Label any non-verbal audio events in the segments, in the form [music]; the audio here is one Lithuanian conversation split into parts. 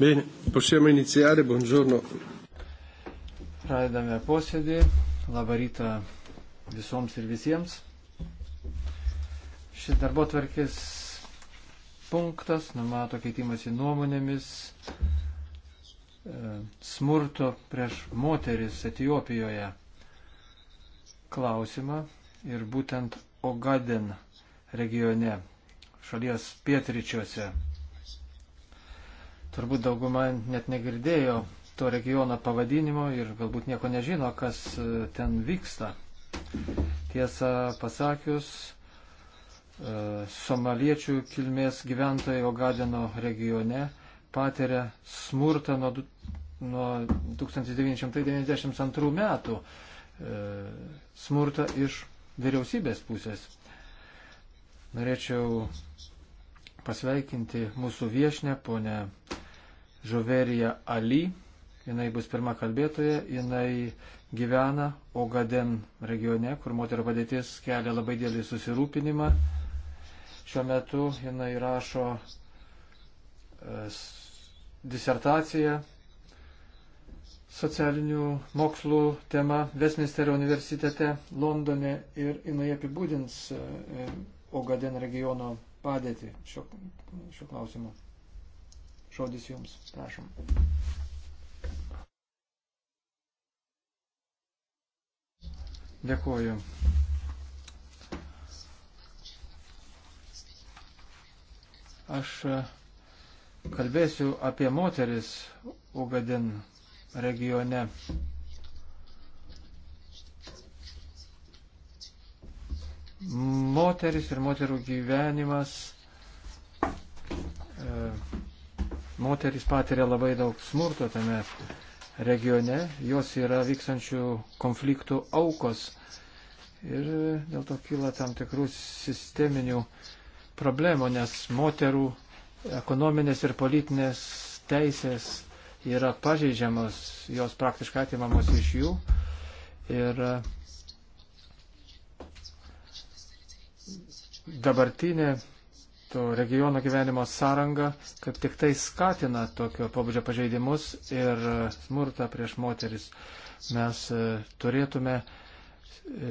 Bene, possiamo iniziare, buongiorno. Pradedame posėdį, labą rytą visoms ir visiems. Šis darbo tvarkės punktas numato keitimąsi nuomonėmis e, smurto prieš moteris Etijopijoje klausimą ir būtent Ogaden regione, šalies pietryčiuose. Turbūt dauguma net negirdėjo to regiono pavadinimo ir galbūt nieko nežino, kas e, ten vyksta. Tiesą pasakius, e, somaliečių kilmės gyventojai Ogadeno regione patiria smurtą nuo, nuo 1992 metų, e, smurtą iš vyriausybės pusės. Norėčiau pasveikinti mūsų viešnę, ponę Žoverija Ali, jinai bus pirma kalbėtoja, jinai gyvena Ogaden regione, kur moterio padėtis kelia labai dėlį susirūpinimą. Šiuo metu jinai rašo e, disertaciją socialinių mokslų tema Westminsterio universitete Londone ir jinai apibūdins e, Ogaden regiono padėtį šiuo, šiuo klausimu. Žodis jums, prašom. Dėkuoju. Aš e, kalbėsiu apie moteris Ugadin regione. Moteris ir moterų gyvenimas e, moteris patiria labai daug smurto tame regione, jos yra vykstančių konfliktų aukos ir dėl to kyla tam tikrų sisteminių problemų, nes moterų ekonominės ir politinės teisės yra pažeidžiamos, jos praktiškai atimamos iš jų. Ir e, dabartinė to regiono gyvenimo sąranga, kaip tik tai skatina tokio pabudžio pažeidimus ir smurtą prieš moteris. Mes e, turėtume e,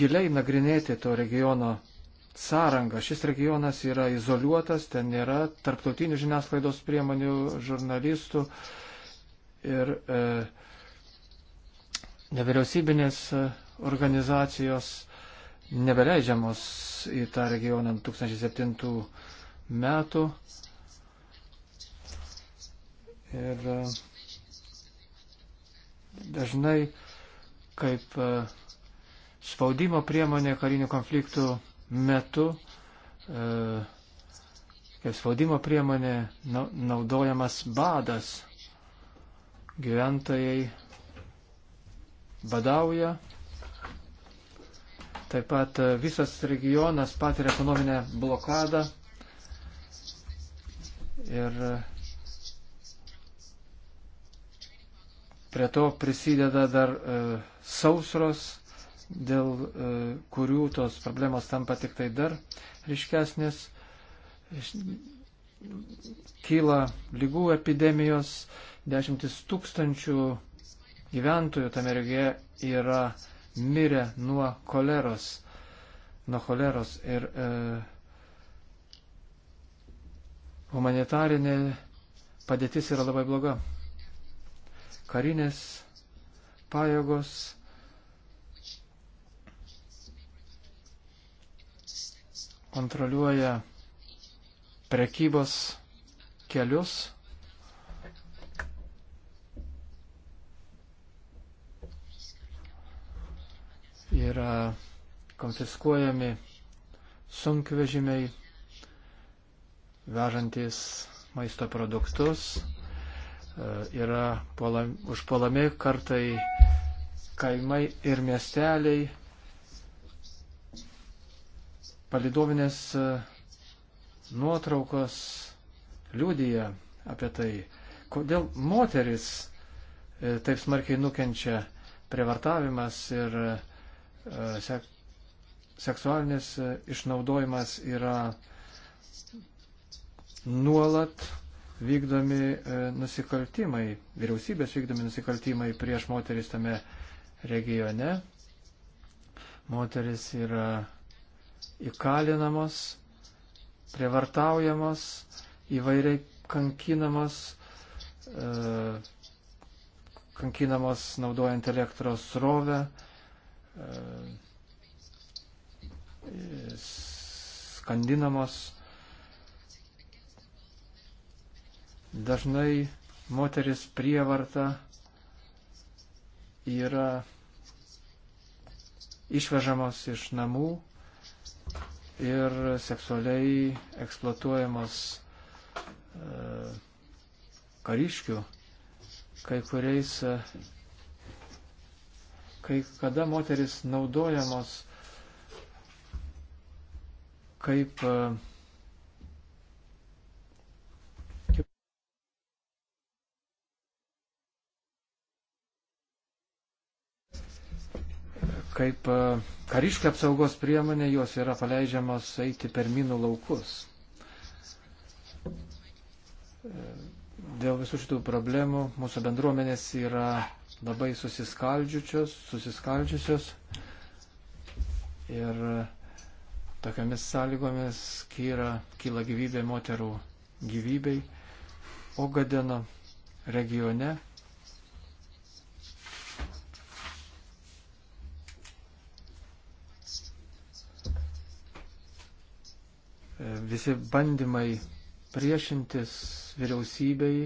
giliai nagrinėti to regiono sąrangą. Šis regionas yra izoliuotas, ten nėra tarptautinių žiniasklaidos priemonių, žurnalistų ir e, nevyriausybinės e, organizacijos nebeleidžiamos į tą regioną 2007 metų. Ir e, dažnai kaip e, spaudimo priemonė karinių konfliktų metu, e, kaip spaudimo priemonė naudojamas badas. Gyventojai badauja, Taip pat e, visas regionas patiria ekonominę blokadą ir e, prie to prisideda dar e, sausros, dėl e, kurių tos problemos tampa tik tai dar ryškesnės. Kyla lygų epidemijos, dešimtis tūkstančių gyventojų tame regione yra mirė nuo choleros, nuo choleros ir e, humanitarinė padėtis yra labai bloga. Karinės pajėgos kontroliuoja prekybos kelius yra konfiskuojami sunkvežimiai, vežantis maisto produktus, e, yra puolami, užpuolami kartai kaimai ir miesteliai, palidovinės e, nuotraukos liūdija apie tai, kodėl moteris e, taip smarkiai nukenčia prievartavimas ir E, sek, seksualinis e, išnaudojimas yra nuolat vykdomi e, nusikaltimai, vyriausybės vykdomi nusikaltimai prieš moteris tame regione. Moteris yra įkalinamos, prievartaujamos, įvairiai kankinamos, kankinamos naudojant elektros srovę, skandinamos. Dažnai moteris prievarta yra išvežamos iš namų ir seksualiai eksploatuojamos e, kariškių kai kuriais e, kai kada moteris naudojamos kaip e, kaip e, kariškio apsaugos priemonė, jos yra paleidžiamos eiti per minų laukus. E, dėl visų šitų problemų mūsų bendruomenės yra labai susiskaldžiusios, susiskaldžiusios ir tokiamis sąlygomis kyra, kyla gyvybė moterų gyvybei. Ogadeno regione visi bandymai priešintis vyriausybei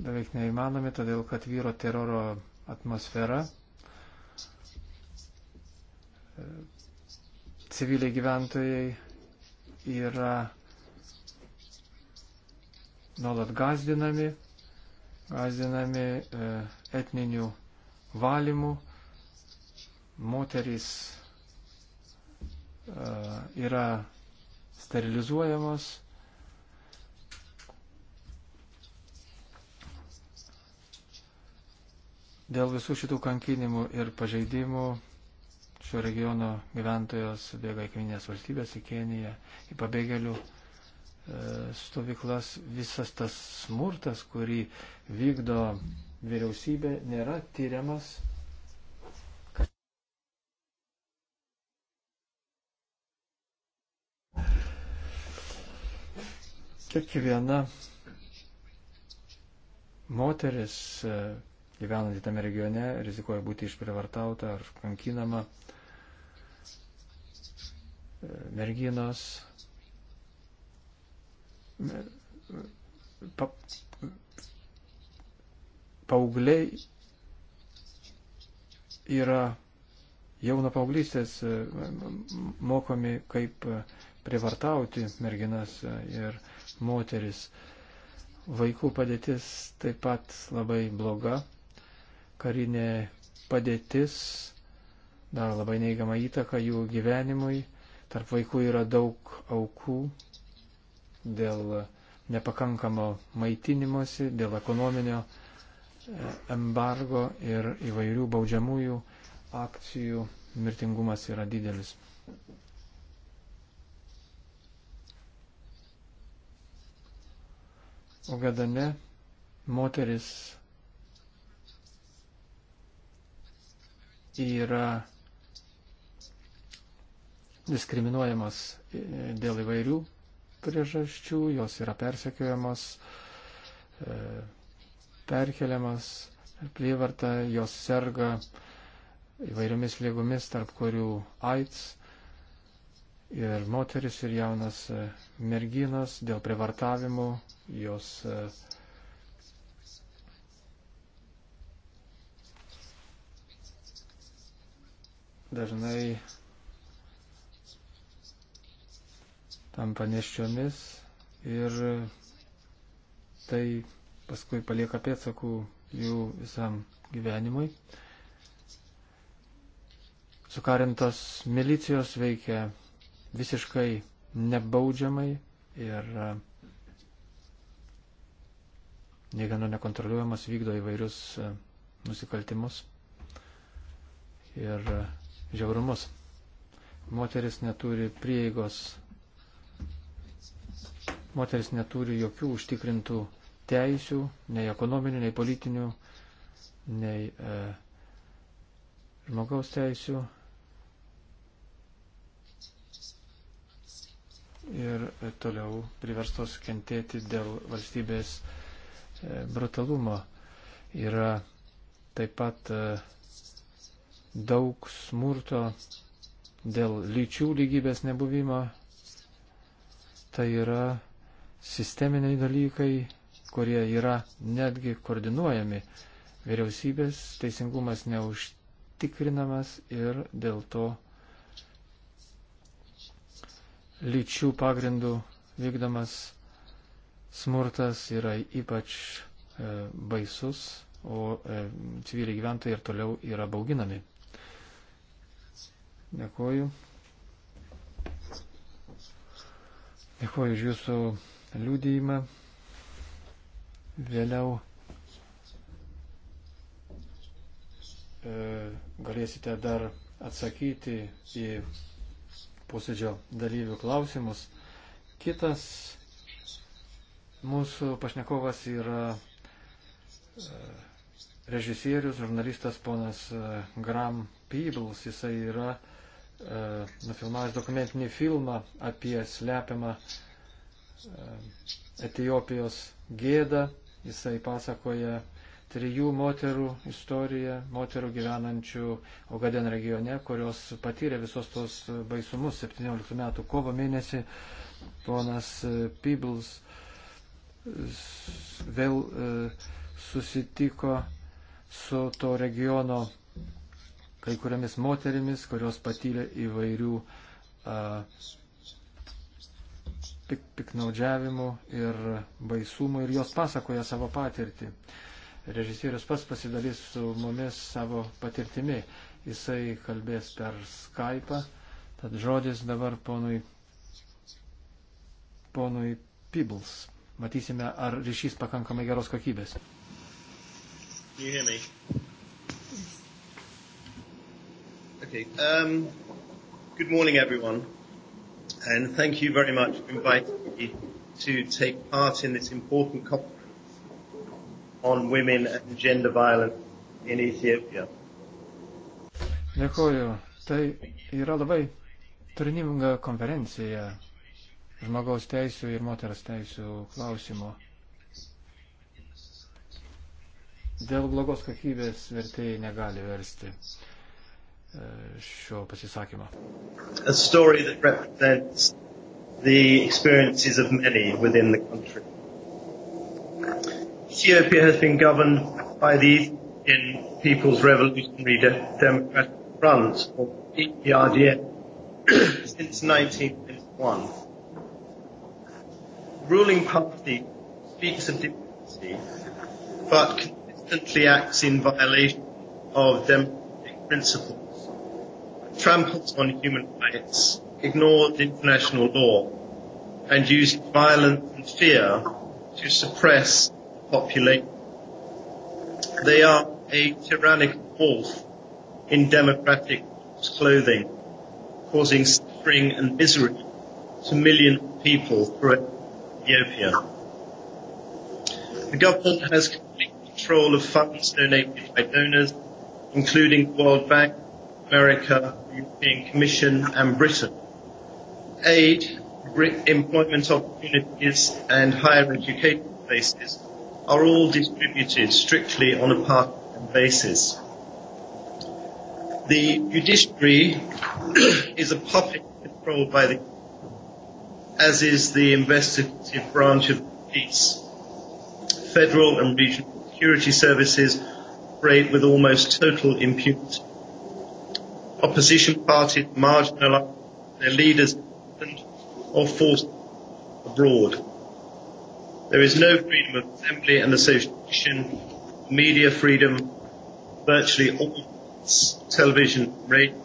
beveik neįmanomi, todėl kad vyro teroro atmosfera. Civiliai gyventojai yra nuolat gazdinami, gazdinami e, etninių valymų, moterys e, yra sterilizuojamos, Dėl visų šitų kankinimų ir pažeidimų šio regiono gyventojos bėga į kaiminės valstybės, į Keniją, į pabėgėlių e, stovyklas. Visas tas smurtas, kurį vykdo vyriausybė, nėra tyriamas. Kiekviena moteris e, gyvenanti tame regione rizikuoja būti išprivartauta ar kankinama. Merginos pa, paaugliai yra jau nuo paauglystės e, mokomi, kaip privartauti merginas ir moteris. Vaikų padėtis taip pat labai bloga karinė padėtis daro labai neigiamą įtaką jų gyvenimui. Tarp vaikų yra daug aukų dėl nepakankamo maitinimosi, dėl ekonominio e, embargo ir įvairių baudžiamųjų akcijų mirtingumas yra didelis. O gadane moteris yra diskriminuojamos e, dėl įvairių priežasčių, jos yra persekiojamos, e, perkeliamas ir prievarta, jos serga įvairiomis lygomis, tarp kurių AIDS ir moteris ir jaunas e, merginas dėl prievartavimų, jos dažnai tampa neščiomis ir tai paskui palieka pėtsakų jų visam gyvenimui. Sukarintos milicijos veikia visiškai nebaudžiamai ir e, niekieno nekontroliuojamas vykdo įvairius e, nusikaltimus. Ir e, žiaurumus. Moteris neturi prieigos, moteris neturi jokių užtikrintų teisių, nei ekonominių, nei politinių, nei e, žmogaus teisių. Ir e, toliau priverstos kentėti dėl valstybės e, brutalumo. Yra taip pat e, daug smurto dėl lyčių lygybės nebuvimo. Tai yra sisteminiai dalykai, kurie yra netgi koordinuojami. Vyriausybės teisingumas neužtikrinamas ir dėl to lyčių pagrindų vykdomas smurtas yra ypač e, baisus, o e, civiliai gyventojai ir toliau yra bauginami. Dėkuoju. Dėkuoju už jūsų liūdėjimą. Vėliau e, galėsite dar atsakyti į posėdžio dalyvių klausimus. Kitas mūsų pašnekovas yra e, režisierius, žurnalistas ponas e, Graham Peebles. Jisai yra e, E, nufilmavęs dokumentinį filmą apie slepiamą e, Etijopijos gėdą. Jisai pasakoja trijų moterų istoriją, moterų gyvenančių Ogaden regione, kurios patyrė visos tos baisumus 17 metų kovo mėnesį. Ponas e, Pibls vėl susitiko su to regiono kai kuriamis moterimis, kurios patyrė įvairių pik, piknaudžiavimų ir baisumų ir jos pasakoja savo patirtį. Režisierius pats pasidalys su mumis savo patirtimi. Jisai kalbės per Skype, tad žodis dabar ponui, ponui Pibbles. Matysime, ar ryšys pakankamai geros kokybės. You hear me? Okay. Um, good morning, everyone, and thank you very much for inviting me to take part in this important conference on women and gender violence in Ethiopia. Dėkuoju. Tai yra labai turininga konferencija žmogaus teisų ir moters teisų klausimų. Dėl blogos kokybės vertėjai negali versti šio pasisakymo. The experiences of many within the country. Ethiopia has been governed by the Ethiopian People's Revolutionary De- Democratic Front, or EPRDF, since 1991. The ruling party speaks of democracy, but consistently acts in violation of democratic principles tramples on human rights, ignores international law, and uses violence and fear to suppress the population. They are a tyrannical wolf in democratic clothing, causing suffering and misery to millions of people throughout Ethiopia. The government has complete control of funds donated by donors, including the World Bank America, the European Commission and Britain. Aid, employment opportunities and higher education places are all distributed strictly on a part-time basis. The judiciary [clears throat] is a public controlled by the as is the investigative branch of police. Federal and regional security services operate with almost total impunity opposition parties marginalised, their leaders or forced abroad. There is no freedom of assembly and association, media freedom, virtually all television, radio,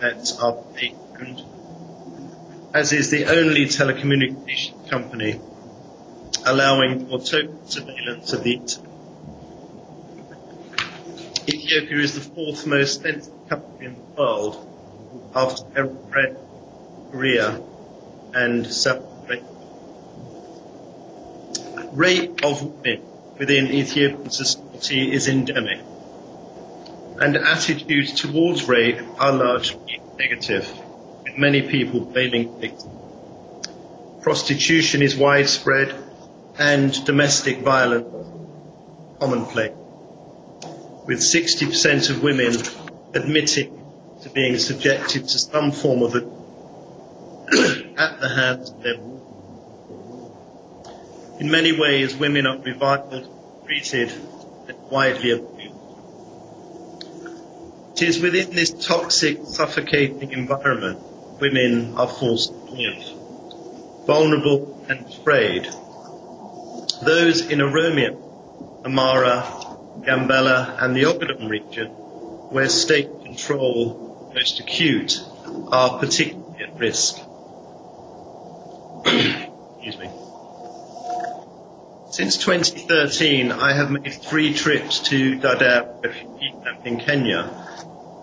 nets are owned, as is the only telecommunications company allowing for total surveillance of the internet. Ethiopia is the fourth most sensitive country in the world after Eritrea, Korea, and South Africa. Rape of women within Ethiopian society is endemic, and attitudes towards rape are largely negative, with many people blaming victims. Prostitution is widespread, and domestic violence commonplace, with 60% of women admitting to being subjected to some form of it [coughs] at the hands of their women. In many ways, women are reviled, treated, and widely abused. It is within this toxic, suffocating environment women are forced to live, vulnerable and afraid. Those in Oromia, Amara, Gambela, and the Ogaden region where state control most acute are particularly at risk. [clears throat] Excuse me. Since 2013, I have made three trips to Dadaab refugee camp in Kenya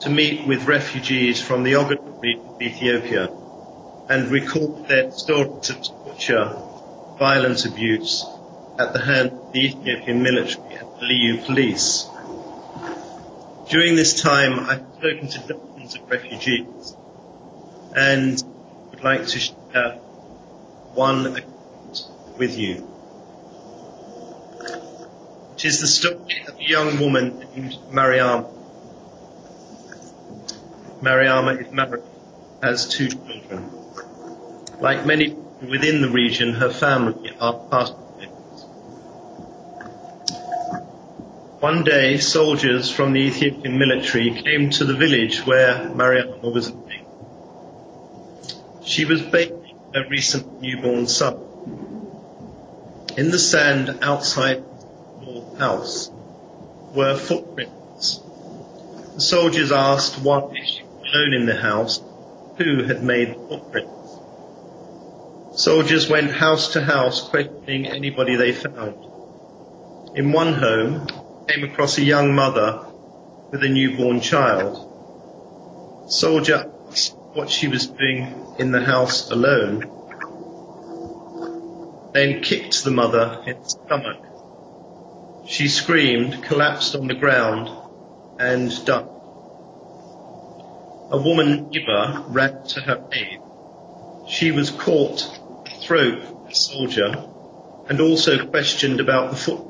to meet with refugees from the Ogaden region of Ethiopia and record their stories of torture, violent abuse at the hands of the Ethiopian military and the Liu police During this time, I've spoken to dozens of refugees and would like to share one account with you, which is the story of a young woman named Mariama. Mariama is married, has two children. Like many within the region, her family are part One day, soldiers from the Ethiopian military came to the village where Mariama was living. She was bathing her recent newborn son. In the sand outside the house were footprints. The soldiers asked why she was alone in the house, who had made the footprints. Soldiers went house to house questioning anybody they found. In one home, came across a young mother with a newborn child. Soldier asked what she was doing in the house alone, then kicked the mother in the stomach. She screamed, collapsed on the ground, and died. A woman neighbor ran to her aid. She was caught throat by a soldier and also questioned about the foot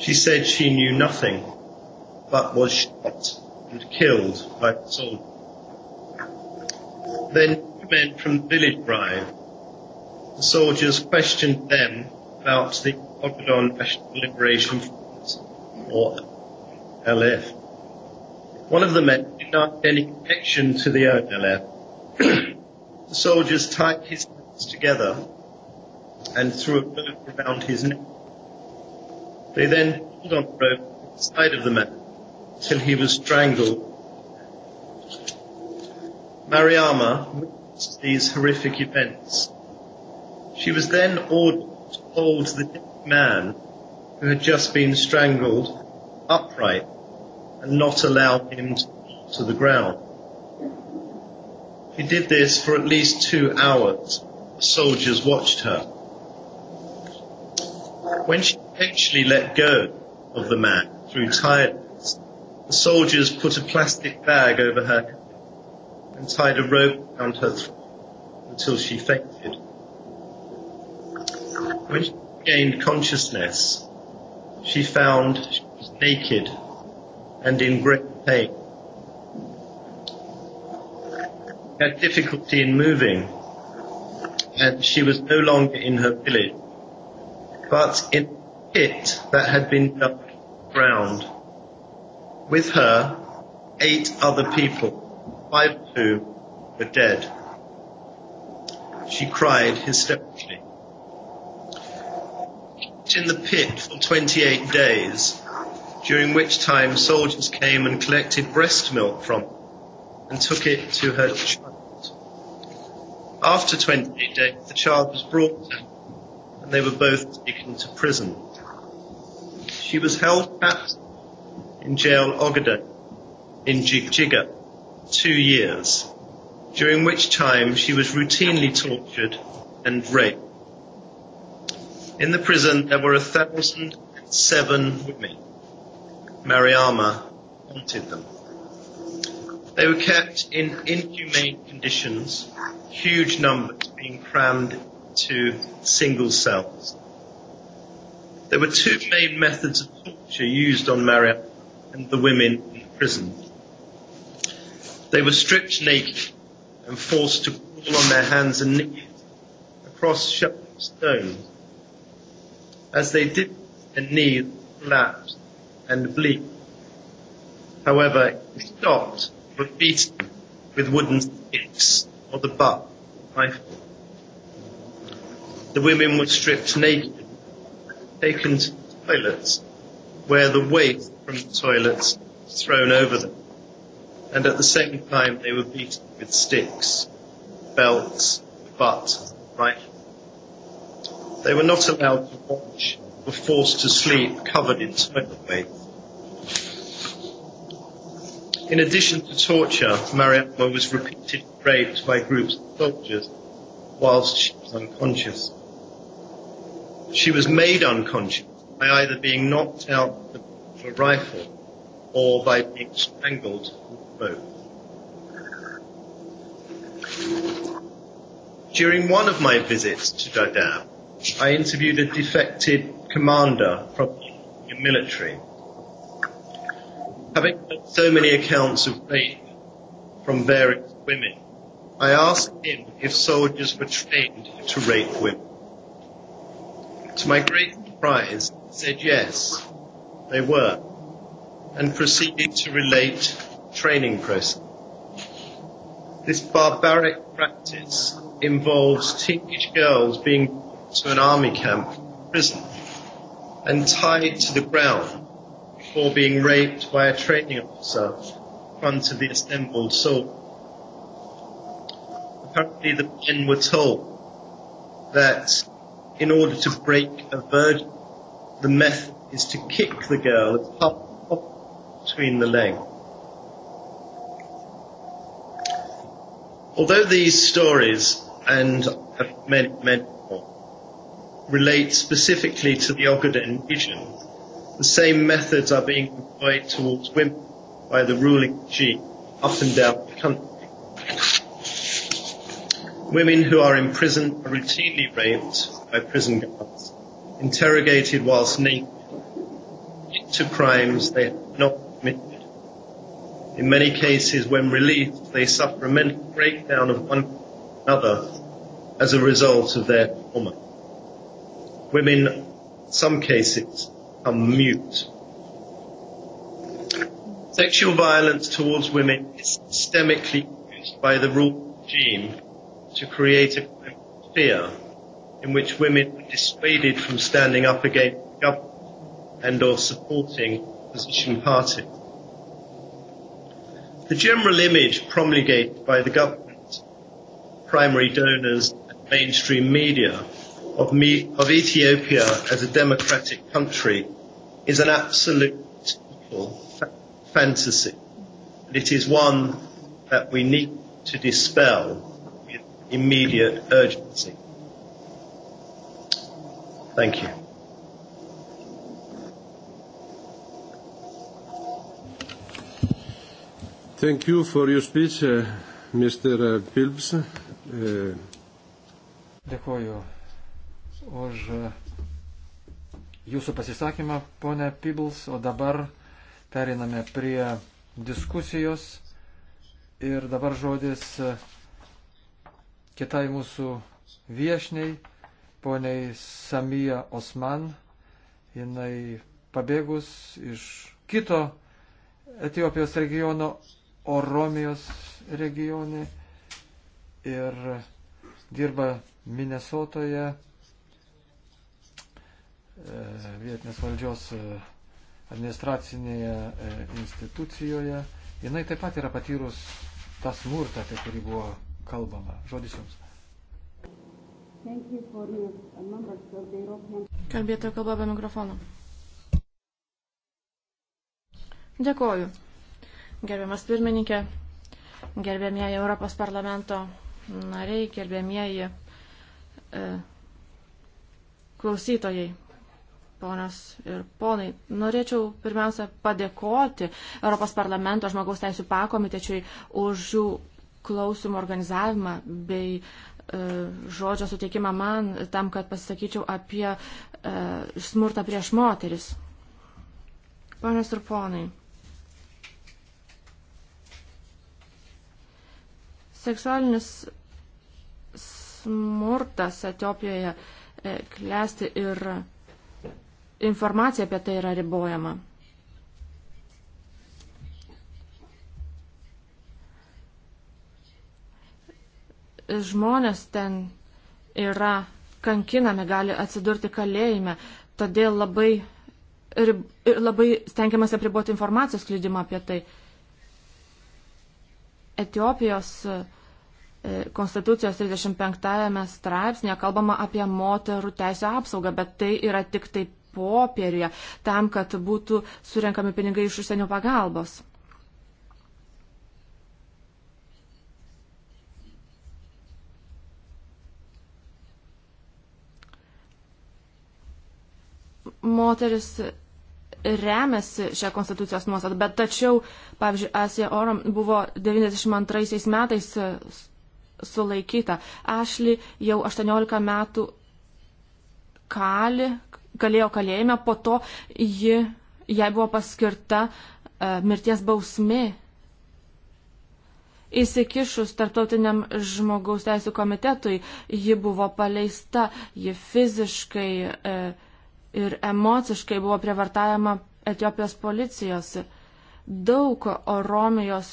She said she knew nothing, but was shot and killed by the soldiers. Then two men from the village arrived. The soldiers questioned them about the Ogadon National Liberation Front, or LF. One of the men denied any connection to the ONLF. [clears throat] the soldiers tied his hands together and threw a rope around his neck. They then pulled on the rope side of the man till he was strangled. Mariama witnessed these horrific events. She was then ordered to hold the dead man who had just been strangled upright and not allow him to, to the ground. She did this for at least two hours. The soldiers watched her. When she potentially let go of the man through tiredness. The soldiers put a plastic bag over her head and tied a rope around her throat until she fainted. When she gained consciousness, she found she was naked and in great pain. She had difficulty in moving and she was no longer in her village, but in pit that had been dug ground. With her, eight other people, five of whom were dead. She cried hysterically. In the pit for 28 days, during which time soldiers came and collected breast milk from her and took it to her child. After 28 days, the child was brought to her, and they were both taken to prison. She was held at in jail Ogaden in Jigjiga two years, during which time she was routinely tortured and raped. In the prison, there were 1,007 women. Mariama hunted them. They were kept in inhumane conditions, huge numbers being crammed to single cells. There were two main methods of torture used on Mariana and the women in prison. They were stripped naked and forced to crawl on their hands and knees across sharp stones. As they did, their knees collapsed and bleed. However, if stopped, were beaten with wooden sticks or the butt of a rifle. The women were stripped naked taken to the toilets, where the waste from the toilets was thrown over them. And at the same time, they were beaten with sticks, belts, butts, rifles. They were not allowed to watch, were forced to sleep covered in toilet waste. In addition to torture, Mariamma was repeatedly raped by groups of soldiers whilst she was unconscious. She was made unconscious by either being knocked out with a rifle or by being strangled with both. During one of my visits to Dadaab, I interviewed a defected commander from the military. Having heard so many accounts of rape from various women, I asked him if soldiers were trained to rape women. To my great surprise, he said yes, they were, and proceeded to relate training process. This barbaric practice involves teenage girls being brought to an army camp prison and tied to the ground before being raped by a training officer in front of the assembled soldiers. Apparently the men were told that in order to break a virgin, the method is to kick the girl as hard between the legs. Although these stories, and many, many more, relate specifically to the Ogaden region, the same methods are being employed towards women by the ruling regime up and down the country. Women who are imprisoned are routinely raped by prison guards, interrogated whilst naked, to crimes they have not committed. In many cases, when released, they suffer a mental breakdown of one another as a result of their trauma. Women, in some cases, become mute. Sexual violence towards women is systemically used by the rule regime to create a climate of fear in which women were dissuaded from standing up against the government and or supporting opposition parties. The general image promulgated by the government, primary donors and mainstream media of, me, of Ethiopia as a democratic country is an absolute fa- fantasy. And it is one that we need to dispel with immediate urgency. Thank you. Thank you for your speech, uh, Mr. Pilbs. Uh, uh Dėkuoju už uh, jūsų pasisakymą, ponė Pibls, o dabar periname prie diskusijos ir dabar žodis uh, kitai mūsų viešniai poniai Samija Osman. Jinai pabėgus iš kito Etijopijos regiono, Oromijos regione ir dirba Minnesotoje e, vietinės valdžios e, administracinėje e, institucijoje. Jinai taip pat yra patyrus tą smurtą, apie kurį buvo kalbama. Žodis jums. Kalbėtojo kalba be mikrofono. Dėkoju. Gerbiamas pirmininkė, gerbiamieji Europos parlamento nariai, gerbiamieji e, klausytojai, ponios ir ponai. Norėčiau pirmiausia padėkoti Europos parlamento žmogaus teisų pakomitečiui už jų klausimų organizavimą bei e, E, žodžio suteikimą man tam, kad pasisakyčiau apie e, smurtą prieš moteris. Ponios ir ponai. Seksualinis smurtas Etiopijoje e, klesti ir informacija apie tai yra ribojama. žmonės ten yra kankinami, gali atsidurti kalėjime. Todėl labai, ir, ir labai stengiamas apriboti informacijos klydimą apie tai. Etiopijos e, Konstitucijos 35 straipsnėje kalbama apie moterų teisę apsaugą, bet tai yra tik tai popieriuje, tam, kad būtų surinkami pinigai iš užsienio pagalbos. moteris remiasi šią konstitucijos nuostatą, bet tačiau, pavyzdžiui, Asija Oram buvo 92 metais e, sulaikyta. Ašli jau 18 metų kali, kalėjo kalėjime, po to ji, jai buvo paskirta e, mirties bausmė. Įsikišus tarptautiniam žmogaus teisų komitetui, ji buvo paleista, ji fiziškai e, ir emociškai buvo prievartavima Etiopijos policijos. Daug Oromijos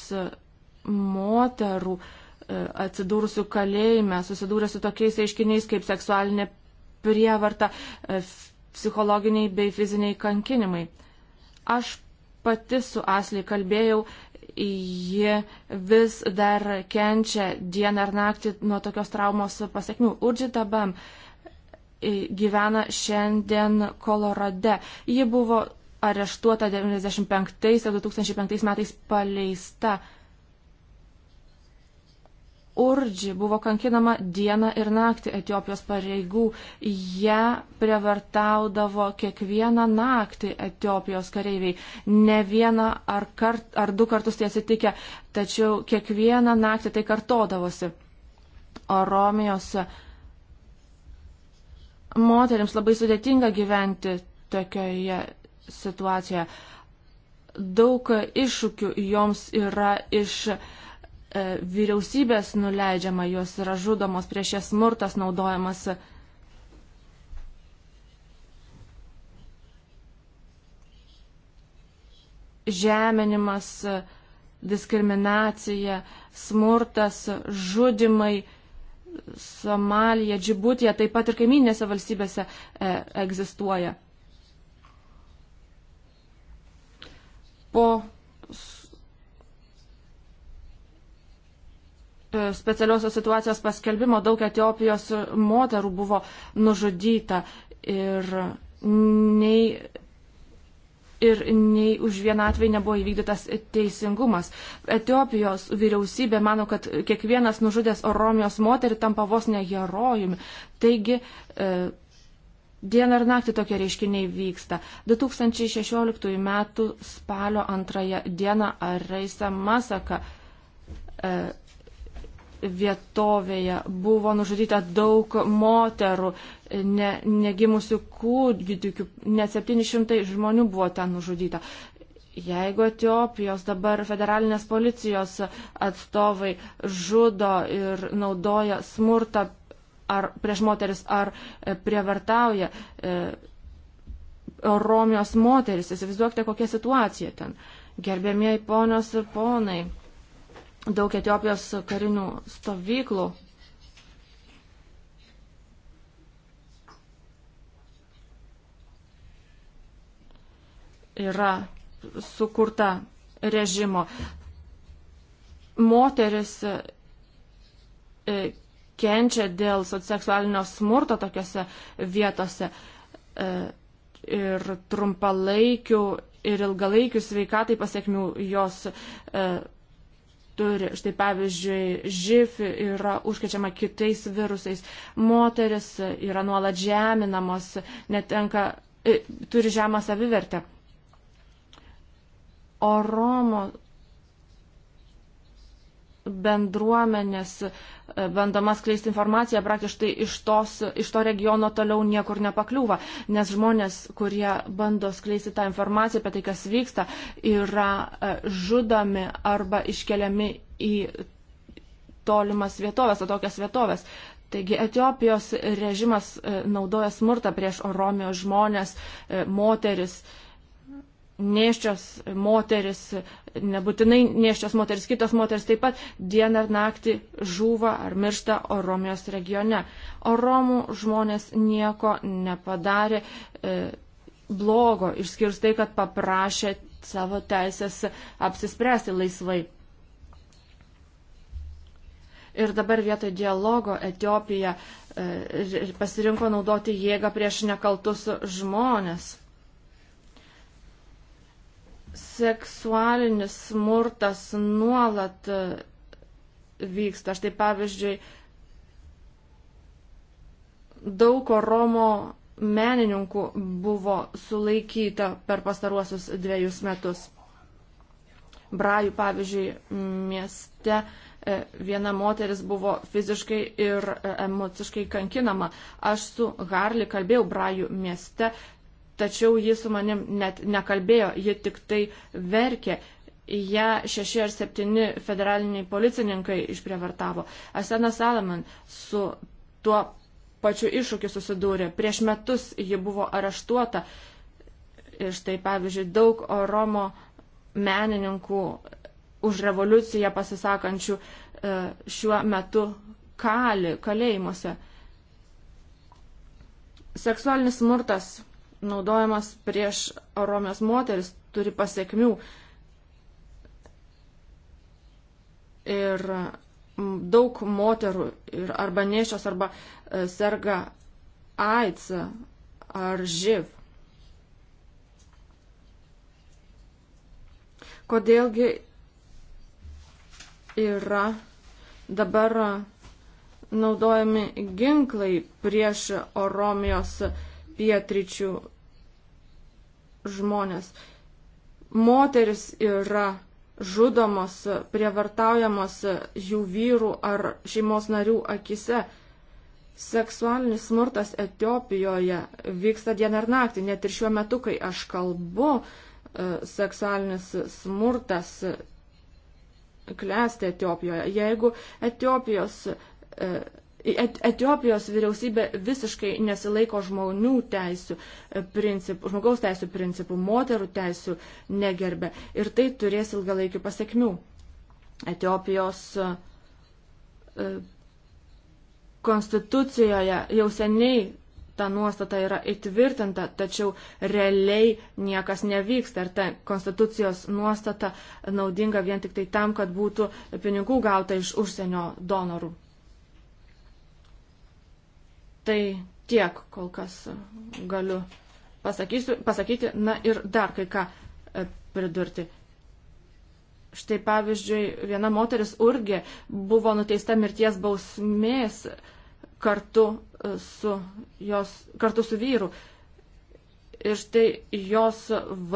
moterų e, atsidūrusių kalėjime susidūrė su tokiais reiškiniais kaip seksualinė prievarta, e, psichologiniai bei fiziniai kankinimai. Aš pati su Asliai kalbėjau, ji vis dar kenčia dieną ar naktį nuo tokios traumos pasiekmių. Udžitabam. Uh, gyvena šiandien Kolorade. Ji buvo areštuota 1995-2005 metais paleista. Urdži buvo kankinama dieną ir naktį Etiopijos pareigų. Ją prievartaudavo kiekvieną naktį Etiopijos kareiviai. Ne vieną ar, kart, ar du kartus tai atsitikė, tačiau kiekvieną naktį tai kartodavosi. O Romijos uh, moteriams labai sudėtinga gyventi tokioje situacijoje. Daug iššūkių joms yra iš e, vyriausybės nuleidžiama, jos yra žudomos, prieš jas smurtas naudojamas. Žeminimas, diskriminacija, smurtas, žudimai Somalija, Džibutija, taip pat ir kaiminėse valstybėse e, egzistuoja. Po e, specialiosios situacijos paskelbimo daug Etiopijos moterų buvo nužudyta ir nei ir nei už vieną atvejį nebuvo įvykdytas teisingumas. Etiopijos vyriausybė mano, kad kiekvienas nužudęs Oromijos moterį tampa vos ne herojumi. Taigi, e, Dieną ir naktį tokie reiškiniai vyksta. 2016 m. spalio 2 d. Areisa Masaka e, vietovėje buvo nužudyta daug moterų, ne, negimusių kūdikių, net 700 žmonių buvo ten nužudyta. Jeigu Etiopijos dabar federalinės policijos atstovai žudo ir naudoja smurtą ar prieš moteris ar e, prievartauja e, Romijos moteris, įsivaizduokite kokia situacija ten. Gerbėmieji ponios ir ponai daug Etiopijos karinių stovyklų. Yra sukurta režimo. Moteris e, kenčia dėl seksualinio smurto tokiuose vietose e, ir trumpalaikių ir ilgalaikių sveikatai pasiekmių jos e, turi. Štai pavyzdžiui, živ yra užkečiama kitais virusais, moteris yra nuolat žeminamos, netenka, e, turi žemą savivertę. O Romo bendruomenės e, bandoma skleisti informaciją praktiškai iš, tos, iš to regiono toliau niekur nepakliūva, nes žmonės, kurie bando skleisti tą informaciją apie tai, kas vyksta, yra e, žudomi arba iškeliami į tolimas vietovės, atokias vietovės. Taigi Etiopijos režimas e, naudoja smurtą prieš Romijos žmonės, moteris. E, nėščios moteris, nebūtinai nėščios moteris, kitos moteris taip pat dieną ar naktį žūva ar miršta Oromijos regione. Oromų žmonės nieko nepadarė e, blogo, išskirs tai, kad paprašė savo teisės apsispręsti laisvai. Ir dabar vietoj dialogo Etiopija e, pasirinko naudoti jėgą prieš nekaltus žmonės seksualinis smurtas nuolat e, vyksta. Štai pavyzdžiui, daug Romo menininkų buvo sulaikyta per pastaruosius dviejus metus. Brajų, pavyzdžiui, mieste e, viena moteris buvo fiziškai ir e, emociškai kankinama. Aš su Harli kalbėjau Brajų mieste tačiau ji su manim net nekalbėjo, ji tik tai verkė. Ja šeši ar septyni federaliniai policininkai išprievartavo. Asenas Salaman su tuo pačiu iššūkiu susidūrė. Prieš metus ji buvo areštuota. Ir štai, pavyzdžiui, daug Romo menininkų už revoliuciją pasisakančių e, šiuo metu kali, kalėjimuose. Seksualinis smurtas naudojamas prieš romės moteris turi pasiekmių. Ir daug moterų ir arba nešios arba e, serga AIDS ar živ. Kodėlgi yra dabar naudojami ginklai prieš Oromijos moteris? pietričių žmonės. Moteris yra žudomos, prievartaujamos jų vyrų ar šeimos narių akise. Seksualinis smurtas Etiopijoje vyksta dieną ir naktį, net ir šiuo metu, kai aš kalbu, e, seksualinis smurtas klesti Etiopijoje. Jeigu Etiopijos e, Etiopijos vyriausybė visiškai nesilaiko žmonių teisų e, principų, žmogaus teisų principų, moterų teisų negerbė. Ir tai turės ilgalaikių pasiekmių. Etiopijos e, e, konstitucijoje jau seniai ta nuostata yra įtvirtinta, tačiau realiai niekas nevyksta. Ir ta konstitucijos nuostata naudinga vien tik tai tam, kad būtų pinigų gauta iš užsienio donorų. Tai tiek kol kas galiu pasakysiu, pasakyti. Na ir dar kai ką e, pridurti. Štai pavyzdžiui, viena moteris urgė buvo nuteista mirties bausmės kartu e, su, jos, kartu su vyru. Ir štai jos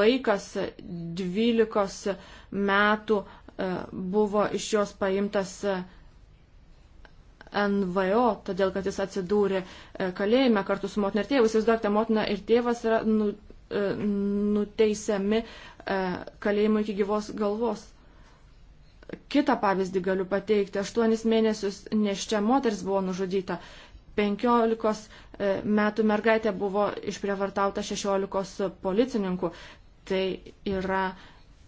vaikas 12 metų e, buvo iš jos paimtas NVO, todėl kad jis atsidūrė e, kalėjime kartu su motina ir tėvu. Įsivaizduokite, motina ir tėvas yra nu, e, nuteisiami e, kalėjimu iki gyvos galvos. Kita pavyzdį galiu pateikti. Aštuonis mėnesius neščia moteris buvo nužudyta. 15 metų mergaitė buvo išprievartauta 16 policininkų. Tai yra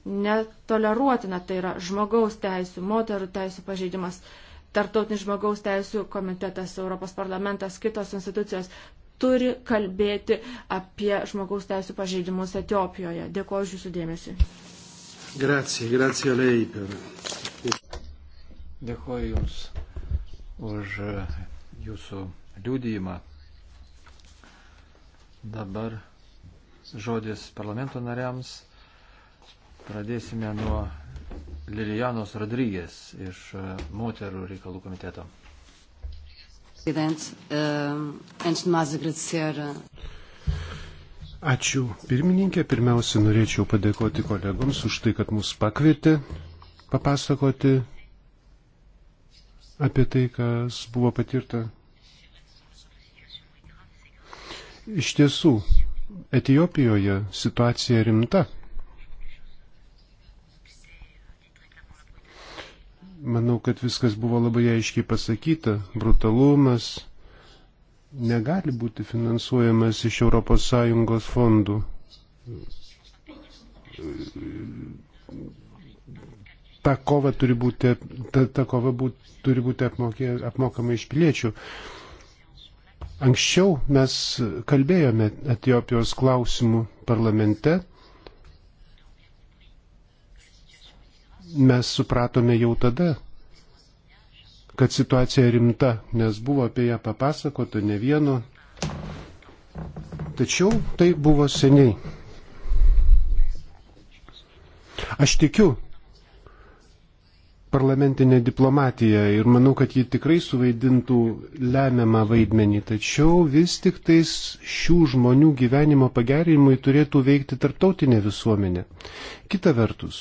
netoleruotina, tai yra žmogaus teisų, moterų teisų pažeidimas. Uh, Tartautinis žmogaus teisų komitetas, Europos parlamentas, kitos institucijos turi kalbėti apie žmogaus teisų pažeidimus Etiopijoje. Dėkuoju už jūsų dėmesį. Grazie, grazie lei per. Dėkuoju Jums už Jūsų liūdėjimą. Dabar žodis parlamento nariams. Pradėsime nuo Lilijanos Rodrygės iš e, moterų reikalų komiteto. E, Ačiū pirmininkė. Pirmiausia, norėčiau padėkoti kolegoms už tai, kad mus pakvietė papasakoti apie tai, kas buvo patirta. Iš tiesų, Etijopijoje situacija rimta. Manau, kad viskas buvo labai aiškiai pasakyta. Brutalumas negali būti finansuojamas iš ES fondų. Ta kova turi būti, ta, ta kova būt, turi būti apmokė, apmokama iš piliečių. Anksčiau mes kalbėjome Etiopijos klausimų parlamente, mes supratome jau tada, kad situacija rimta, nes buvo apie ją papasakota ne vieno. Tačiau tai buvo seniai. Aš tikiu parlamentinė diplomatija ir manau, kad ji tikrai suvaidintų lemiamą vaidmenį, tačiau vis tik tais šių žmonių gyvenimo pagerinimui turėtų veikti tarptautinė visuomenė. Kita vertus,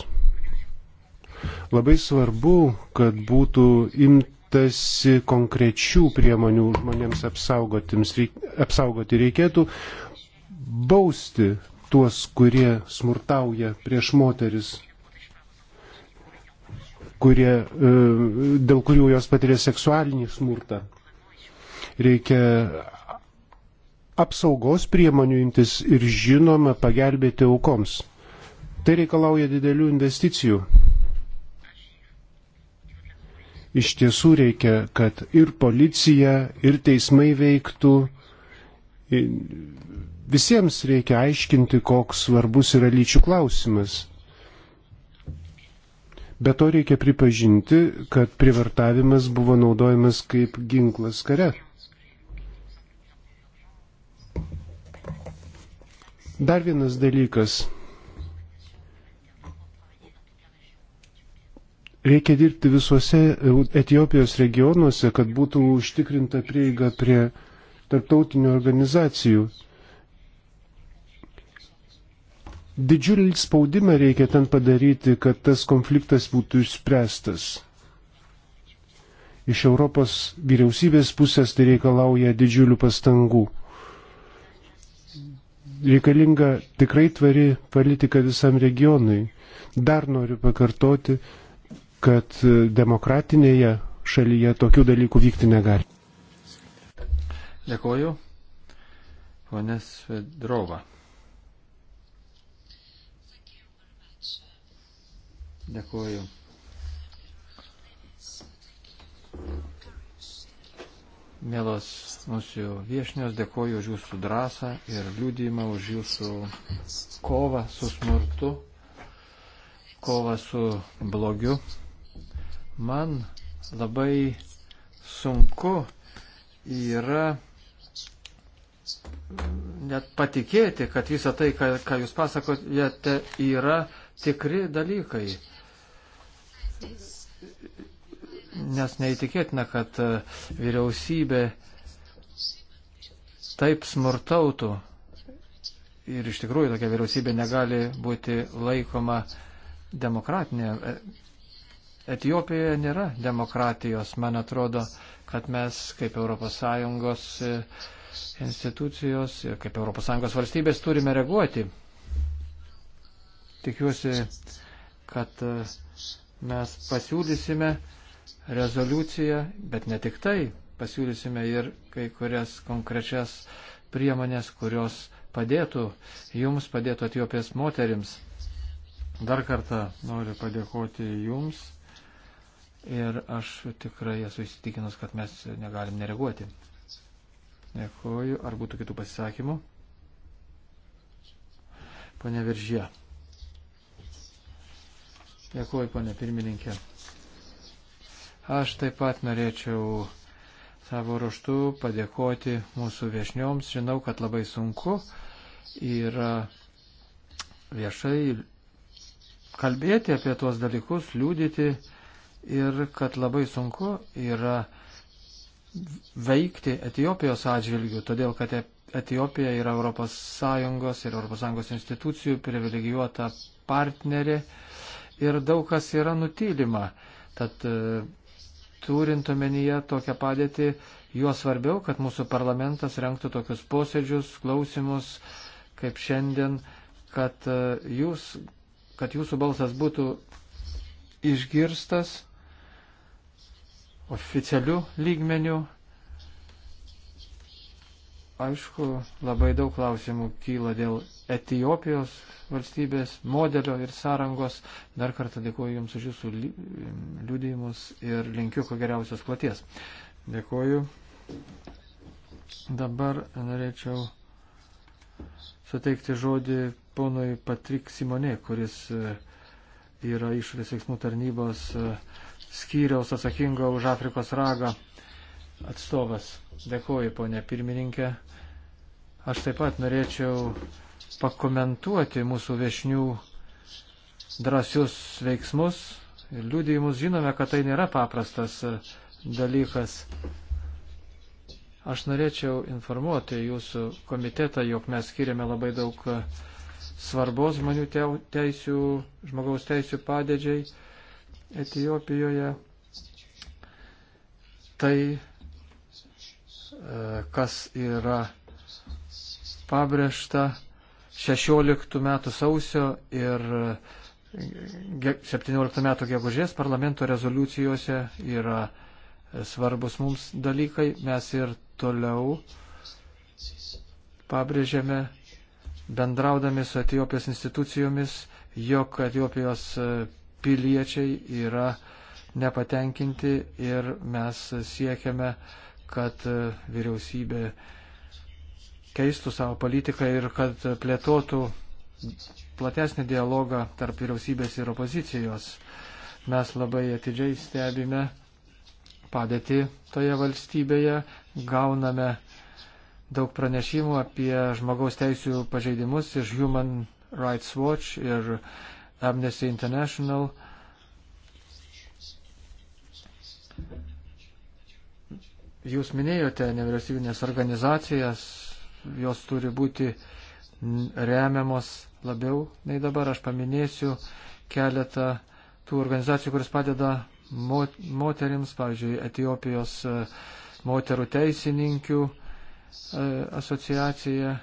Labai svarbu, kad būtų imtasi konkrečių priemonių žmonėms apsaugoti. Reikėtų bausti tuos, kurie smurtauja prieš moteris kurie, e, dėl kurių jos patiria seksualinį smurtą. Reikia apsaugos priemonių imtis ir žinoma pagelbėti aukoms. Tai reikalauja didelių investicijų. Iš tiesų reikia, kad ir policija, ir teismai veiktų. Visiems reikia aiškinti, koks svarbus yra lyčių klausimas. Be to reikia pripažinti, kad privartavimas buvo naudojamas kaip ginklas kare. Dar vienas dalykas Reikia dirbti visuose Etijopijos regionuose, kad būtų užtikrinta prieiga prie tarptautinių organizacijų. Didžiulį spaudimą reikia ten padaryti, kad tas konfliktas būtų išspręstas. Iš Europos vyriausybės pusės tai reikalauja didžiulių pastangų. Reikalinga tikrai tvari politika visam regionui. Dar noriu pakartoti, kad e, demokratinėje šalyje tokių dalykų vykti negali. Dėkoju. Ponės Fedrova. Dėkoju. Mielos mūsų viešnios, dėkoju už jūsų drąsą ir liūdimą, už jūsų kovą su smurtu, kovą su blogiu. Man labai sunku yra net patikėti, kad visa tai, ką, ką jūs pasakojate, yra tikri dalykai. Nes neįtikėtina, kad e, vyriausybė taip smurtautų. Ir iš tikrųjų tokia vyriausybė negali būti laikoma demokratinė e, Etijopijoje nėra demokratijos. Man atrodo, kad mes kaip ES e, institucijos ir kaip ES valstybės turime reaguoti. Tikiuosi, kad e, mes pasiūlysime rezoliuciją, bet ne tik tai, pasiūlysime ir kai kurias konkrečias priemonės, kurios padėtų jums, padėtų Etijopijos moterims. Dar kartą noriu padėkoti jums Ir aš tikrai esu įsitikinus, kad mes negalim nereaguoti. Dėkuoju. Ar būtų kitų pasisakymų? Pane Viržė. Dėkuoju, pane pirmininkė. Aš taip pat norėčiau savo ruoštų padėkoti mūsų viešnioms. Žinau, kad labai sunku yra viešai kalbėti apie tuos dalykus, liūdėti ir kad labai sunku yra veikti Etijopijos atžvilgių, todėl kad e- Etijopija yra ES ir ES institucijų privilegijuota partnerė ir daug kas yra nutylima. Tad e, turint omenyje tokią padėtį, juo svarbiau, kad mūsų parlamentas renktų tokius posėdžius, klausimus, kaip šiandien, kad, e, jūs, kad jūsų balsas būtų išgirstas oficialių lygmenių. Aišku, labai daug klausimų kyla dėl Etijopijos valstybės modelio ir sąrangos. Dar kartą dėkuoju Jums už Jūsų liūdėjimus ir linkiu ko geriausios platies. Dėkuoju. Dabar norėčiau suteikti žodį ponui Patrik Simonė, kuris e, yra išorės veiksmų tarnybos e, skyriaus atsakingo už Afrikos ragą atstovas. Dėkuoju, ponė pirmininkė. Aš taip pat norėčiau pakomentuoti mūsų viešnių drąsius veiksmus ir liūdėjimus. Žinome, kad tai nėra paprastas e, dalykas. Aš norėčiau informuoti jūsų komitetą, jog mes skiriame labai daug e, svarbos žmonių teisių, žmogaus teisių padėdžiai. Etijopijoje, tai e, kas yra pabrėžta 16 metų sausio ir 17 e, metų gegužės parlamento rezoliucijose yra e, svarbus mums dalykai. Mes ir toliau pabrėžėme bendraudami su Etijopijos institucijomis, jog Etijopijos piliečiai yra nepatenkinti ir mes siekiame, kad vyriausybė keistų savo politiką ir kad plėtotų platesnį dialogą tarp vyriausybės ir opozicijos. Mes labai atidžiai stebime padėtį toje valstybėje, gauname daug pranešimų apie žmogaus teisų pažeidimus iš Human Rights Watch ir Amnesty International Jūs minėjote nevyriausybinės organizacijas, jos turi būti remiamos labiau nei dabar. Aš paminėsiu keletą tų organizacijų, kuris padeda mot moterims, pavyzdžiui, Etijopijos e, moterų teisininkių e, asociacija,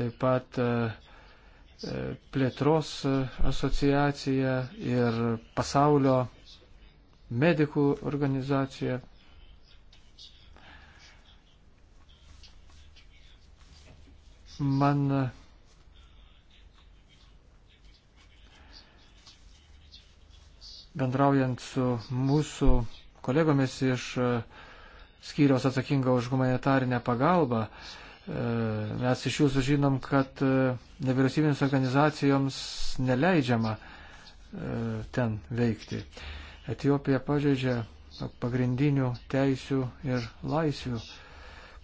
taip pat e, plėtros asociacija ir pasaulio medikų organizacija. Man bendraujant su mūsų kolegomis iš skyriaus atsakingo už humanitarinę pagalbą, e, E, mes iš jūsų žinom, kad e, nevyriausybinėms organizacijoms neleidžiama e, ten veikti. Etijopija pažeidžia pagrindinių teisių ir laisvių.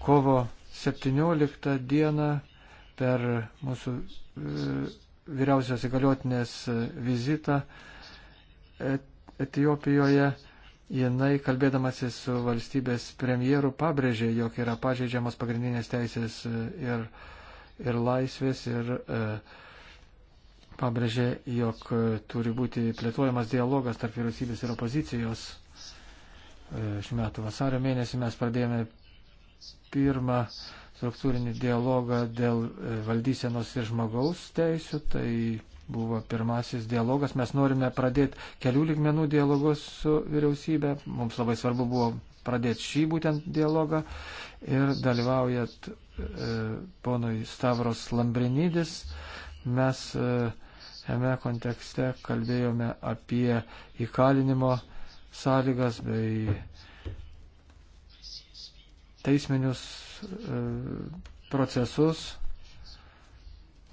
Kovo 17 dieną per mūsų vyriausios įgaliotinės vizitą Etijopijoje jinai, kalbėdamasi su valstybės premjeru, pabrėžė, jog yra pažeidžiamos pagrindinės teisės e, ir, ir laisvės ir e, pabrėžė, jog e, turi būti plėtojamas dialogas tarp vyriausybės ir opozicijos. E, šių metų vasario mėnesį mes pradėjome pirmą struktūrinį dialogą dėl e, valdysenos ir žmogaus teisų, tai buvo pirmasis dialogas. Mes norime pradėti kelių ligmenų dialogus su vyriausybė. Mums labai svarbu buvo pradėti šį būtent dialogą. Ir dalyvaujat e, ponui Stavros Lambrinidis, mes e, šiame e, kontekste kalbėjome apie įkalinimo sąlygas bei teisminius e, procesus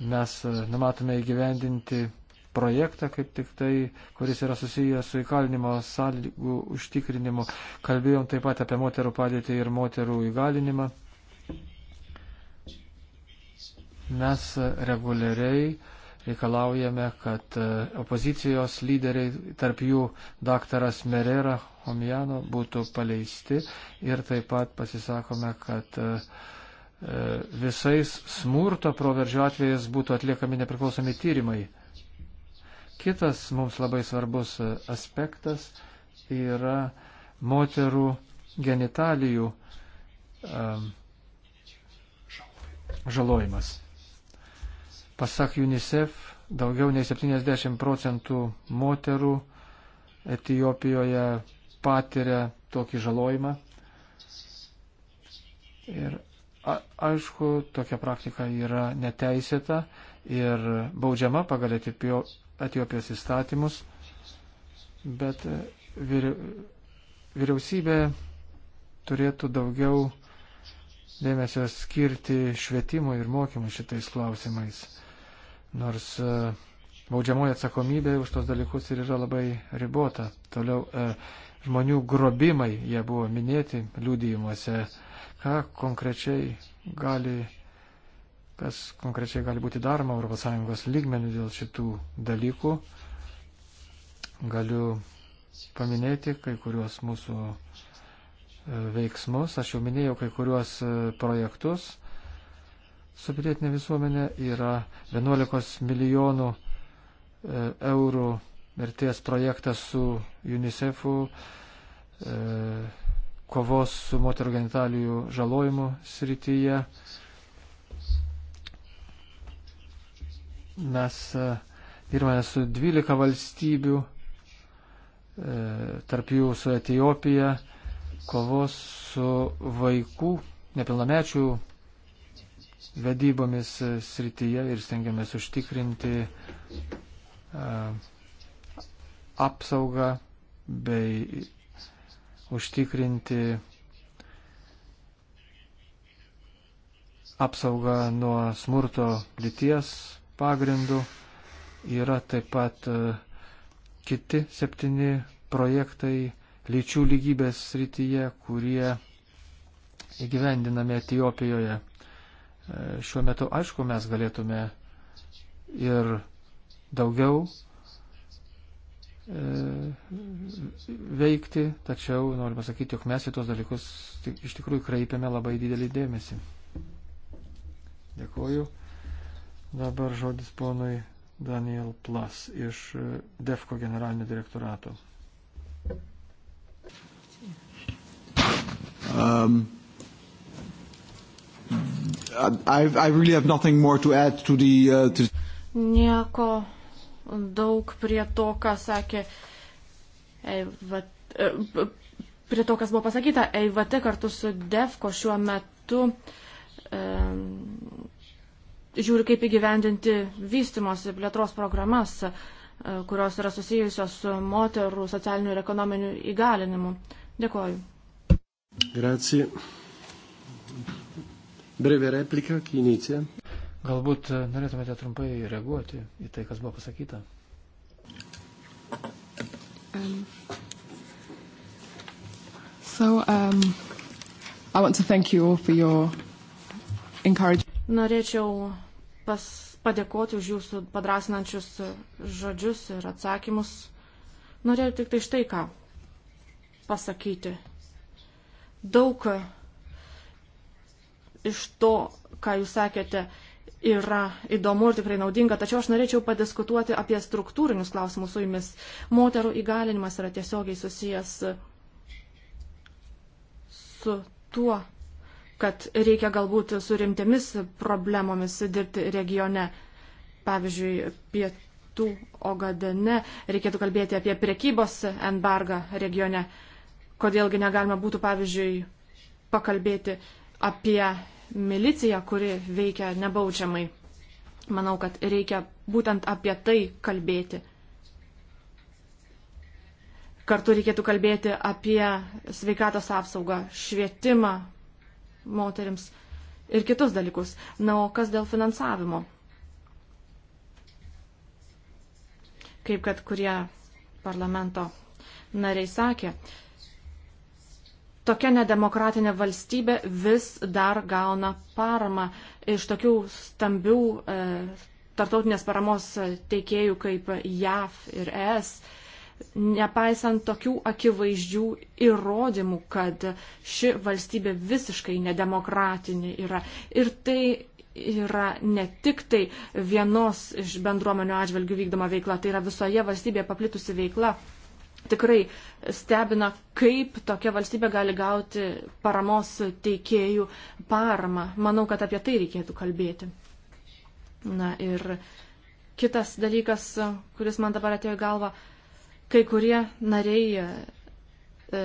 Mes e, numatome įgyvendinti projektą, kaip tik tai, kuris yra susijęs su įkalinimo sąlygų užtikrinimu. Kalbėjom taip pat apie moterų padėtį ir moterų įgalinimą. Mes e, reguliariai reikalaujame, kad e, opozicijos lyderiai, tarp jų daktaras Merera Homiano, būtų paleisti ir taip pat pasisakome, kad uh, E, visais smurto proveržio atvejais būtų atliekami nepriklausomi tyrimai. Kitas mums labai svarbus e, aspektas yra moterų genitalijų um, žalojimas. Pasak UNICEF, daugiau nei 70 procentų moterų Etijopijoje patiria tokį žalojimą. Ir Aišku, tokia praktika yra neteisėta ir baudžiama pagal Etiopijos įstatymus, bet e, vyri, vyriausybė turėtų daugiau dėmesio skirti švietimui ir mokymui šitais klausimais. Nors e, baudžiamoji atsakomybė už tos dalykus ir yra labai ribota. Toliau. E, žmonių grobimai, jie buvo minėti liudijimuose, ką konkrečiai gali, kas konkrečiai gali būti daroma ES lygmenių dėl šitų dalykų. Galiu paminėti kai kuriuos mūsų e, veiksmus, aš jau minėjau kai kuriuos e, projektus su pilietinė visuomenė yra 11 milijonų e, eurų vertės projektas su UNICEF'u, e, kovos su moterų genitalijų žalojimu srityje. Mes e, dirbame su 12 valstybių, e, tarp jų su Etijopija, kovos su vaikų, nepilnamečių vedybomis e, srityje ir stengiamės užtikrinti e, apsaugą bei užtikrinti apsaugą nuo smurto lyties pagrindų. Yra taip pat e, kiti septyni projektai lyčių lygybės srityje, kurie įgyvendinami Etijopijoje. E, šiuo metu, aišku, mes galėtume ir daugiau E, veikti, tačiau noriu pasakyti, jog mes į tos dalykus iš tikrųjų kreipiame labai didelį dėmesį. Dėkuoju. Dabar žodis ponui Daniel Plas iš e, DEFCO generalinio direktorato. Um, I, I really have nothing more to add to the. Uh, to... Nieko daug prie to, ką sakė EIVT, e, prie to, kas buvo pasakyta, EIVT kartu su DEFCO šiuo metu e, žiūri, kaip įgyvendinti vystimosi plėtros programas, e, kurios yra susijusios su moterų socialiniu ir ekonominiu įgalinimu. Dėkoju. Grazie. Breve replica, chi inizia? Galbūt e, norėtumėte trumpai reaguoti į tai, kas buvo pasakyta. Um, so, um, I want to thank you all for your encouragement. Norėčiau pas, padėkoti už jūsų padrasinančius žodžius ir atsakymus. Norėjau tik tai štai ką pasakyti. Daug iš to, ką jūs sakėte, yra įdomu ir tikrai naudinga, tačiau aš norėčiau padiskutuoti apie struktūrinius klausimus su jumis. Moterų įgalinimas yra tiesiogiai susijęs su tuo, kad reikia galbūt su rimtėmis problemomis dirbti regione. Pavyzdžiui, pietų Ogadene reikėtų kalbėti apie priekybos embargą regione. Kodėlgi negalima būtų, pavyzdžiui, pakalbėti apie miliciją, kuri veikia nebaudžiamai. Manau, kad reikia būtent apie tai kalbėti. Kartu reikėtų kalbėti apie sveikatos apsaugą, švietimą moteriams ir kitus dalykus. Na, o kas dėl finansavimo? Kaip kad kurie parlamento nariai sakė, tokia nedemokratinė valstybė vis dar gauna paramą iš tokių stambių e, tartautinės paramos teikėjų kaip JAV ir ES, nepaisant tokių akivaizdžių įrodymų, kad ši valstybė visiškai nedemokratinė yra. Ir tai yra ne tik tai vienos iš bendruomenių atžvilgių vykdoma veikla, tai yra visoje valstybėje paplitusi veikla tikrai stebina, kaip tokia valstybė gali gauti paramos teikėjų paramą. Manau, kad apie tai reikėtų kalbėti. Na ir kitas dalykas, kuris man dabar atėjo į galvą, kai kurie nariai e,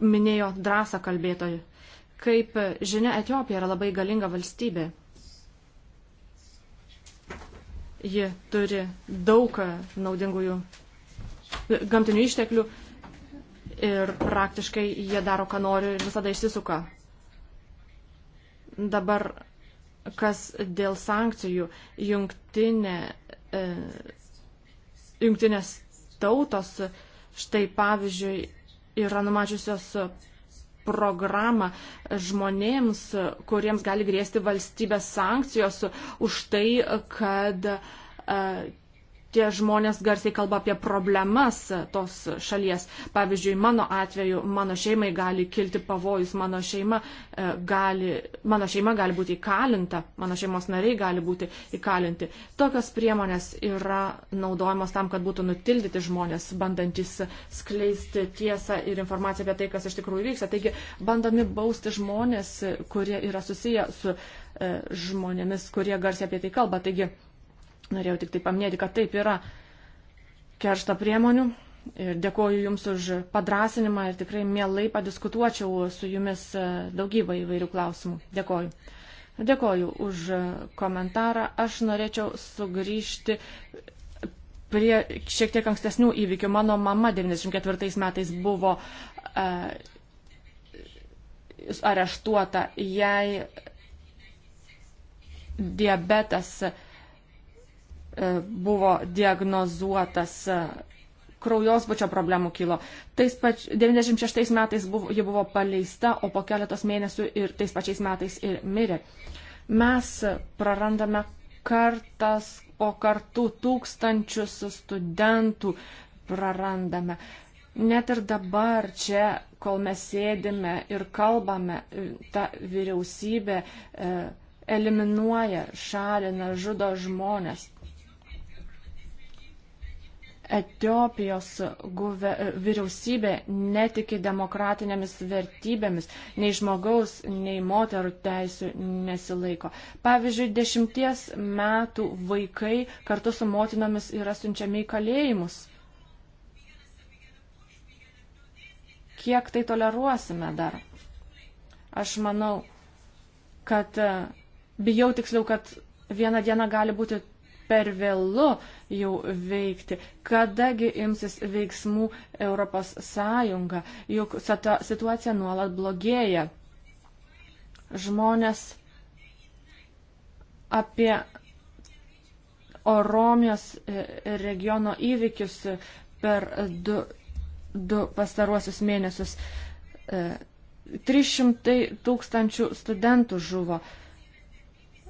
minėjo drąsą kalbėtojų. Kaip žinia, Etiopija yra labai galinga valstybė. Ji turi daug naudingųjų gamtinių išteklių ir praktiškai jie daro, ką nori ir visada išsisuka. Dabar, kas dėl sankcijų, jungtinė, e, jungtinės tautos, štai pavyzdžiui, yra numačiusios programą žmonėms, kuriems gali grėsti valstybės sankcijos už tai, kad e, tie žmonės garsiai kalba apie problemas tos šalies. Pavyzdžiui, mano atveju, mano šeimai gali kilti pavojus, mano šeima e, gali, mano šeima gali būti įkalinta, mano šeimos nariai gali būti įkalinti. Tokios priemonės yra naudojamos tam, kad būtų nutildyti žmonės, bandantis skleisti tiesą ir informaciją apie tai, kas iš tikrųjų vyksta. Taigi, bandami bausti žmonės, kurie yra susiję su e, žmonėmis, kurie garsiai apie tai kalba. Taigi, Norėjau tik tai paminėti, kad taip yra keršto priemonių. Ir dėkoju Jums už padrasinimą ir tikrai mielai padiskutuočiau su Jumis e, daugybą įvairių klausimų. Dėkoju. Dėkoju už komentarą. Aš norėčiau sugrįžti prie šiek tiek ankstesnių įvykių. Mano mama 94 metais buvo uh, areštuota. Jai diabetas uh, E, buvo diagnozuotas e, kraujosbučio problemų kilo. Tais pač, 96 metais buvo, ji buvo paleista, o po keletos mėnesių ir tais pačiais metais ir mirė. Mes prarandame kartas po kartų tūkstančius studentų prarandame. Net ir dabar čia, kol mes sėdime ir kalbame, e, ta vyriausybė e, eliminuoja, šalina, žudo žmonės. Etiopijos guve, vyriausybė netiki demokratinėmis vertybėmis, nei žmogaus, nei moterų teisų nesilaiko. Pavyzdžiui, dešimties metų vaikai kartu su motinomis yra siunčiami į kalėjimus. Kiek tai toleruosime dar? Aš manau, kad bijau tiksliau, kad vieną dieną gali būti per vėlu, jau veikti. Kadagi imsis veiksmų Europos Sąjunga, juk situacija nuolat blogėja. Žmonės apie Oromijos e, regiono įvykius per du, du pastaruosius mėnesius. 300 e, tūkstančių studentų žuvo,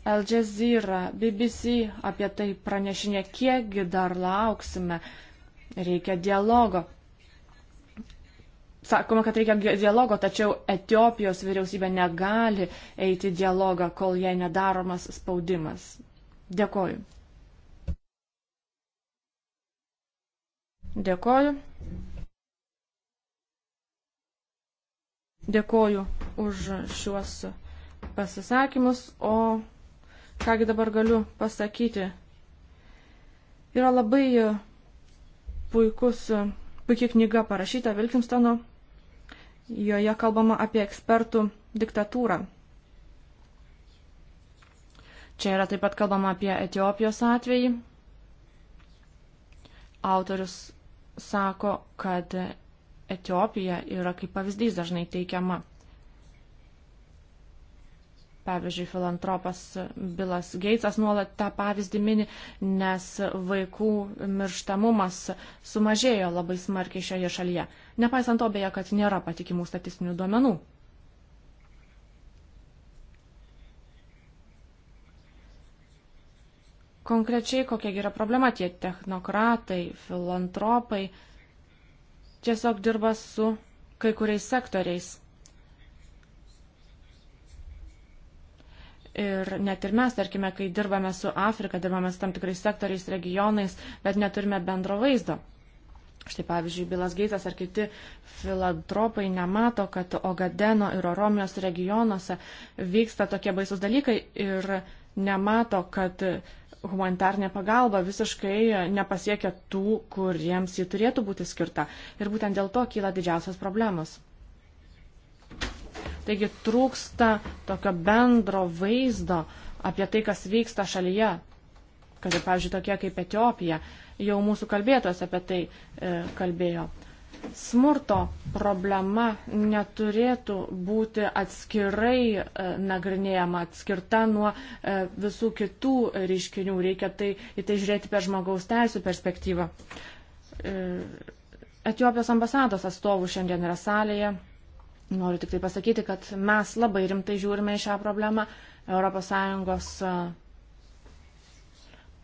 Al Jazeera, BBC apie tai pranešinė, kiekgi dar lauksime, reikia dialogo. Sakoma, kad reikia dialogo, tačiau Etiopijos vyriausybė negali eiti dialogą, kol jai nedaromas spaudimas. Dėkoju. Dėkoju. Dėkoju už šiuos pasisakymus, o Kągi dabar galiu pasakyti. Yra labai puikus, puikiai knyga parašyta Vilkinstono. Joje kalbama apie ekspertų diktatūrą. Čia yra taip pat kalbama apie Etiopijos atvejį. Autorius sako, kad Etiopija yra kaip pavyzdys dažnai teikiama. Pavyzdžiui, filantropas Bilas Geitsas nuolat tą pavyzdį mini, nes vaikų mirštamumas sumažėjo labai smarkiai šioje šalyje. Nepaisant to beje, kad nėra patikimų statistinių duomenų. Konkrečiai kokia yra problema tie technokratai, filantropai tiesiog dirba su kai kuriais sektoriais Ir net ir mes, tarkime, kai dirbame su Afrika, dirbame su tam tikrais sektoriais, regionais, bet neturime bendro vaizdo. Štai pavyzdžiui, Bilas Geitas ar kiti filantropai nemato, kad Ogadeno ir Oromijos regionuose vyksta tokie baisus dalykai ir nemato, kad humanitarnė pagalba visiškai nepasiekia tų, kuriems ji turėtų būti skirta. Ir būtent dėl to kyla didžiausios problemos. Taigi trūksta tokio bendro vaizdo apie tai, kas vyksta šalyje. Kad ir, pavyzdžiui, tokie kaip Etiopija, jau mūsų kalbėtos apie tai e, kalbėjo. Smurto problema neturėtų būti atskirai e, nagrinėjama, atskirta nuo e, visų kitų reiškinių. Reikia tai, į tai žiūrėti per žmogaus teisų perspektyvą. E, Etiopijos ambasados atstovų šiandien yra salėje. Noriu tik tai pasakyti, kad mes labai rimtai žiūrime į šią problemą. ES e,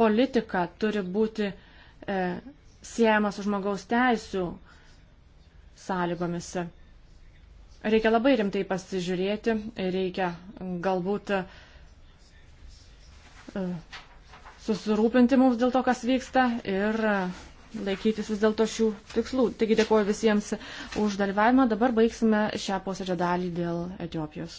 politika turi būti e, siejama su žmogaus teisų sąlygomis. Reikia labai rimtai pasižiūrėti, reikia galbūt e, susirūpinti mums dėl to, kas vyksta ir e, laikytis vis dėlto šių tikslų. Taigi dėkuoju visiems už dalyvavimą. Dabar baigsime šią posėdžio dalį dėl Etiopijos.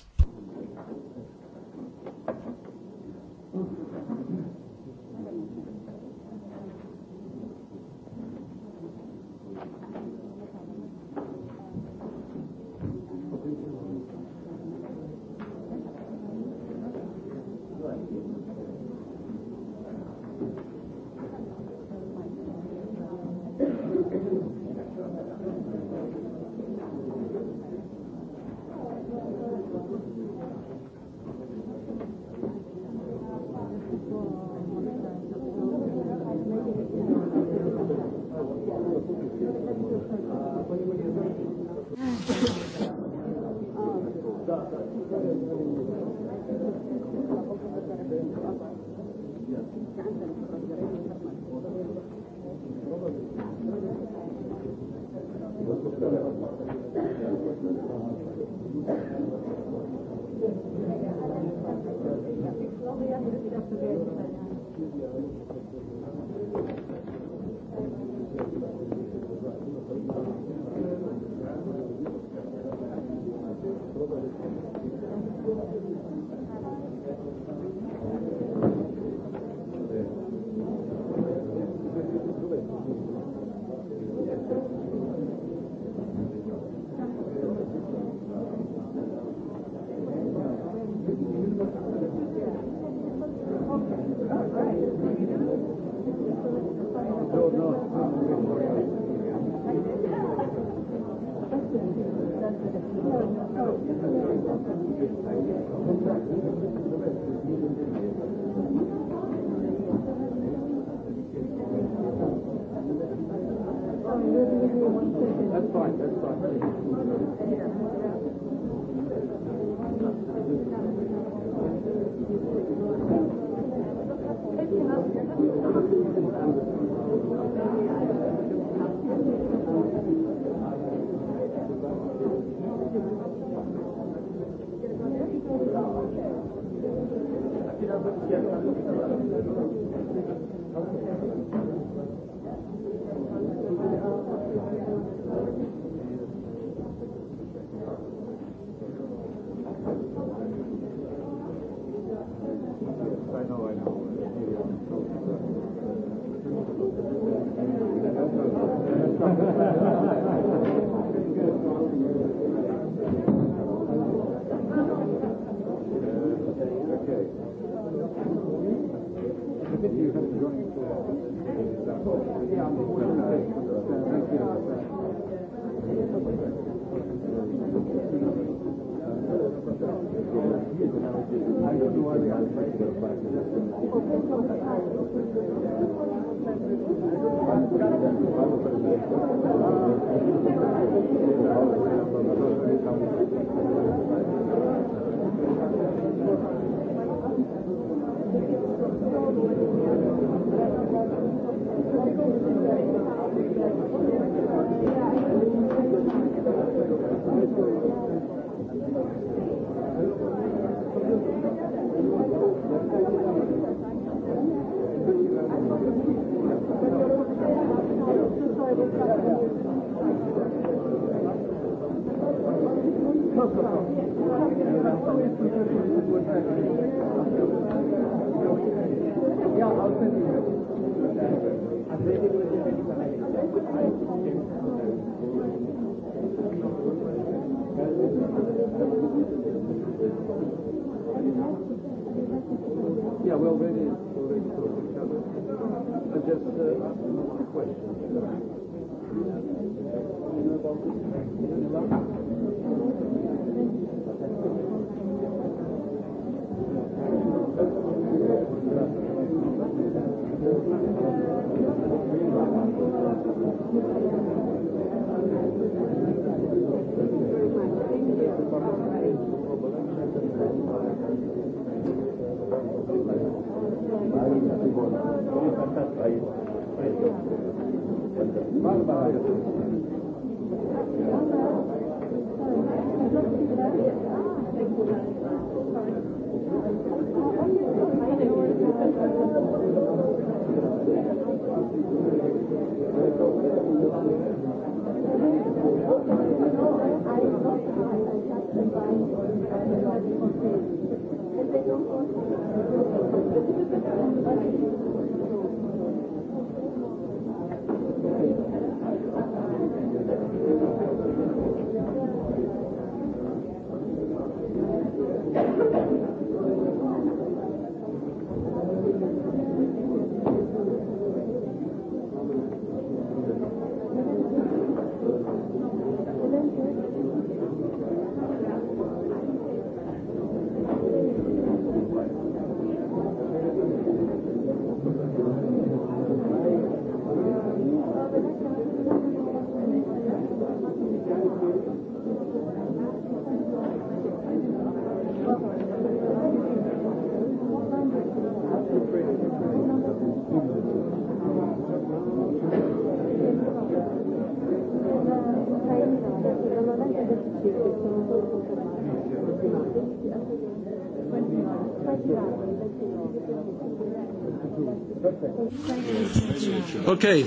Okay.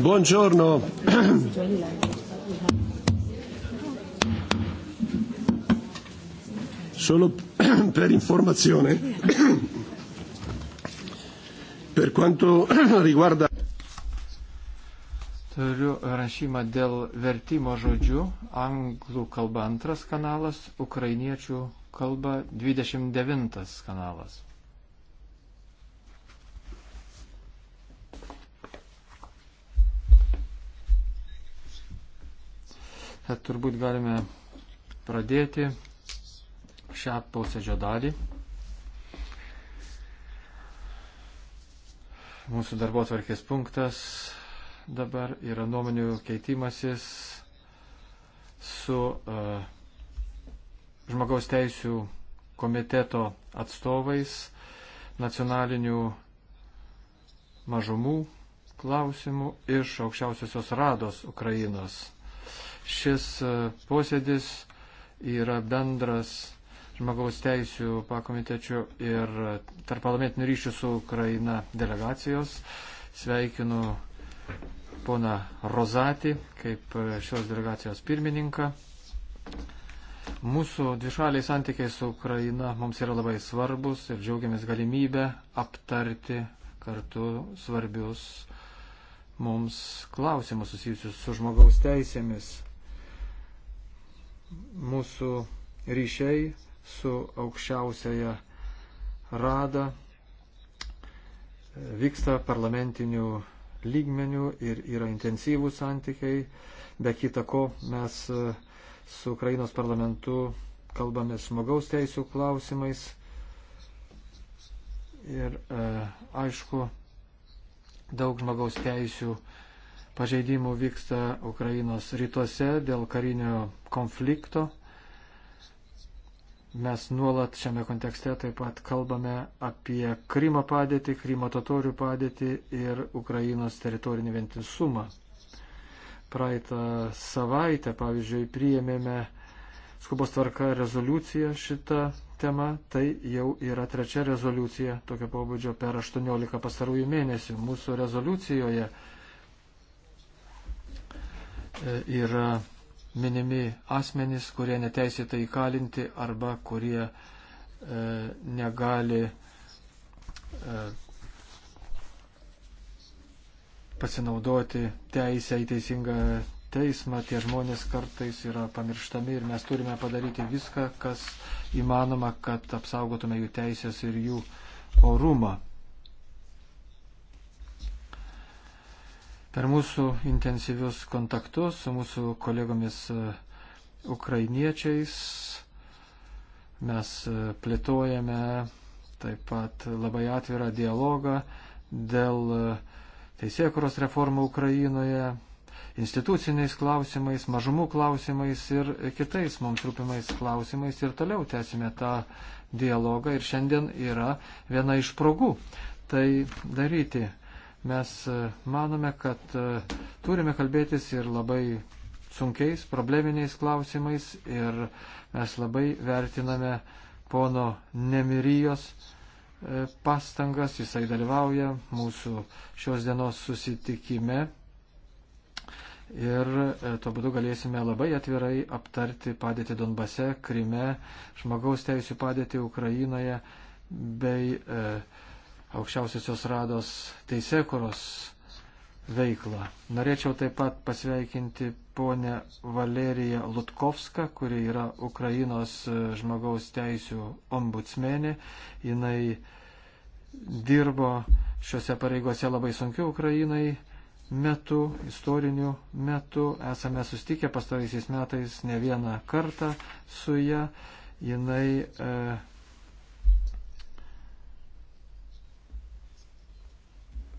Buongiorno. Solo per informazione, per quanto riguarda. Turiu rašymą dėl vertimo žodžių. Anglų kalba antras kanalas, ukrainiečių kalba 29 kanalas. Tad turbūt galime pradėti šią posėdžio dalį. Mūsų darbo tvarkės punktas dabar yra nuomonių keitimasis su uh, žmogaus teisų komiteto atstovais nacionalinių mažumų klausimų iš aukščiausiosios rados Ukrainos. Šis e, posėdis yra bendras žmogaus teisų pakomitečių ir tarp parlamentinių ryšių su Ukraina delegacijos. Sveikinu pona Rozatį kaip šios delegacijos pirmininką. Mūsų dvišaliai santykiai su Ukraina mums yra labai svarbus ir džiaugiamės galimybę aptarti kartu svarbius mums klausimus susijusius su žmogaus teisėmis. Mūsų ryšiai su aukščiausiaja rada vyksta parlamentinių lygmenių ir yra intensyvūs santykiai. Be kita ko, mes uh, su Ukrainos parlamentu kalbame žmogaus teisų klausimais. Ir e, aišku, daug žmogaus teisų pažeidimų vyksta Ukrainos rytuose dėl karinio konflikto. Mes nuolat šiame kontekste taip pat kalbame apie Krymo padėtį, Krymo totorių padėtį ir Ukrainos teritorinį vientisumą. Praeitą savaitę, pavyzdžiui, priėmėme skubos tvarka rezoliuciją šitą temą. Tai jau yra trečia rezoliucija tokio pobūdžio per 18 pastarųjų mėnesių. Mūsų rezoliucijoje e, yra minimi asmenys, kurie neteisėtai įkalinti arba kurie e, negali e, pasinaudoti teisę į teisingą teismą, tie žmonės kartais yra pamirštami ir mes turime padaryti viską, kas įmanoma, kad apsaugotume jų teisės ir jų orumą. Per mūsų intensyvius kontaktus su mūsų kolegomis e, ukrainiečiais mes e, plėtojame taip pat labai atvirą dialogą dėl uh, teisėkuros reformą Ukrainoje, instituciniais klausimais, mažumų klausimais ir kitais mums rūpimais klausimais ir toliau tęsime tą dialogą ir šiandien yra viena iš progų tai daryti. Mes e, manome, kad e, turime kalbėtis ir labai sunkiais, probleminiais klausimais ir mes labai vertiname pono Nemirijos E, pastangas, jisai dalyvauja mūsų šios dienos susitikime ir e, tuo būdu galėsime labai atvirai aptarti padėtį Donbase, Krime, žmogaus teisų padėtį Ukrainoje bei e, aukščiausiosios rados teisėkuros veiklą. Norėčiau taip pat pasveikinti ponę Valeriją Lutkovską, kuri yra Ukrainos e, žmogaus teisų ombudsmenė. Jinai dirbo šiuose pareigose labai sunkiu Ukrainai metu, istoriniu metu. Esame sustikę pastaraisiais metais ne vieną kartą su ją. Jinai e,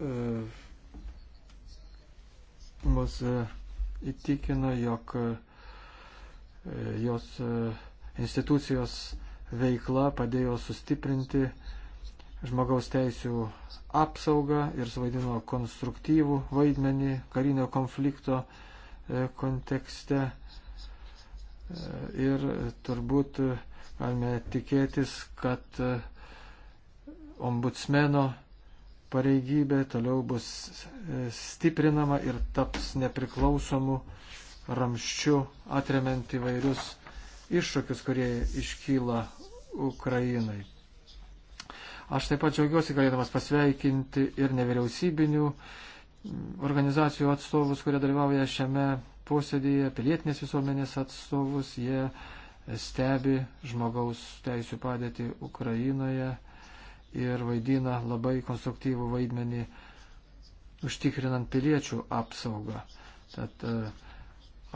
e, mus e, įtikino, jog e, jos e, institucijos veikla padėjo sustiprinti žmogaus teisų apsaugą ir suvaidino konstruktyvų vaidmenį karinio konflikto kontekste. Ir turbūt galime tikėtis, kad ombudsmeno pareigybė toliau bus e, stiprinama ir taps nepriklausomu ramščiu atremiant įvairius iššūkius, kurie iškyla Ukrainai. Aš taip pat džiaugiuosi galėdamas pasveikinti ir nevyriausybinių mm, organizacijų atstovus, kurie dalyvauja šiame posėdėje, pilietinės visuomenės atstovus, jie stebi žmogaus teisų padėtį Ukrainoje ir vaidina labai konstruktyvų vaidmenį užtikrinant piliečių apsaugą. Tad e,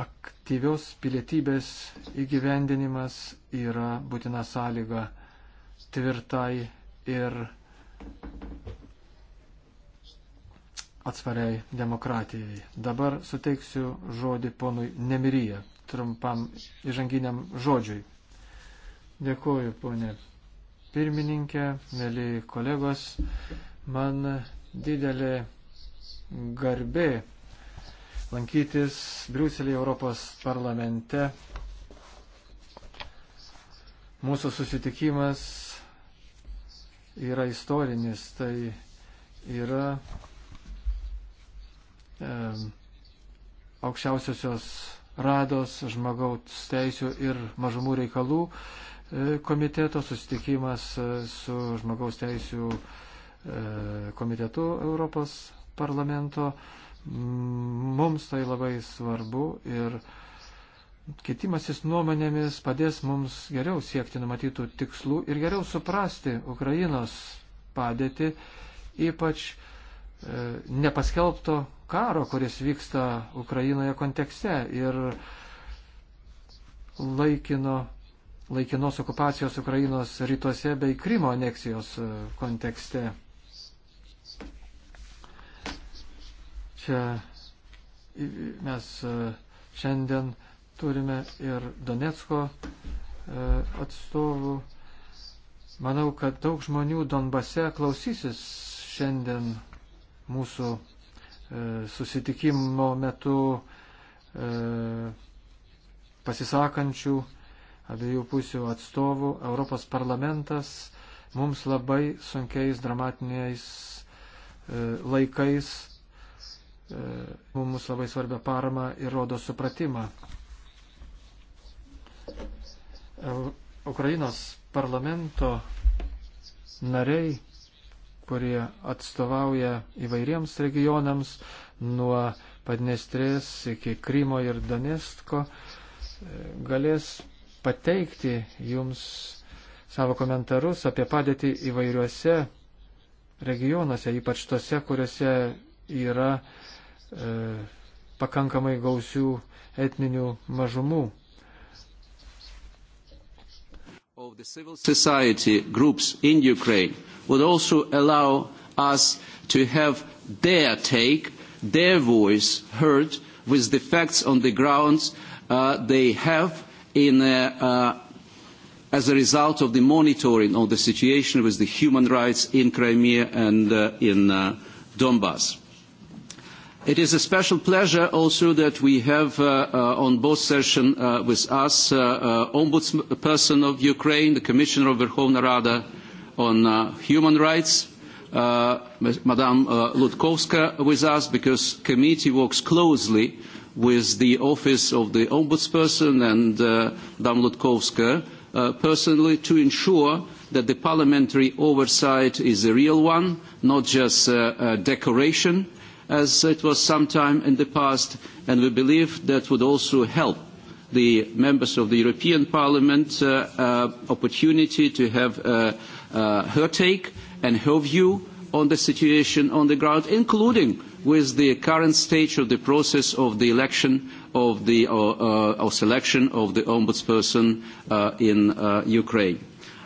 aktyvios pilietybės įgyvendinimas yra būtina sąlyga tvirtai ir atspariai demokratijai. Dabar suteiksiu žodį ponui Nemiryje, trumpam įžanginiam žodžiui. Dėkuoju, ponė pirmininkė, mėly kolegos, man didelė garbė lankytis Briuselėje Europos parlamente. Mūsų susitikimas yra istorinis, tai yra e, aukščiausiosios rados žmogaus teisų ir mažumų reikalų e, komiteto, susitikimas e, su žmogaus teisų e, komitetu Europos parlamento. Mums tai labai svarbu ir kitimasis nuomonėmis padės mums geriau siekti numatytų tikslų ir geriau suprasti Ukrainos padėtį, ypač e, nepaskelbto karo, kuris vyksta Ukrainoje kontekste ir laikino laikinos okupacijos Ukrainos rytuose bei Krymo aneksijos e, kontekste. Čia mes e, šiandien turime ir Donetsko e, atstovų. Manau, kad daug žmonių Donbase klausysis šiandien mūsų susitikimo metu pasisakančių abiejų pusių atstovų, Europos parlamentas mums labai sunkiais, dramatiniais e, laikais e, mums labai svarbią paramą ir rodo supratimą. Ukrainos parlamento nariai, kurie atstovauja įvairiems regionams, nuo Padnestrės iki Krymo ir Donestko, e, galės pateikti jums savo komentarus apie padėtį įvairiuose regionuose, ypač tose, kuriuose yra e, pakankamai gausių etninių mažumų. Society groups in Ukraine would also allow us to have their take, their voice heard with the facts on the grounds uh, they have in, uh, uh, as a result of the monitoring of the situation with the human rights in Crimea and uh, in uh, Donbass. It is a special pleasure also that we have uh, uh, on both sessions uh, with us uh, uh, Ombudsperson of Ukraine, the Commissioner of Verkhovna Rada on uh, Human Rights, uh, Madame uh, Lutkovska with us because committee works closely uh, with the Office of the Ombudsperson and uh, Damlutkovska uh, personally to ensure that the parliamentary oversight is a real one, not just uh, a decoration, as it was sometime in the past, and we believe that would also help the members of the European Parliament uh, uh, opportunity to have uh, uh, her take and her view on the situation on the ground, including with the current stage of the process of the election of the uh, uh, of selection of the ombudsperson uh, in uh, Ukraine.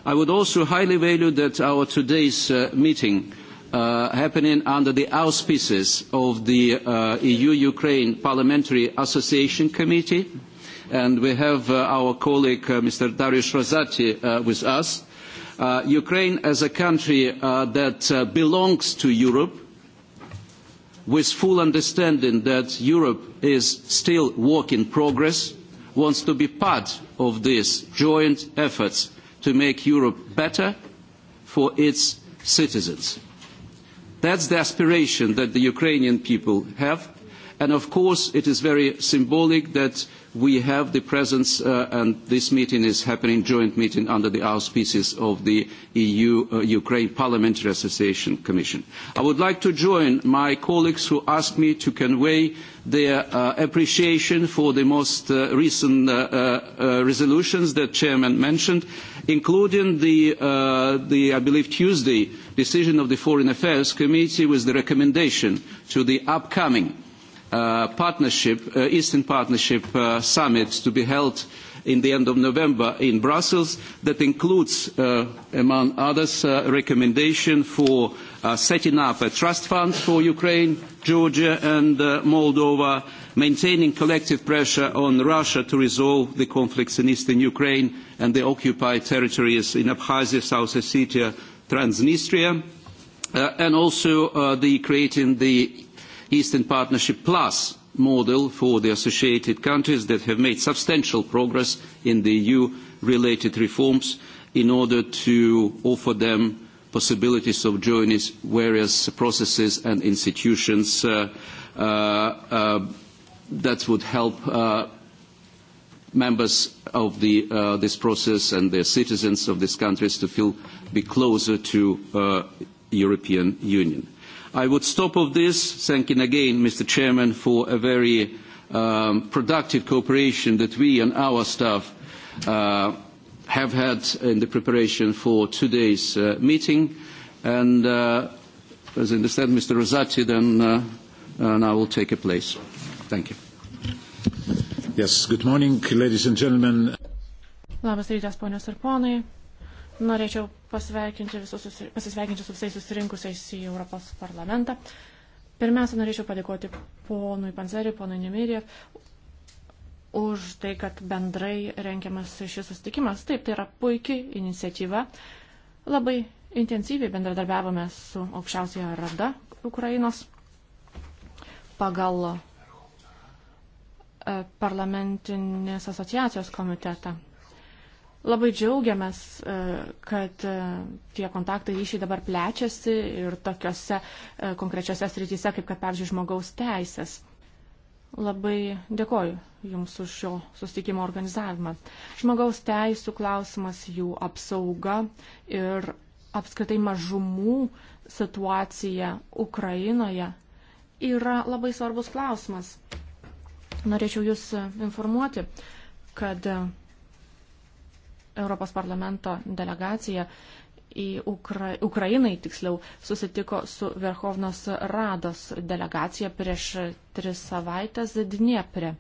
I would also highly value that our today's uh, meeting uh, happening under the auspices of the uh, EU-Ukraine Parliamentary Association Committee, and we have uh, our colleague uh, Mr. Darius Rosati uh, with us uh, Ukraine as a country uh, that uh, belongs to Europe, with full understanding that Europe is still work in progress, wants to be part of these joint efforts to make Europe better for its citizens. That's the aspiration that the Ukrainian people have. And of course, it is very symbolic that we have the presence, uh, and this meeting is happening, joint meeting under the auspices of the EU-Ukraine uh, Parliamentary Association Commission. I would like to join my colleagues who asked me to convey their uh, appreciation for the most uh, recent uh, uh, uh resolutions that Chairman mentioned, including the, uh, the, I believe, Tuesday decision of the Foreign Affairs Committee with the recommendation to the upcoming uh, partnership, uh, Eastern Partnership uh, Summit to be held in the end of November in Brussels that includes, uh, among others, a uh, recommendation for uh, setting up a trust fund for Ukraine, Georgia and uh, Moldova, maintaining collective pressure on Russia to resolve the conflicts in eastern Ukraine and the occupied territories in Abkhazia, South Ossetia, Transnistria, uh, and also uh, the creating the Eastern Partnership Plus model for the associated countries that have made substantial progress in the EU-related reforms in order to offer them possibilities of joining various processes and institutions uh, uh, uh, that would help uh, members of the, uh, this process and the citizens of these countries to feel be closer to uh, European Union. I would stop of this, thanking again Mr. Chairman for a very um, productive cooperation that we and our staff uh, have had in the preparation for today's uh, meeting. And uh, as I understand, Mr. Rosati, then uh, and uh, I will take a place. Thank you. Yes, good morning, ladies and gentlemen. Labas rytas, ponios ir ponai. Norėčiau pasveikinti visus, pasisveikinti su visais susirinkusiais į Europos parlamentą. Pirmiausia, norėčiau padėkoti ponui Panzeriui, ponui Nemirė už tai, kad bendrai renkiamas šis susitikimas. Taip, tai yra puikiai iniciatyva. Labai intensyviai bendradarbiavome su aukščiausiaja rada Ukrainos pagal e, parlamentinės asociacijos komitetą. Labai džiaugiamės, e, kad e, tie kontaktai ryšiai dabar plečiasi ir tokiuose e, konkrečiose srityse, kaip kad, pavyzdžiui, žmogaus teisės. Labai dėkoju Jums už šio susitikimo organizavimą. Žmogaus teisų klausimas, jų apsauga ir apskritai mažumų situacija Ukrainoje yra labai svarbus klausimas. Norėčiau Jūs informuoti, kad Europos parlamento delegacija į Ukra Ukrainai tiksliau susitiko su Verhovnos Rados delegacija prieš tris savaitės Dniepre.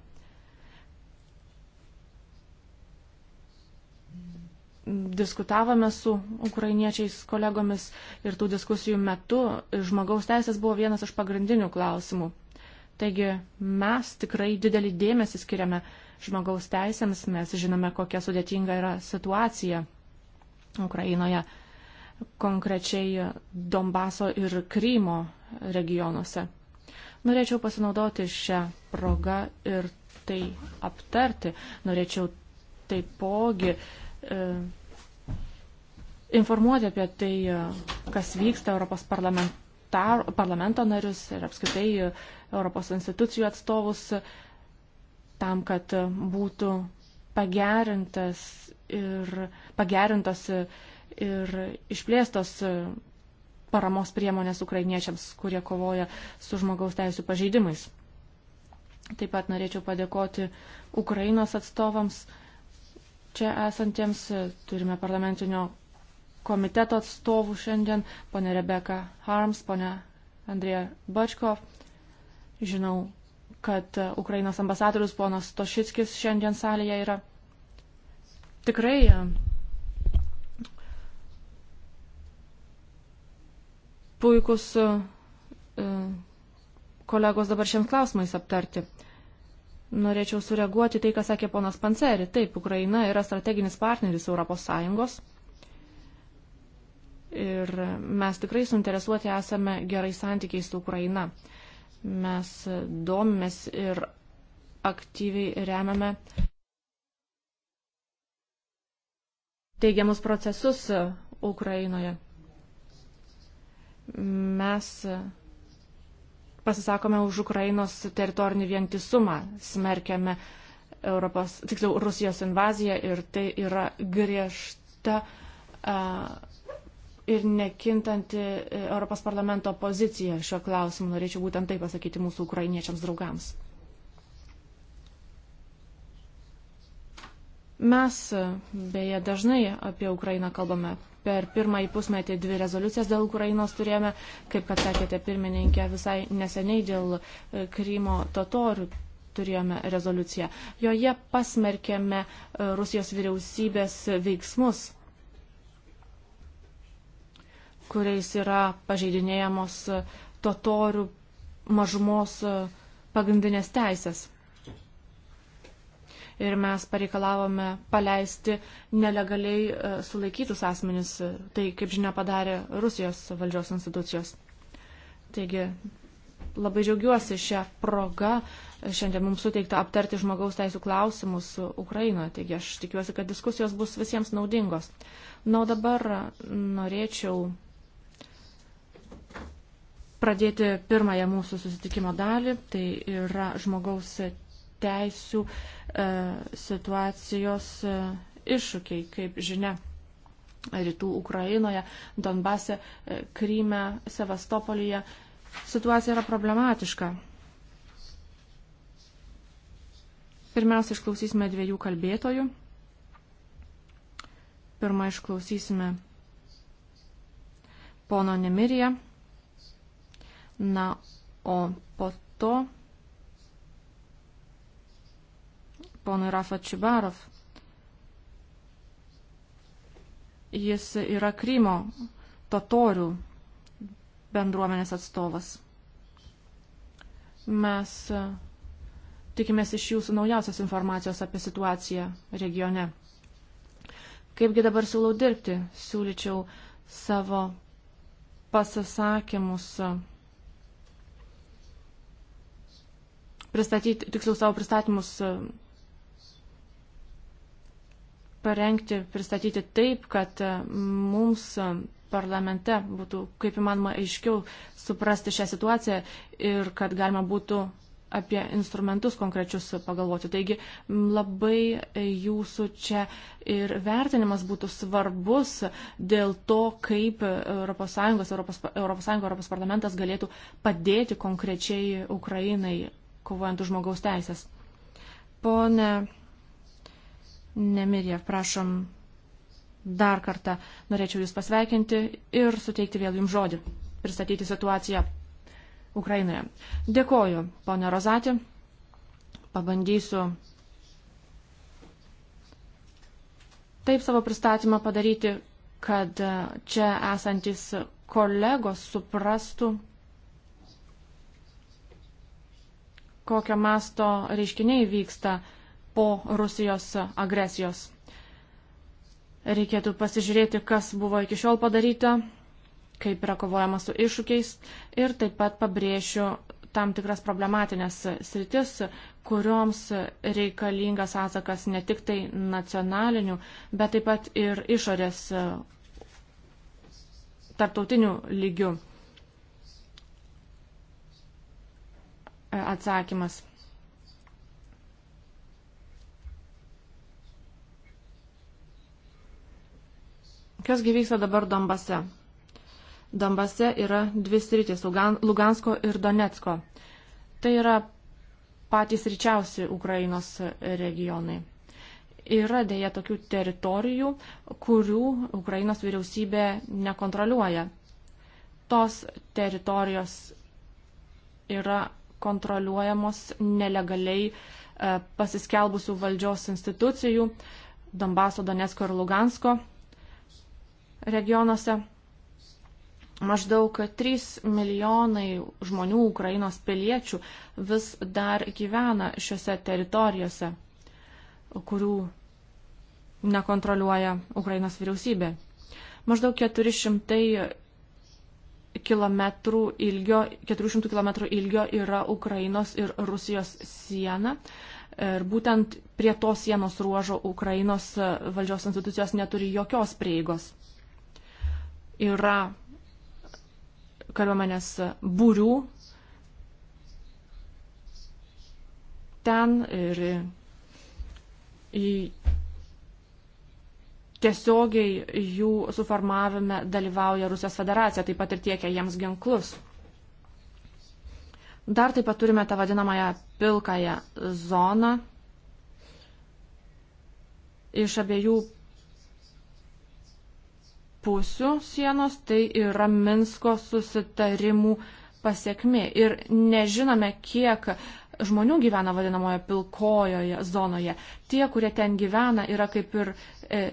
Diskutavome su ukrainiečiais kolegomis ir tų diskusijų metu žmogaus teisės buvo vienas iš pagrindinių klausimų. Taigi mes tikrai didelį dėmesį skiriame uh, žmogaus teisėms. Mes žinome, kokia sudėtinga yra situacija Ukrainoje, konkrečiai Donbaso ir Krymo regionuose. Norėčiau pasinaudoti šią progą ir tai aptarti. Norėčiau taipogi. E, informuoti apie tai, kas vyksta Europos parlamento narius ir apskritai Europos institucijų atstovus tam, kad būtų pagerintas ir pagerintos ir išplėstos paramos priemonės ukrainiečiams, kurie kovoja su žmogaus teisų pažeidimais. Taip pat norėčiau padėkoti Ukrainos atstovams čia esantiems. Turime parlamentinio komiteto atstovų šiandien, ponė Rebeka Harms, ponė Andrija Bačkov. Žinau, kad e, Ukrainos ambasadorius ponas Tošickis šiandien salėje yra. Tikrai e, puikus e, kolegos dabar šiems klausimais aptarti. Norėčiau sureaguoti tai, ką sakė ponas Panceri. Taip, Ukraina yra strateginis partneris ES. Ir mes tikrai suinteresuoti esame gerai santykiais su Ukraina. Mes domimės ir aktyviai remiame teigiamus procesus Ukrainoje. Mes pasisakome už Ukrainos teritorinį vientisumą, smerkiame Europos, tiksliau, Rusijos invaziją ir tai yra griežta uh, ir nekintanti e, Europos parlamento pozicija šiuo klausimu. Norėčiau būtent tai pasakyti mūsų ukrainiečiams draugams. Mes e, beje dažnai apie Ukrainą kalbame. Per pirmąjį pusmetį dvi rezoliucijas dėl Ukrainos turėjome, kaip kad sakėte pirmininkė, visai neseniai dėl e, Krymo totorių turėjome rezoliuciją. Joje pasmerkėme Rusijos vyriausybės veiksmus kuriais yra pažeidinėjamos totorių mažumos pagrindinės teisės. Ir mes pareikalavome paleisti nelegaliai e, sulaikytus asmenis, tai kaip žinia padarė Rusijos valdžios institucijos. Taigi labai džiaugiuosi šią progą šiandien mums suteikta aptarti žmogaus teisų klausimus Ukrainoje. Taigi aš tikiuosi, kad diskusijos bus visiems naudingos. Na, o dabar norėčiau pradėti pirmąją mūsų susitikimo dalį. Tai yra žmogaus teisų e, situacijos e, iššūkiai, kaip žinia. Rytų Ukrainoje, Donbase, e, Kryme, Sevastopolyje situacija yra problematiška. Pirmiausia, išklausysime dviejų kalbėtojų. Pirmą išklausysime pono Nemiriją. Na, o po to ponui Rafa Čibarov. Jis yra Krymo totorių bendruomenės atstovas. Mes e, tikimės iš jūsų naujausios informacijos apie situaciją regione. Kaipgi dabar siūlau dirbti? Siūlyčiau savo pasisakymus e, pristatyti, tiksliau savo pristatymus e, parengti, pristatyti taip, kad e, mums e, parlamente būtų kaip įmanoma aiškiau suprasti šią situaciją ir kad galima būtų apie instrumentus konkrečius pagalvoti. Taigi labai jūsų čia ir vertinimas būtų svarbus dėl to, kaip ES, ES, ES parlamentas galėtų padėti konkrečiai Ukrainai kovojant už žmogaus teisės. Pone Nemirė, prašom dar kartą norėčiau Jūs pasveikinti ir suteikti vėl Jums žodį, pristatyti situaciją Ukrainoje. Dėkoju, ponė Rozatė. Pabandysiu taip savo pristatymą padaryti, kad čia esantis kolegos suprastų, kokio masto reiškiniai vyksta po Rusijos agresijos. Reikėtų pasižiūrėti, kas buvo iki šiol padaryta, kaip yra kovojama su iššūkiais ir taip pat pabrėšiu tam tikras problematinės sritis, kurioms reikalingas atsakas ne tik tai nacionalinių, bet taip pat ir išorės tarptautinių lygių. atsakymas. Kas gyvyksta dabar Dombase? Dombase yra dvi sritis - Lugansko ir Donetsko. Tai yra patys ryčiausi Ukrainos regionai. Yra dėja tokių teritorijų, kurių Ukrainos vyriausybė nekontroliuoja. Tos teritorijos yra kontroliuojamos nelegaliai e, pasiskelbusių valdžios institucijų Donbaso, Donetsko ir Lugansko regionuose. Maždaug 3 milijonai žmonių Ukrainos piliečių vis dar gyvena šiuose teritorijose, kurių nekontroliuoja Ukrainos vyriausybė. Maždaug 400 km ilgio, 400 km ilgio yra Ukrainos ir Rusijos siena. Ir būtent prie to sienos ruožo Ukrainos valdžios institucijos neturi jokios prieigos. Yra kariuomenės būrių ten ir į tiesiogiai jų suformavime dalyvauja Rusijos federacija, taip pat ir tiekia jiems ginklus. Dar taip pat turime tą vadinamąją pilkąją zoną. Iš abiejų pusių sienos tai yra Minsko susitarimų pasiekmi. Ir nežinome, kiek žmonių gyvena vadinamoje pilkojoje zonoje. Tie, kurie ten gyvena, yra kaip ir e,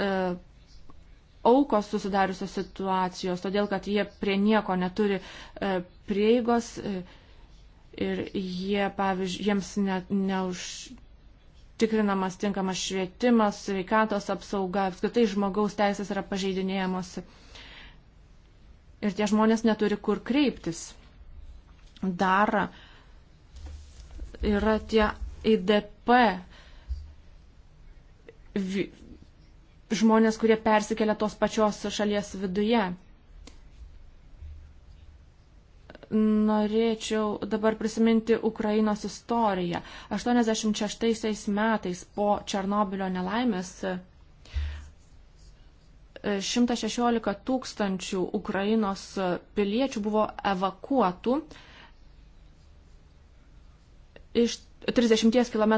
E, aukos susidariusios situacijos, todėl kad jie prie nieko neturi e, prieigos e, ir jie, pavyzdžiui, jiems ne, neužtikrinamas tinkamas švietimas, sveikatos apsauga, apskritai žmogaus teisės yra pažeidinėjamos. Ir tie žmonės neturi kur kreiptis. Dar yra tie IDP žmonės, kurie persikelia tos pačios šalies viduje. Norėčiau dabar prisiminti Ukrainos istoriją. 86 metais po Černobilio nelaimės 116 tūkstančių Ukrainos piliečių buvo evakuotų iš 30 km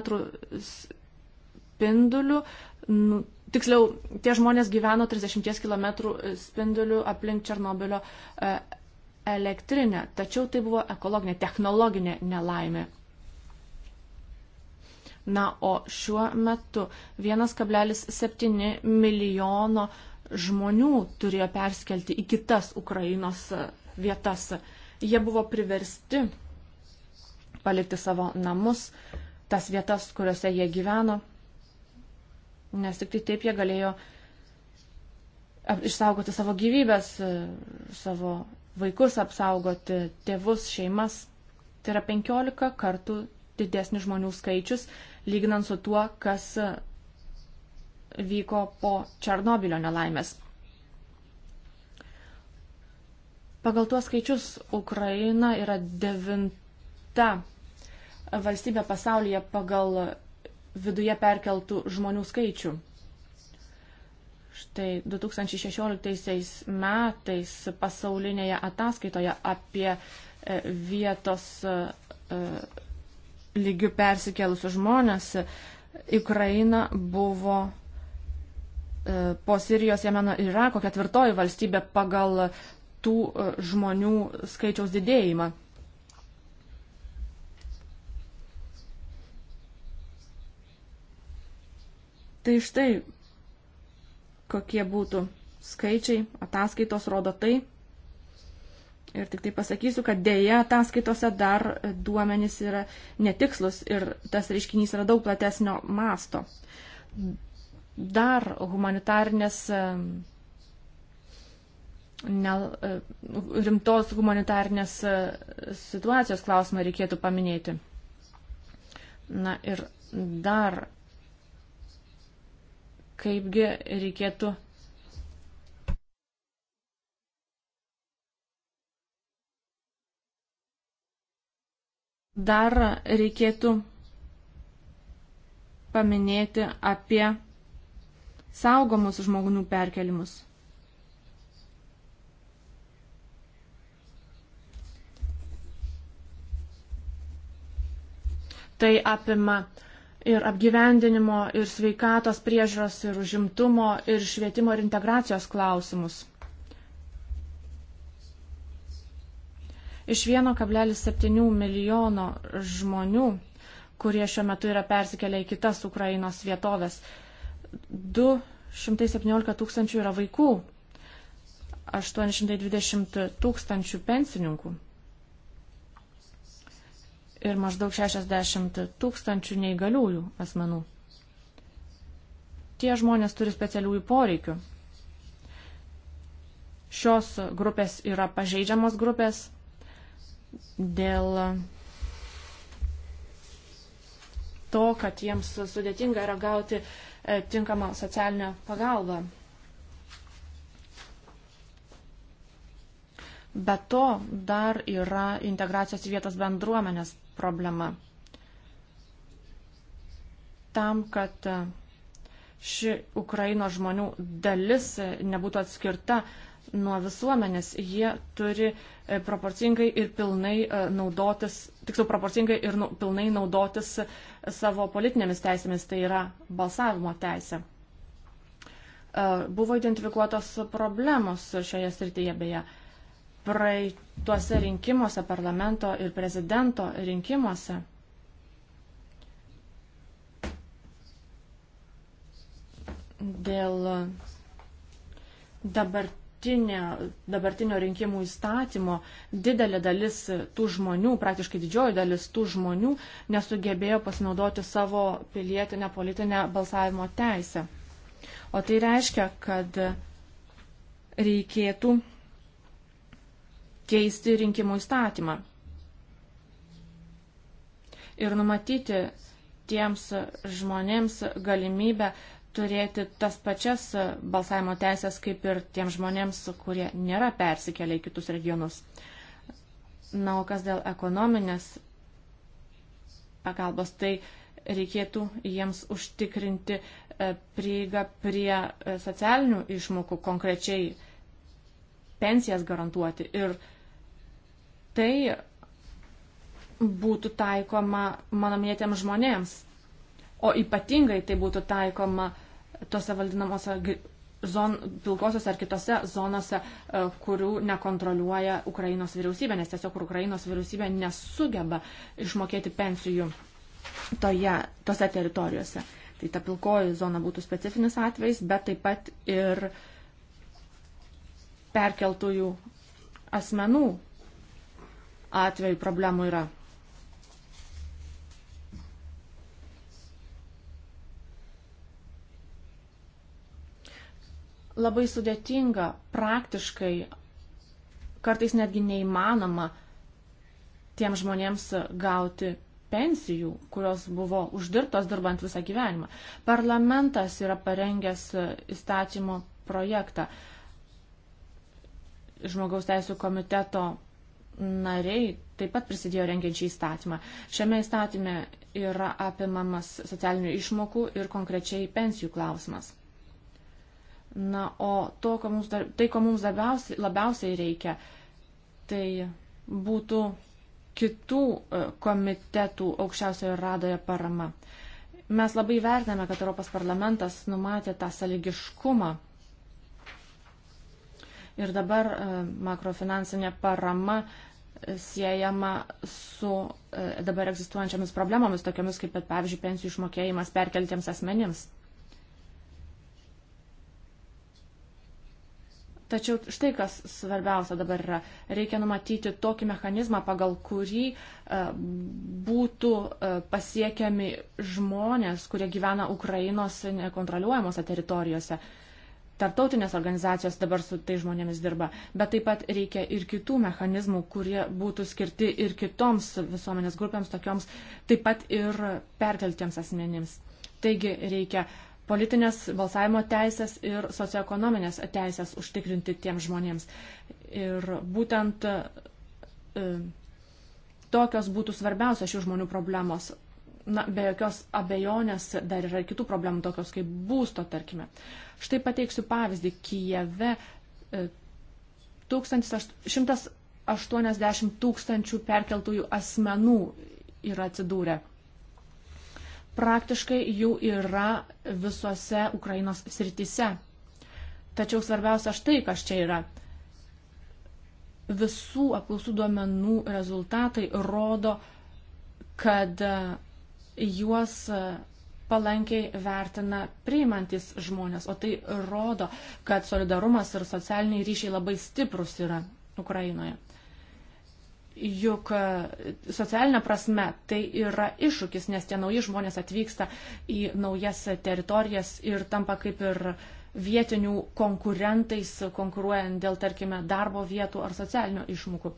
spindulių nu, tiksliau, tie žmonės gyveno 30 km spinduliu aplink Černobilio e, elektrinę, tačiau tai buvo ekologinė, technologinė nelaimė. Na, o šiuo metu 1,7 milijono žmonių turėjo perskelti į kitas Ukrainos e, vietas. Jie buvo priversti palikti savo namus, tas vietas, kuriuose jie gyveno nes tik tai taip jie galėjo išsaugoti savo gyvybės, e, savo vaikus apsaugoti, tėvus, šeimas. Tai yra 15 kartų didesnis žmonių skaičius, lyginant su tuo, kas e, vyko po Černobilio nelaimės. Pagal tuos skaičius Ukraina yra devinta valstybė pasaulyje pagal viduje perkeltų žmonių skaičių. Štai 2016 metais pasaulinėje ataskaitoje apie e, vietos e, e, lygių persikėlusius žmonės Ukraina buvo po Sirijos, Jemeno ir Irako ketvirtoji valstybė pagal tų žmonių skaičiaus didėjimą. Tai štai kokie būtų skaičiai, ataskaitos rodo tai. Ir tik tai pasakysiu, kad dėja ataskaitose dar duomenys yra netikslus ir tas reiškinys yra daug platesnio masto. Dar humanitarnės ne, e, rimtos humanitarnės e, situacijos klausimą reikėtų paminėti. Na ir dar kaipgi reikėtų dar reikėtų paminėti apie saugomus žmonių perkelimus. Tai apima ir apgyvendinimo, ir sveikatos priežiūros, ir užimtumo, ir švietimo, ir integracijos klausimus. Iš 1,7 milijono žmonių, kurie šiuo metu yra persikėlę į kitas Ukrainos vietovės, 217 tūkstančių yra vaikų, 820 tūkstančių pensininkų ir maždaug 60 tūkstančių neįgaliųjų asmenų. Tie žmonės turi specialiųjų poreikių. Šios grupės yra pažeidžiamos grupės dėl to, kad jiems sudėtinga yra gauti e, tinkamą socialinę pagalbą. Be to dar yra integracijos į vietos bendruomenės problema. Tam, kad ši Ukrainos žmonių dalis nebūtų atskirta nuo visuomenės, jie turi e, proporcingai ir pilnai e, naudotis, tiksliau proporcingai ir nu, pilnai naudotis e, savo politinėmis teisėmis, tai yra balsavimo teisė. Buvo identifikuotos problemos šioje srityje beje praeituose rinkimuose, parlamento ir prezidento rinkimuose. Dėl dabartinio, dabartinio rinkimų įstatymo didelė dalis tų žmonių, praktiškai didžioji dalis tų žmonių nesugebėjo pasinaudoti savo pilietinę politinę balsavimo teisę. O tai reiškia, kad reikėtų keisti rinkimų įstatymą ir numatyti tiems žmonėms galimybę turėti tas pačias balsavimo teisės kaip ir tiems žmonėms, kurie nėra persikėlę į kitus regionus. Na, o kas dėl ekonominės pagalbos, tai reikėtų jiems užtikrinti e, prieigą prie e, socialinių išmokų, konkrečiai pensijas garantuoti ir tai būtų taikoma mano minėtiems žmonėms. O ypatingai tai būtų taikoma tose vadinamose zon, pilkosios ar kitose zonose, e, kurių nekontroliuoja Ukrainos vyriausybė, nes tiesiog Ukrainos vyriausybė nesugeba išmokėti pensijų toje, tose teritorijose. Tai ta pilkoji zona būtų specifinis atvejs, bet taip pat ir perkeltųjų asmenų atveju problemų yra. Labai sudėtinga, praktiškai, kartais netgi neįmanoma tiem žmonėms gauti pensijų, kurios buvo uždirbtos dirbant visą gyvenimą. Parlamentas yra parengęs įstatymo projektą. Žmogaus teisų komiteto nariai taip pat prisidėjo rengiančiai įstatymą. Šiame įstatyme yra apimamas socialinių išmokų ir konkrečiai pensijų klausimas. Na, o to, ko mums, dar, tai, ko mums labiausiai, labiausiai reikia, tai būtų kitų e, komitetų aukščiausioje radoje parama. Mes labai vertiname, kad Europos parlamentas numatė tą saligiškumą Ir dabar e, makrofinansinė parama e, siejama su e, dabar egzistuojančiamis problemomis, tokiamis kaip, pavyzdžiui, pensijų išmokėjimas perkeltiems asmenims. Tačiau štai kas svarbiausia dabar yra. Reikia numatyti tokį mechanizmą, pagal kurį būtų pasiekiami žmonės, kurie gyvena Ukrainos nekontroliuojamose teritorijose tarptautinės organizacijos dabar su tai žmonėmis dirba, bet taip pat reikia ir kitų mechanizmų, kurie būtų skirti ir kitoms visuomenės grupėms, tokioms taip pat ir perkeltiems asmenims. Taigi reikia politinės balsavimo teisės ir socioekonominės teisės užtikrinti tiems žmonėms. Ir būtent e, tokios būtų svarbiausios šių žmonių problemos na, be jokios abejonės dar yra ir kitų problemų, tokios kaip būsto, tarkime. Štai pateiksiu pavyzdį. Kijeve 180 e, tūkstančių perkeltųjų asmenų yra atsidūrę. Praktiškai jų yra visose Ukrainos srityse. Tačiau svarbiausia štai, kas čia yra visų apklausų duomenų rezultatai rodo, kad juos e, palankiai vertina priimantis žmonės, o tai rodo, kad solidarumas ir socialiniai ryšiai labai stiprus yra Ukrainoje. Juk e, socialinė prasme tai yra iššūkis, nes tie nauji žmonės atvyksta į naujas teritorijas ir tampa kaip ir vietinių konkurentais, konkuruojant dėl, tarkime, darbo vietų ar socialinio išmokų.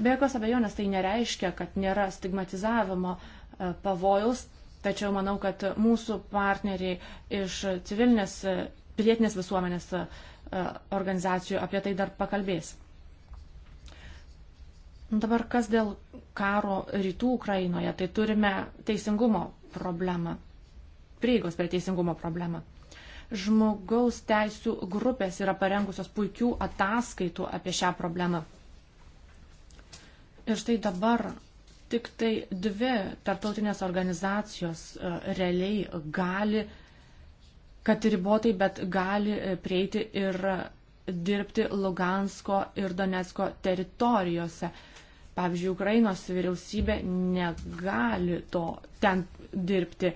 Be jokios abejonės tai nereiškia, kad nėra stigmatizavimo uh, E, pavojaus, tačiau manau, kad mūsų partneriai iš civilinės, e, pilietinės visuomenės e, organizacijų apie tai dar pakalbės. Dabar kas dėl karo rytų Ukrainoje, tai turime teisingumo problemą, prieigos prie teisingumo problemą žmogaus teisų grupės yra parengusios puikių ataskaitų apie šią problemą. Ir štai dabar Tik tai dvi tarptautinės organizacijos e, realiai gali, kad ribotai, bet gali e, prieiti ir dirbti Lugansko ir Donetsko teritorijose. Pavyzdžiui, Ukrainos vyriausybė negali to ten dirbti.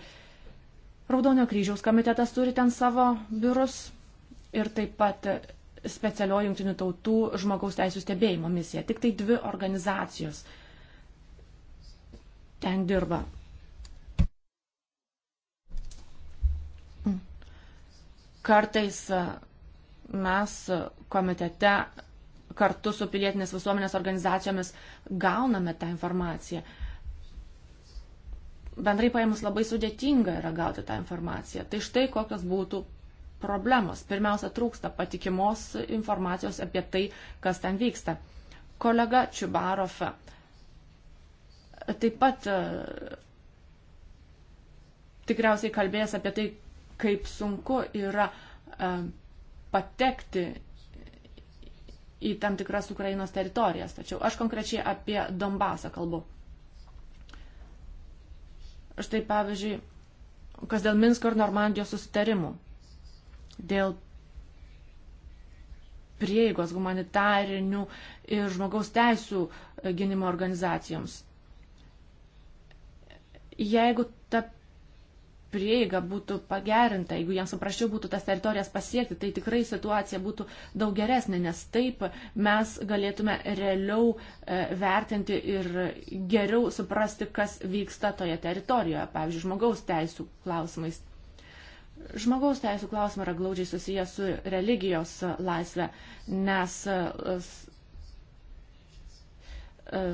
Raudonio kryžiaus komitetas turi ten savo biurus ir taip pat specialioji jungtinių tautų žmogaus teisų stebėjimo misija. Tik tai dvi organizacijos ten dirba. Kartais e, mes komitete kartu su pilietinės visuomenės organizacijomis gauname tą informaciją. Bendrai paėmus labai sudėtinga yra gauti tą informaciją. Tai štai kokios būtų problemos. Pirmiausia, trūksta patikimos informacijos apie tai, kas ten vyksta. Kolega Čiubarofe taip pat e, tikriausiai kalbės apie tai, kaip sunku yra e, patekti į tam tikras Ukrainos teritorijas. Tačiau aš konkrečiai apie Donbasą kalbu. Štai pavyzdžiui, kas dėl Minsko ir Normandijos susitarimų, dėl prieigos humanitarinių ir žmogaus teisų gynimo organizacijoms. Jeigu ta prieiga būtų pagerinta, jeigu jiems paprasčiau būtų tas teritorijas pasiekti, tai tikrai situacija būtų daug geresnė, nes taip mes galėtume realiau e, vertinti ir geriau suprasti, kas vyksta toje teritorijoje, pavyzdžiui, žmogaus teisų klausimais. Žmogaus teisų klausimai yra glaudžiai susijęs su religijos laisvė, nes e, e,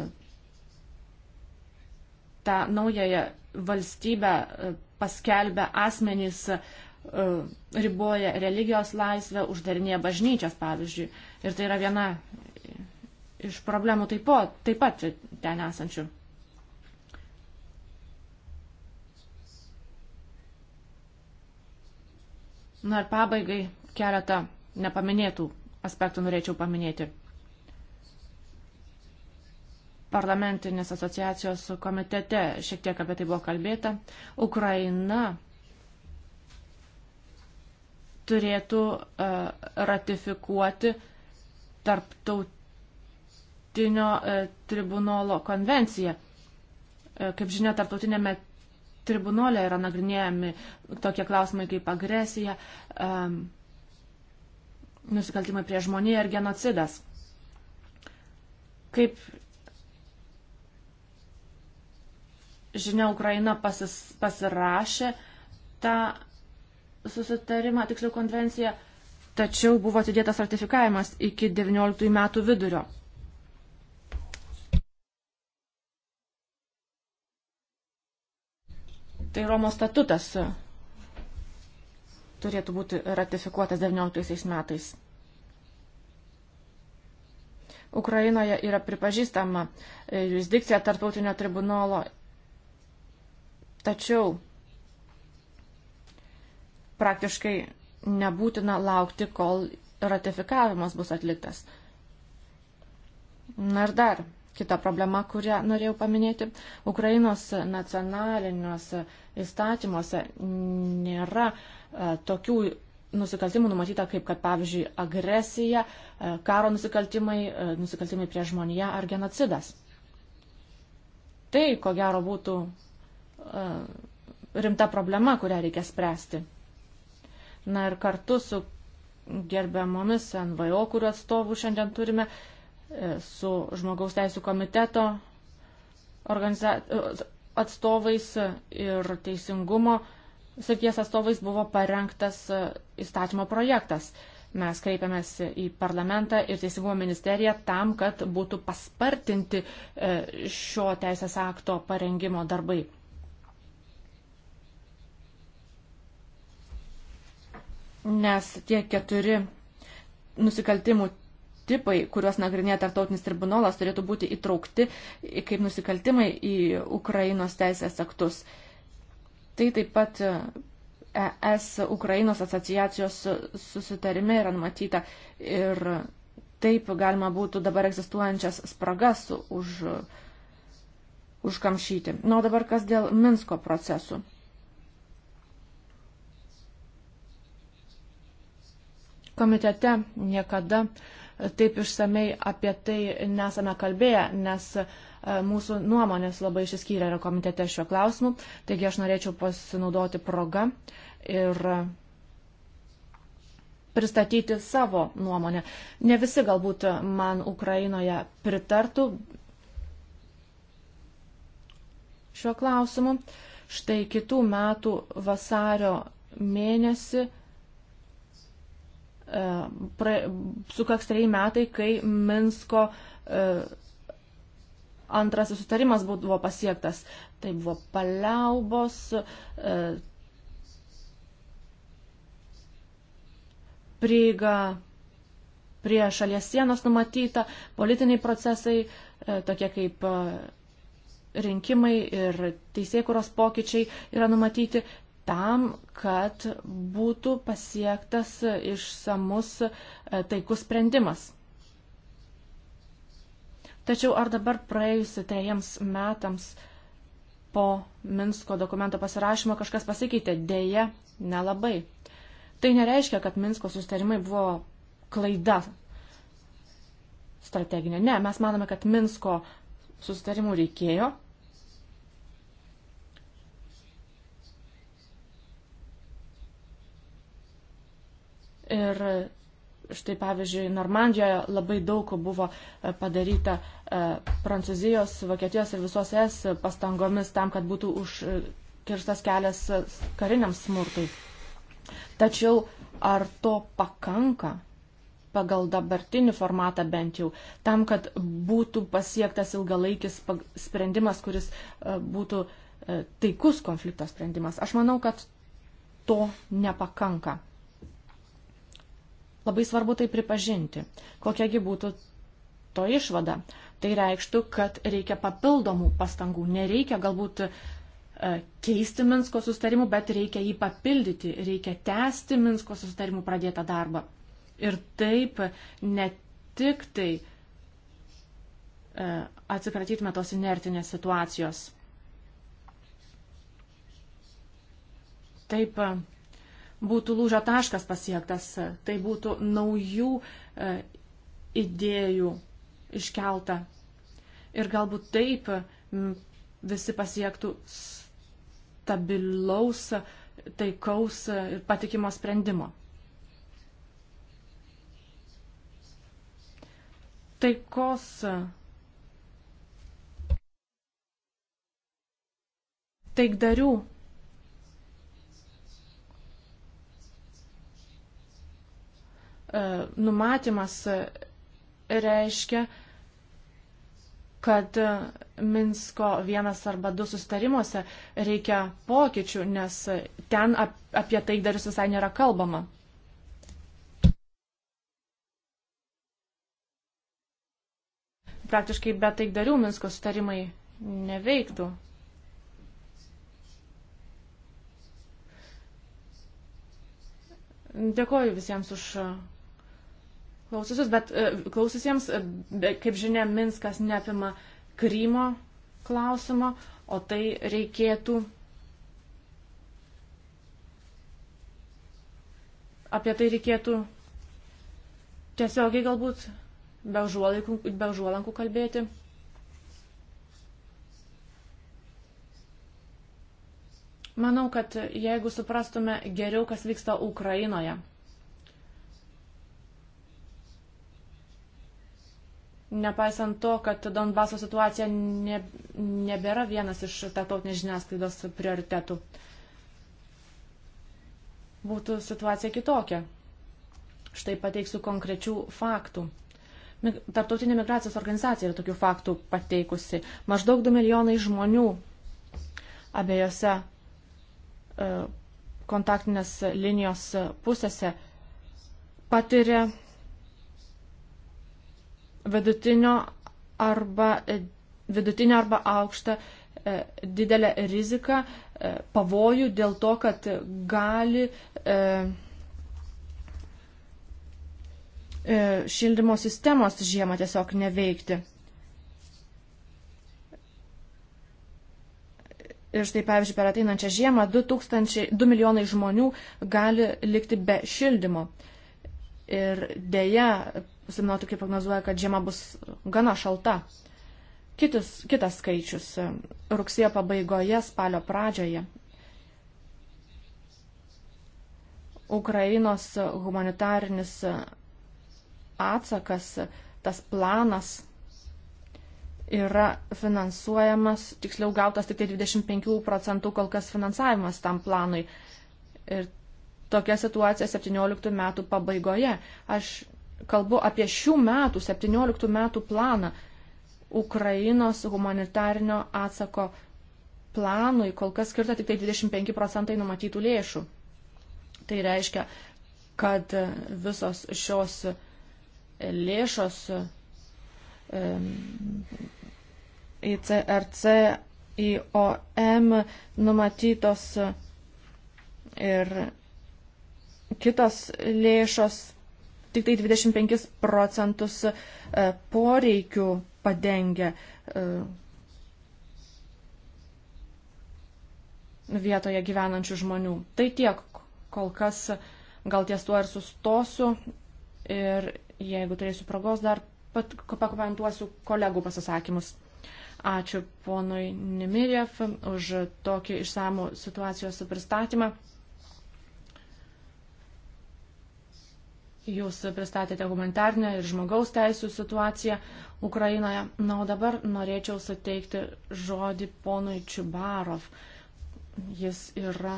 tą naująją valstybę e, paskelbę asmenys e, riboja religijos laisvę, uždarinėja bažnyčias, pavyzdžiui. Ir tai yra viena iš problemų taip, po, taip pat ten esančių. Na ir pabaigai keletą nepaminėtų aspektų norėčiau paminėti parlamentinės asociacijos komitete. Šiek tiek apie tai buvo kalbėta. Ukraina turėtų e, ratifikuoti tarptautinio e, tribunolo konvenciją. E, kaip žinia, tarptautinėme tribunolė yra nagrinėjami tokie klausimai kaip agresija, um, nusikaltimai prie žmoniją ir genocidas. Kaip žinia, Ukraina pasis, pasirašė tą susitarimą, tiksliau konvenciją, tačiau buvo atidėtas ratifikavimas iki 19 metų vidurio. Tai Romos statutas turėtų būti ratifikuotas 19 metais. Ukrainoje yra pripažįstama jurisdikcija tarptautinio tribunolo Tačiau praktiškai nebūtina laukti, kol ratifikavimas bus atliktas. Na ir dar kita problema, kurią norėjau paminėti. Ukrainos nacionaliniuose įstatymuose nėra e, tokių nusikaltimų numatyta, kaip kad, pavyzdžiui, agresija, e, karo nusikaltimai, e, nusikaltimai prie žmoniją ar genocidas. Tai, ko gero, būtų E, rimta problema, kurią reikia spręsti. Na ir kartu su gerbiamomis NVO, kurių atstovų šiandien turime, e, su žmogaus teisų komiteto organiza... atstovais ir teisingumo srities atstovais buvo parengtas e, įstatymo projektas. Mes kreipiamės į parlamentą ir Teisingumo ministeriją tam, kad būtų paspartinti šio teisės akto parengimo darbai. nes tie keturi nusikaltimų tipai, kuriuos nagrinėja tarptautinis tribunolas, turėtų būti įtraukti kaip nusikaltimai į Ukrainos teisės aktus. Tai taip pat e, ES Ukrainos asociacijos susitarime yra numatyta ir taip galima būtų dabar egzistuojančias spragas už, užkamšyti. Na, nu, o dabar kas dėl Minsko procesų. komitete niekada e, taip išsamei apie tai nesame kalbėję, nes e, mūsų nuomonės labai išsiskyrė yra komitete šiuo klausimu. Taigi aš norėčiau pasinaudoti progą ir e, pristatyti savo nuomonę. Ne visi galbūt man Ukrainoje pritartų šiuo klausimu. Štai kitų metų vasario mėnesį E, pra, sukaks trejai metai, kai Minsko e, antrasis sutarimas buvo pasiektas. Tai buvo paliaubos. E, prieiga prie šalies sienos numatyta, politiniai procesai, tokie kaip rinkimai ir teisėkuros pokyčiai yra numatyti, tam, kad būtų pasiektas išsamus e, taikus sprendimas. Tačiau ar dabar praėjusi trejiems metams po Minsko dokumento pasirašymo kažkas pasikeitė? Deja, nelabai. Tai nereiškia, kad Minsko sustarimai buvo klaida strateginė. Ne, mes manome, kad Minsko sustarimų reikėjo, Ir štai pavyzdžiui, Normandijoje labai daug buvo e, padaryta e, Prancūzijos, Vokietijos ir visos es pastangomis tam, kad būtų užkirstas e, kelias kariniam smurtui. Tačiau ar to pakanka? pagal dabartinį formatą bent jau, tam, kad būtų pasiektas ilgalaikis sprendimas, kuris būtų taikus konflikto sprendimas. Aš manau, kad to nepakanka. Labai svarbu tai pripažinti. Kokiagi būtų to išvada? Tai reikštų, kad reikia papildomų pastangų. Nereikia galbūt e, keisti Minsko sustarimų, bet reikia jį papildyti, reikia tęsti Minsko sustarimų pradėtą darbą. Ir taip ne tik tai e, atsikratytume tos inertinės situacijos. Taip e, būtų lūžio taškas pasiektas, tai būtų naujų e, idėjų iškelta. Ir galbūt taip visi pasiektų stabilaus, taikaus ir patikimo sprendimo. Taikos taikdarių E, numatymas reiškia, kad Minsko vienas arba du sustarimuose reikia pokyčių, nes ten apie tai dar visai nėra kalbama. praktiškai be taikdarių Minsko sutarimai neveiktų. Dėkoju visiems už klaususius, bet e, klaususiems, e, kaip žinia, Minskas neapima Krymo klausimo, o tai reikėtų apie tai reikėtų tiesiogiai galbūt be užuolankų kalbėti. Manau, kad jeigu suprastume geriau, kas vyksta Ukrainoje, nepaisant to, kad Donbaso situacija ne, nebėra vienas iš tarptautinės žiniasklaidos prioritetų. Būtų situacija kitokia. Štai pateiksiu konkrečių faktų. Tarptautinė migracijos organizacija yra tokių faktų pateikusi. Maždaug 2 milijonai žmonių abiejose e, kontaktinės linijos pusėse patiria vidutinio arba, e, vidutinio arba aukštą e, didelę riziką, e, pavojų dėl to, kad gali šildymo sistemos žiemą tiesiog neveikti. Ir štai, pavyzdžiui, per ateinančią žiemą 2000, 2 milijonai žmonių gali likti be šildymo. Ir dėja, Simnotikai prognozuoja, kad žiema bus gana šalta. Kitus, kitas skaičius e, - rugsėjo pabaigoje, spalio pradžioje. Ukrainos humanitarinis atsakas, tas planas yra finansuojamas, tiksliau gautas tik tai 25 procentų kol kas finansavimas tam planui. Ir tokia situacija 17 metų pabaigoje. Aš kalbu apie šių metų, 17 metų planą, Ukrainos humanitarinio atsako planui kol kas skirta tik tai 25 procentai numatytų lėšų. Tai reiškia, kad visos šios lėšos ICRC, IOM numatytos ir kitos lėšos tik tai 25 procentus e, poreikių padengia e, vietoje gyvenančių žmonių. Tai tiek kol kas, gal ties tuo ir sustosiu ir jeigu turėsiu progos, dar pakomentuosiu kolegų pasisakymus. Ačiū ponui Nemirjev už tokį išsamų situacijos pristatymą. Jūs pristatėte humanitarnę ir žmogaus teisų situaciją Ukrainoje. Na, o dabar norėčiau suteikti žodį ponui Čiubarov. Jis yra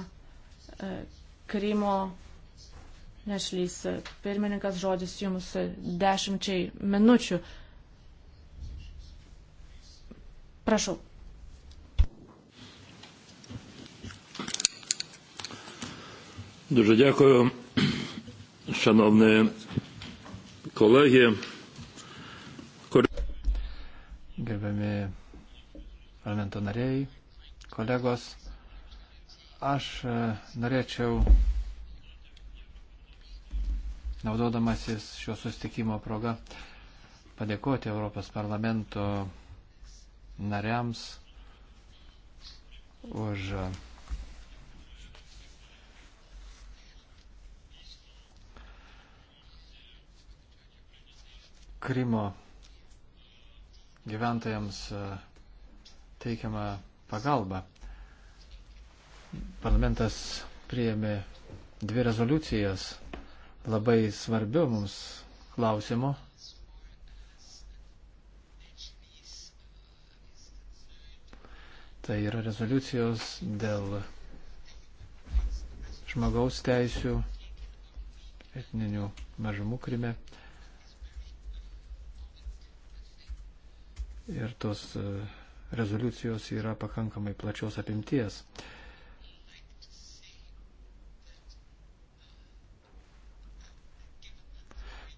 e, Krymo nešlys pirmininkas, žodis jums dešimčiai minučių. Prašau. Дуже дякую. Szanowny kolegė. Kur... Gerbiami parlamento nariai, kolegos, aš e, norėčiau, naudodamasis šio sustikimo proga, padėkoti Europos parlamento nariams už Krymo gyventojams e, teikiamą pagalbą. Parlamentas priėmė dvi rezoliucijas labai svarbių mums klausimų. Tai yra rezoliucijos dėl žmogaus teisių etninių mažumų krime ir tos e, rezoliucijos yra pakankamai plačios apimties.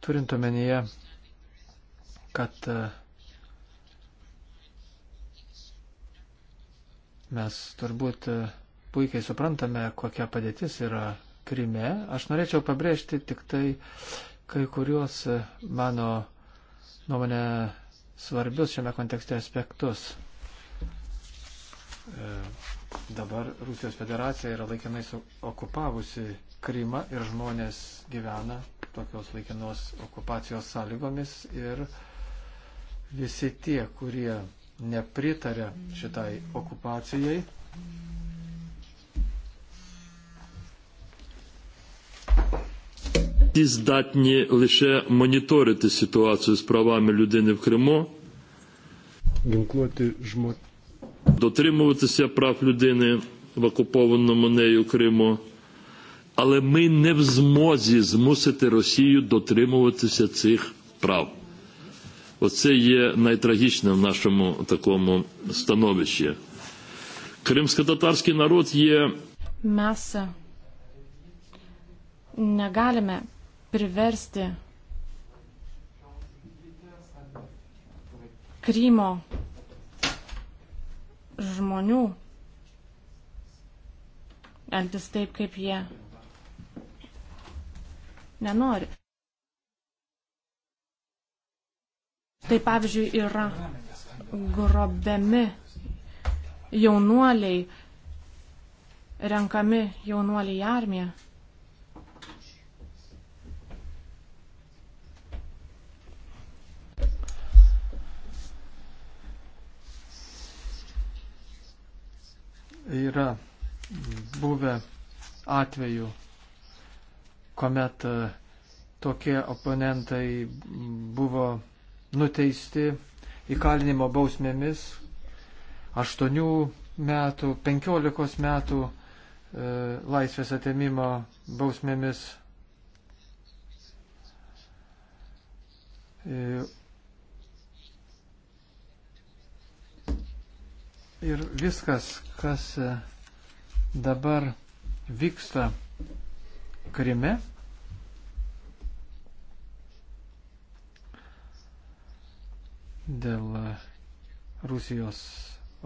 Turint omenyje, kad e, mes turbūt e, puikiai suprantame, kokia padėtis yra Krime, aš norėčiau pabrėžti tik tai kai kuriuos mano nuomonę svarbius šiame kontekste aspektus. E, dabar Rusijos federacija yra laikinai okupavusi Krymą ir žmonės gyvena tokios laikinos okupacijos sąlygomis ir visi tie, kurie nepritarė šitai okupacijai, ті здатні лише моніторити ситуацію з правами людини в Криму, жмо... дотримуватися прав людини в окупованому нею Криму, але ми не в змозі змусити Росію дотримуватися цих прав. Оце є найтрагічне в нашому такому становищі. Кримсько-татарський народ є. Mes negalime priversti Krymo žmonių elgtis taip, kaip jie nenori. Tai pavyzdžiui yra grobiami jaunuoliai, renkami jaunuoliai į armiją. yra buvę atvejų, kuomet e, tokie oponentai buvo nuteisti įkalinimo bausmėmis 8 metų, 15 metų e, laisvės atėmimo bausmėmis. E, Ir viskas, kas e, dabar vyksta Krime, dėl Rusijos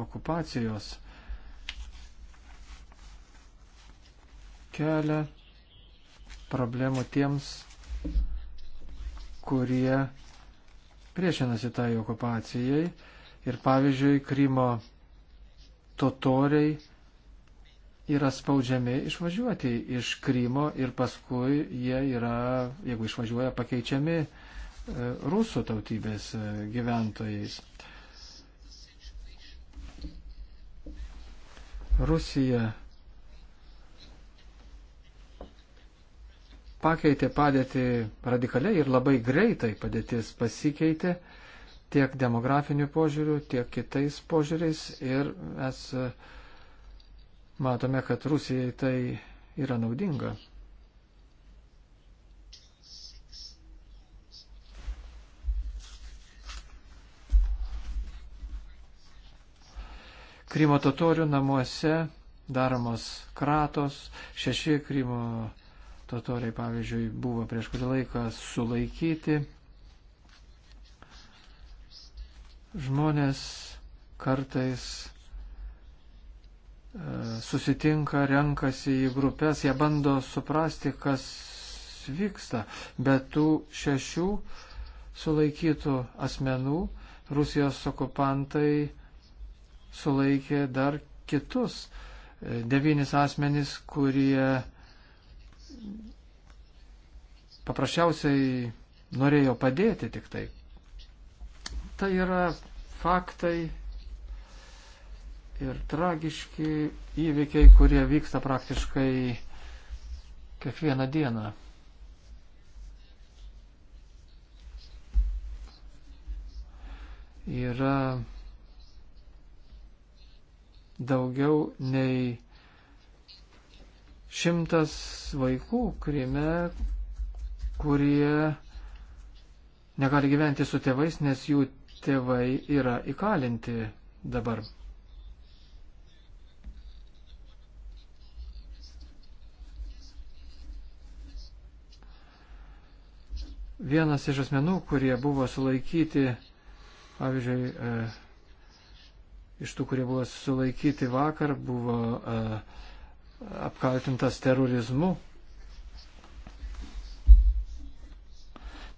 okupacijos kelia problemų tiems, kurie priešinasi tai okupacijai. Ir pavyzdžiui, Krymo totoriai yra spaudžiami išvažiuoti iš Krymo ir paskui jie yra, jeigu išvažiuoja, pakeičiami e, rusų tautybės e, gyventojais. Rusija pakeitė padėtį radikaliai ir labai greitai padėtis pasikeitė tiek demografiniu požiūriu, tiek kitais požiūriais ir mes e, matome, kad Rusijai tai yra naudinga. Krymo totorių namuose daromos kratos, šeši Krymo totoriai, pavyzdžiui, buvo prieš kurį laiką sulaikyti Žmonės kartais e, susitinka, renkasi į grupės, jie bando suprasti, kas vyksta, bet tų šešių sulaikytų asmenų Rusijos okupantai sulaikė dar kitus e, devynis asmenys, kurie paprasčiausiai norėjo padėti tik taip. Tai yra faktai ir tragiški įvykiai, kurie vyksta praktiškai kiekvieną dieną. Yra daugiau nei šimtas vaikų Krime, kurie negali gyventi su tėvais, nes jų tėvai yra įkalinti dabar. Vienas iš asmenų, kurie buvo sulaikyti, pavyzdžiui, e, iš tų, kurie buvo sulaikyti vakar, buvo e, apkaltintas terorizmu.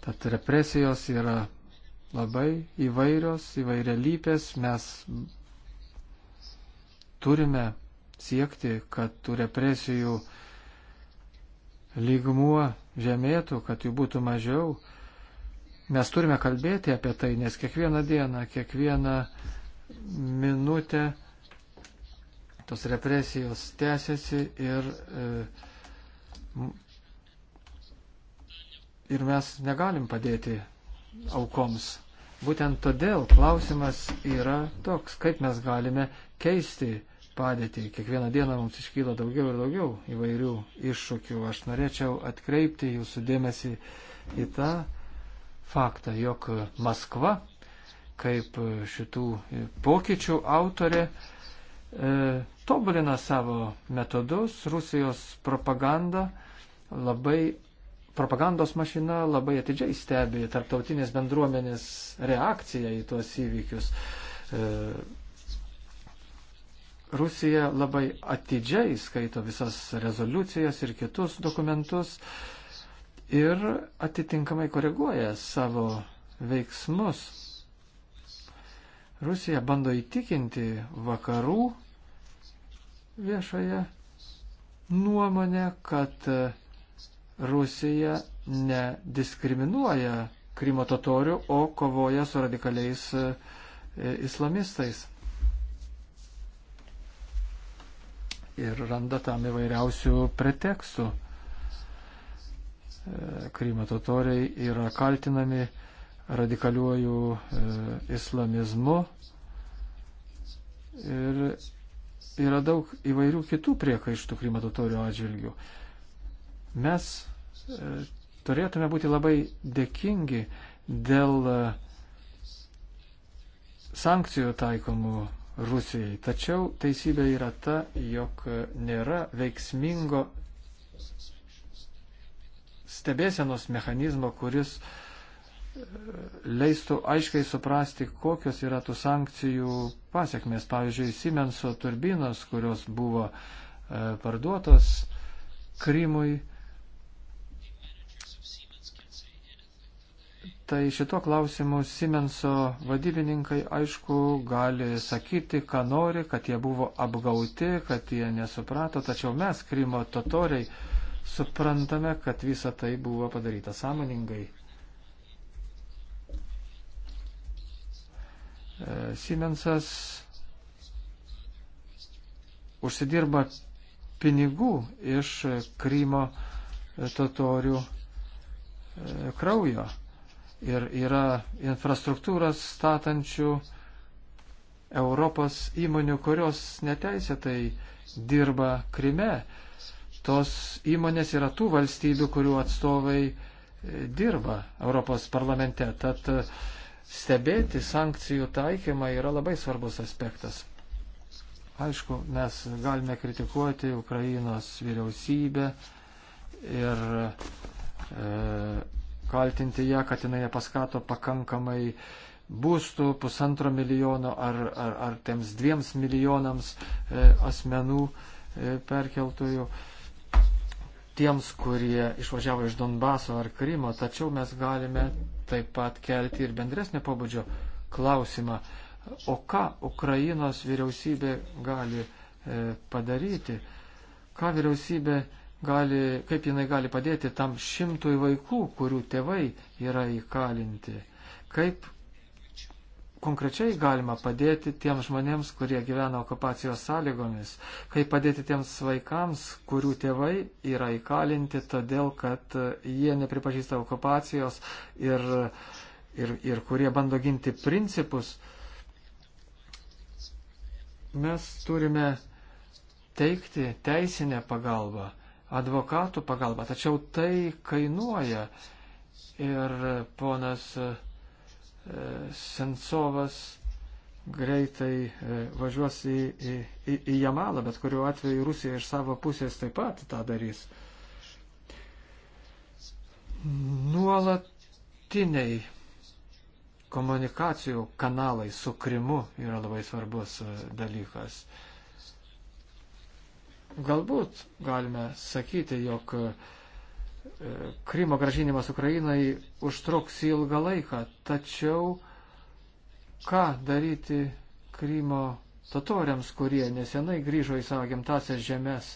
Tad represijos yra labai įvairios, įvairialypės. Mes turime siekti, kad tų represijų lygmuo žemėtų, kad jų būtų mažiau. Mes turime kalbėti apie tai, nes kiekvieną dieną, kiekvieną minutę tos represijos tęsiasi ir, e, ir mes negalim padėti aukoms. Būtent todėl klausimas yra toks, kaip mes galime keisti padėtį. Kiekvieną dieną mums iškyla daugiau ir daugiau įvairių iššūkių. Aš norėčiau atkreipti jūsų dėmesį į tą faktą, jog Maskva, kaip šitų pokyčių autorė, e, tobulina savo metodus, Rusijos propaganda labai propagandos mašina labai atidžiai stebi tarptautinės bendruomenės reakciją į tuos įvykius. E, Rusija labai atidžiai skaito visas rezoliucijas ir kitus dokumentus ir atitinkamai koreguoja savo veiksmus. Rusija bando įtikinti vakarų viešoje nuomonę, kad Rusija nediskriminuoja Krymo totorių, o kovoja su radikaliais e, islamistais. Ir randa tam įvairiausių pretekstų. E, Krymo totoriai yra kaltinami radikaliuoju e, islamizmu ir yra daug įvairių kitų priekaištų Krymo totorių atžvilgių. Mes turėtume būti labai dėkingi dėl e, sankcijų taikomų Rusijai. Tačiau teisybė yra ta, jog nėra veiksmingo stebėsenos mechanizmo, kuris e, leistų aiškiai suprasti, kokios yra tų sankcijų pasiekmės. Pavyzdžiui, Siemenso turbinos, kurios buvo e, parduotos Krymui, Tai šito klausimu Siemenso vadybininkai, aišku, gali sakyti, ką nori, kad jie buvo apgauti, kad jie nesuprato, tačiau mes, Krymo totoriai, suprantame, kad visa tai buvo padaryta sąmoningai. E, Siemensas užsidirba pinigų iš Krymo totorių e, kraujo ir yra infrastruktūras statančių Europos įmonių, kurios neteisėtai dirba Krime. Tos įmonės yra tų valstybių, kurių atstovai e, dirba Europos parlamente. Tad e, stebėti sankcijų taikymą yra labai svarbus aspektas. Aišku, mes galime kritikuoti Ukrainos vyriausybę ir e, kaltinti ją, kad jinai paskato pakankamai būstų pusantro milijono ar, ar, ar tiems dviems milijonams e, asmenų e, perkeltųjų, tiems, kurie išvažiavo iš Donbaso ar Krymo, tačiau mes galime taip pat kelti ir bendresnio pobūdžio klausimą, o ką Ukrainos vyriausybė gali e, padaryti, ką vyriausybė e, gali, kaip jinai gali padėti tam šimtui vaikų, kurių tėvai yra įkalinti, kaip konkrečiai galima padėti tiems žmonėms, kurie gyvena okupacijos sąlygomis, kaip padėti tiems vaikams, kurių tėvai yra įkalinti, todėl kad jie nepripažįsta okupacijos ir, ir, ir kurie bando ginti principus. Mes turime teikti teisinę pagalbą advokatų pagalba, tačiau tai kainuoja. Ir ponas e, Sensovas greitai e, važiuos į, į, į, į Jamalą, bet kuriuo atveju Rusija iš savo pusės taip pat tą darys. Nuolatiniai komunikacijų kanalai su Krimu yra labai svarbus e, dalykas. E, Galbūt galime sakyti, jog e, Krymo gražinimas Ukrainai užtruks ilgą laiką, tačiau ką daryti Krymo totoriams, kurie nesenai grįžo į savo gimtasias žemės,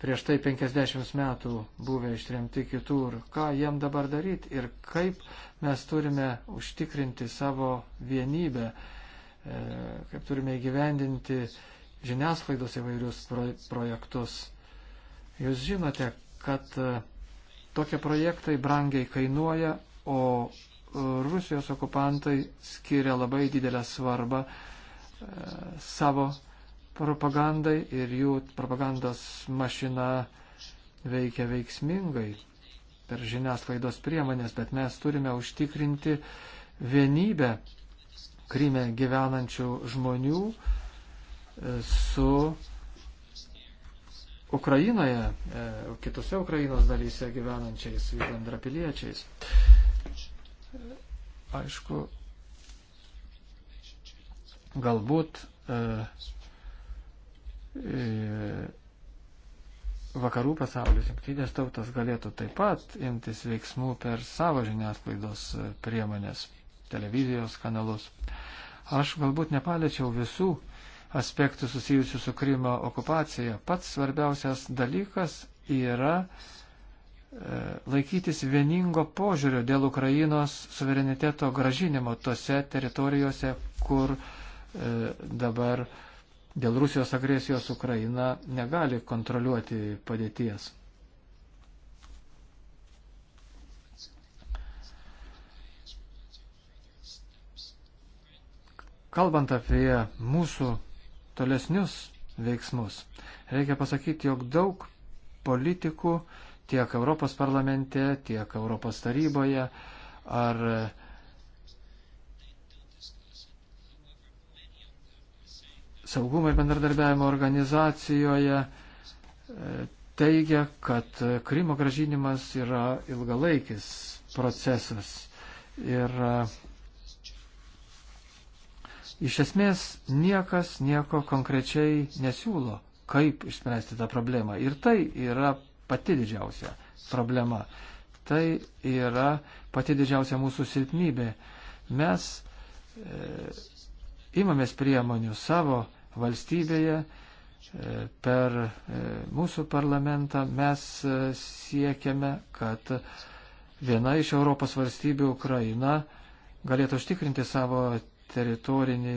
prieš tai 50 metų buvę ištremti kitur, ką jiem dabar daryti ir kaip mes turime užtikrinti savo vienybę, e, kaip turime įgyvendinti žiniasklaidos įvairius pro projektus. Jūs žinote, kad e, tokie projektai brangiai kainuoja, o e, Rusijos okupantai skiria labai didelę svarbą e, savo propagandai ir jų propagandos mašina veikia veiksmingai per žiniasklaidos priemonės, bet mes turime užtikrinti vienybę Kryme gyvenančių žmonių, su Ukrainoje, e, kitose Ukrainos dalyse gyvenančiais jų bendrapiliečiais. Aišku, galbūt e, e, vakarų pasaulis, jungtinės tautas galėtų taip pat imtis veiksmų per savo žiniasklaidos priemonės, televizijos kanalus. Aš galbūt nepaliečiau visų aspektų susijusių su Krymo okupacija. Pats svarbiausias dalykas yra e, laikytis vieningo požiūrio dėl Ukrainos suvereniteto gražinimo tose teritorijose, kur e, dabar dėl Rusijos agresijos Ukraina negali kontroliuoti padėties. Kalbant apie mūsų tolesnius veiksmus. Reikia pasakyti, jog daug politikų tiek Europos parlamente, tiek Europos taryboje ar saugumo ir bendradarbiavimo organizacijoje e, teigia, kad Krymo gražinimas yra ilgalaikis procesas. Ir uh, Iš esmės niekas nieko konkrečiai nesiūlo, kaip išspręsti tą problemą. Ir tai yra pati didžiausia problema. Tai yra pati didžiausia mūsų silpnybė. Mes e, imamės priemonių savo valstybėje, e, per e, mūsų parlamentą mes e, siekiame, kad viena iš Europos valstybių Ukraina galėtų užtikrinti savo teritorinį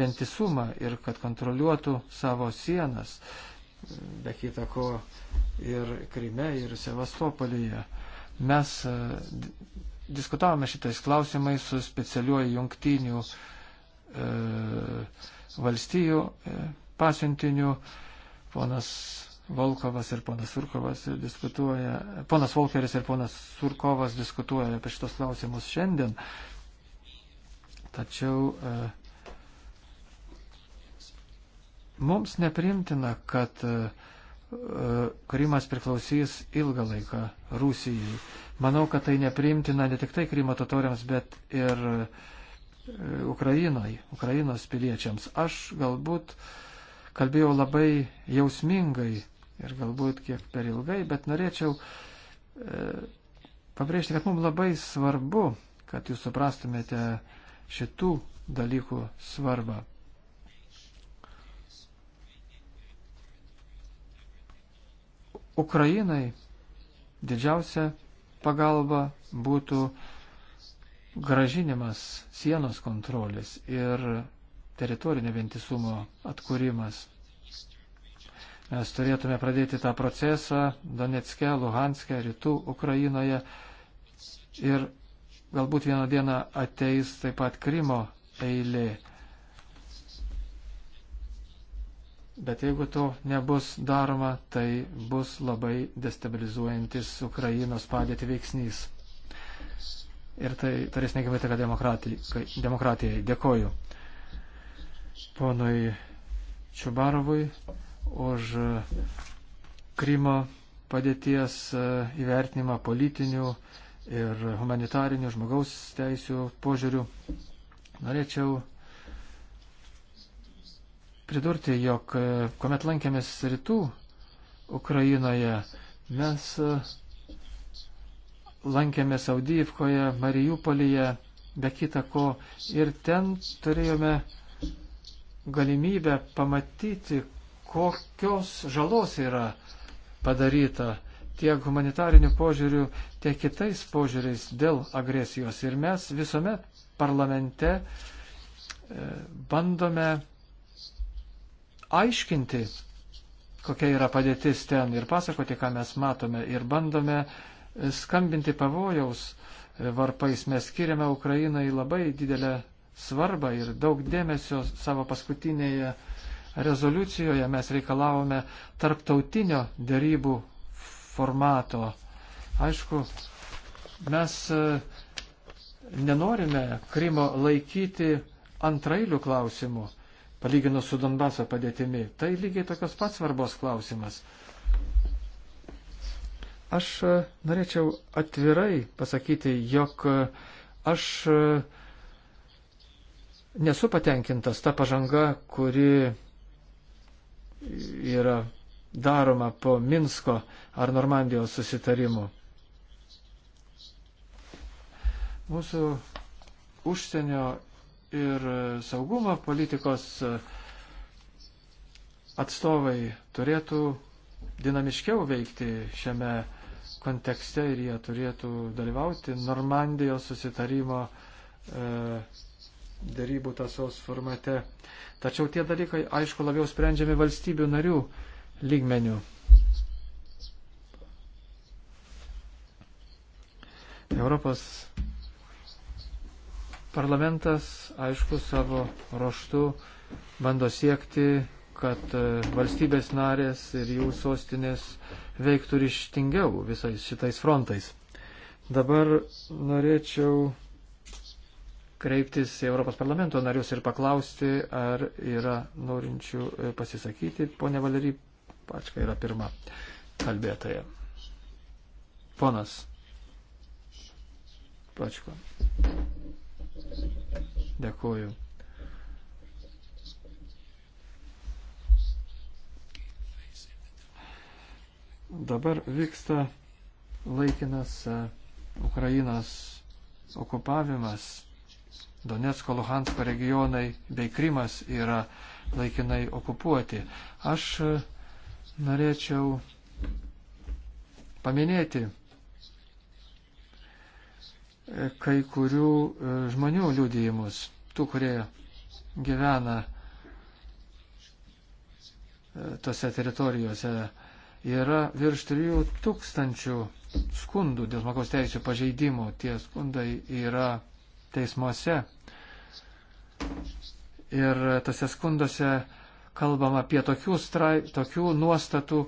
ventisumą ir kad kontroliuotų savo sienas, be kita ko ir Krime, ir Sevastopolyje. Mes e, diskutavome šitais klausimais su specialiuoju jungtiniu e, valstijų e, pasiuntiniu. Ponas Volkovas ir ponas Surkovas diskutuoja, ponas Volkeris ir ponas Surkovas diskutuoja apie šitos klausimus šiandien. E, Tačiau e, mums neprimtina, kad e, e, Krymas priklausys ilgą laiką Rusijai. Manau, kad tai neprimtina ne tik tai Krymo totoriams, bet ir e, Ukrainai, Ukrainos piliečiams. Aš galbūt kalbėjau labai jausmingai ir galbūt kiek per ilgai, bet norėčiau e, pabrėžti, kad mums labai svarbu, kad jūs suprastumėte, e, šitų dalykų svarbą. Ukrainai didžiausia pagalba būtų gražinimas sienos kontrolės ir teritorinio vientisumo atkūrimas. Mes turėtume pradėti tą procesą Donetske, Luhanske, rytų Ukrainoje ir Galbūt vieną dieną ateis taip pat Krymo eilė. Bet jeigu to nebus daroma, tai bus labai destabilizuojantis Ukrainos padėti veiksnys. Ir tai turės tai neigiamą įtaką demokratijai. demokratijai. Dėkoju ponui Čiubarovui už Krymo padėties e, įvertinimą politinių ir humanitarinių žmogaus teisių požiūrių. Norėčiau pridurti, jog e, kuomet lankėmės rytų Ukrainoje, mes e, lankėmės Audyvkoje, Marijupolyje, be kita ko, ir ten turėjome galimybę pamatyti, kokios žalos yra padaryta tiek humanitariniu požiūriu, tiek kitais požiūriais dėl agresijos. Ir mes visuomet parlamente e, bandome aiškinti, kokia yra padėtis ten ir pasakoti, ką mes matome ir bandome e, skambinti pavojaus e, varpais. Mes skiriame Ukrainai labai didelę svarbą ir daug dėmesio savo paskutinėje rezoliucijoje mes reikalavome tarptautinio dėrybų formato. Aišku, mes e, nenorime Krymo laikyti antrailių klausimų, palyginus su Donbaso padėtimi. Tai lygiai tokios pats svarbos klausimas. Aš e, norėčiau atvirai pasakyti, jog e, aš nesu patenkintas ta pažanga, kuri yra daroma po Minsko ar Normandijos susitarimų. Mūsų užsienio ir saugumo politikos atstovai turėtų dinamiškiau veikti šiame kontekste ir jie turėtų dalyvauti Normandijos susitarimo e, darybų tasos formate. Tačiau tie dalykai, aišku, labiau sprendžiami valstybių narių lygmenių. Europos parlamentas, aišku, savo ruoštų bando siekti, kad e, valstybės narės ir jų sostinės veiktų ryštingiau visais šitais frontais. Dabar norėčiau kreiptis į Europos parlamento narius ir paklausti, ar yra norinčių e, pasisakyti. Pone Valery, Pačka yra pirma kalbėtoja. Ponas Pačko. Dėkuoju. Dabar vyksta laikinas e, Ukrainos okupavimas. Donetsko, Luhansko regionai bei Krymas yra laikinai okupuoti. Aš e, norėčiau paminėti kai kurių e, žmonių liudijimus, tų, kurie gyvena e, tose teritorijose. Yra virš 3000 skundų dėl žmogaus teisų pažeidimų. Tie skundai yra teismuose. Ir tose skunduose kalbam apie tokių, strai, tokių nuostatų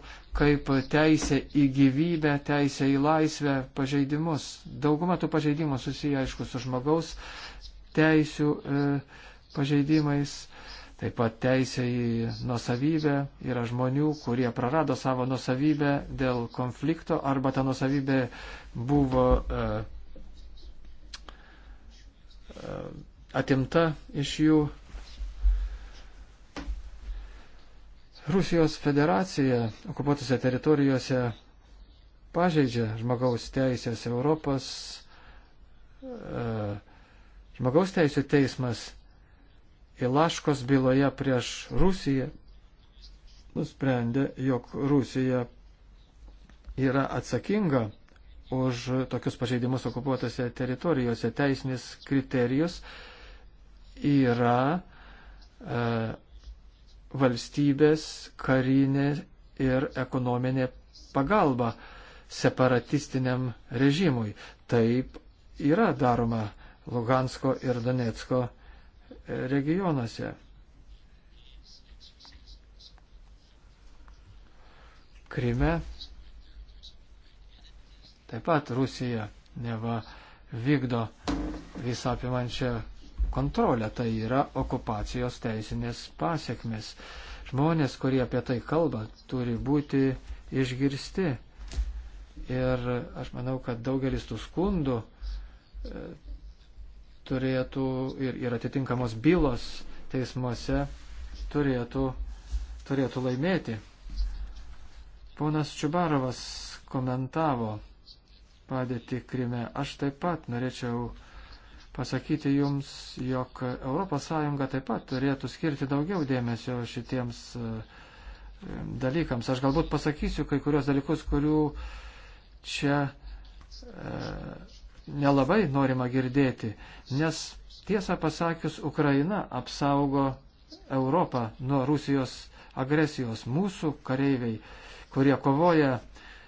kaip teisė į gyvybę, teisė į laisvę, pažeidimus. Dauguma tų pažeidimų susiję, aišku, su žmogaus teisių e, pažeidimais. Taip pat teisė į nusavybę yra žmonių, kurie prarado savo nusavybę dėl konflikto arba ta nusavybė buvo e, e, atimta iš jų Rusijos federacija okupuotose teritorijose pažeidžia žmogaus teisės Europos. E, žmogaus teisų teismas Ilaškos byloje prieš Rusiją nusprendė, jog Rusija yra atsakinga už tokius pažeidimus okupuotose teritorijose. Teisinis kriterijus yra e, valstybės karinė ir ekonominė pagalba separatistiniam režimui. Taip yra daroma Lugansko ir Donetsko e, regionuose. Krime taip pat Rusija neva vykdo visą apimančią kontrolę, tai yra okupacijos teisinės pasiekmes. Žmonės, kurie apie tai kalba, turi būti išgirsti. Ir aš manau, kad daugelis tų skundų e, turėtų ir, ir atitinkamos bylos teismuose turėtų, turėtų laimėti. Ponas Čiubarovas komentavo padėti Krime. Aš taip pat norėčiau pasakyti jums, jog ES taip pat turėtų skirti daugiau dėmesio šitiems e, dalykams. Aš galbūt pasakysiu kai kurios dalykus, kurių čia e, nelabai norima girdėti, nes tiesą pasakius, Ukraina apsaugo Europą nuo Rusijos agresijos. Mūsų kareiviai, kurie kovoja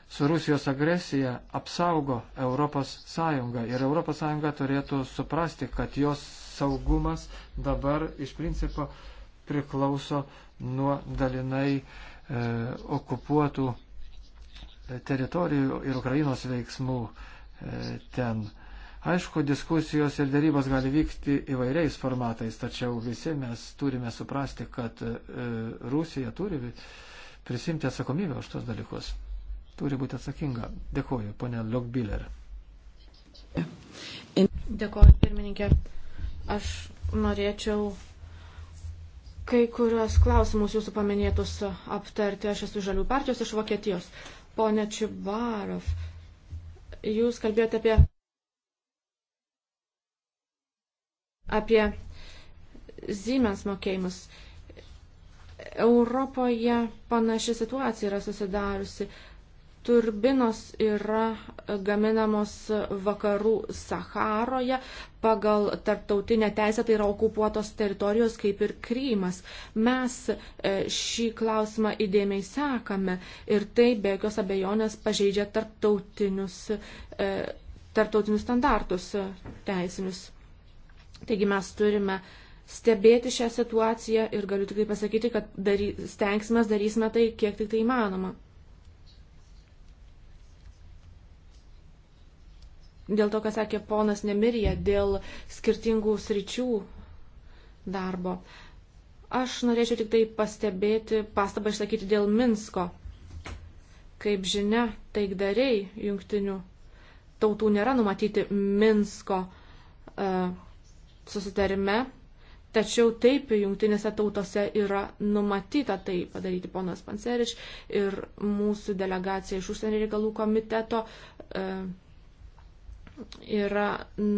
su Rusijos agresija apsaugo ES ir ES turėtų suprasti, kad jos saugumas dabar iš principo priklauso nuo dalinai e, okupuotų teritorijų ir Ukrainos veiksmų e, ten. Aišku, diskusijos ir dėrybos gali vykti įvairiais formatais, tačiau visi mes turime suprasti, kad e, Rusija turi prisimti atsakomybę už tos dalykus turi būti atsakinga. Dėkuoju, ponė Lokbiller. Dėkuoju, pirmininkė. Aš norėčiau kai kurios klausimus jūsų paminėtus aptarti. Aš esu Žalių partijos iš Vokietijos. Pone Čibarov, jūs kalbėjote apie, apie Siemens mokėjimus. Europoje panaši situacija yra susidariusi. Uh, turbinos yra gaminamos vakarų Saharoje pagal tarptautinę teisę, tai yra okupuotos teritorijos kaip ir Krymas. Mes e, šį klausimą įdėmiai sekame ir tai be jokios abejonės pažeidžia tarptautinius, e, tarptautinius standartus e, teisinius. Taigi mes turime stebėti šią situaciją ir galiu tikrai pasakyti, kad dary, stengsime darysime tai, kiek tik tai įmanoma. dėl to, ką sakė ponas Nemirija, dėl skirtingų sričių darbo. Aš norėčiau tik tai pastebėti, pastabą išsakyti dėl Minsko. Kaip žinia, taikdariai jungtinių tautų nėra numatyti Minsko uh, susitarime, tačiau taip jungtinėse tautose yra numatyta tai padaryti ponas Panseriš ir mūsų delegacija iš užsienio reikalų komiteto. Uh, yra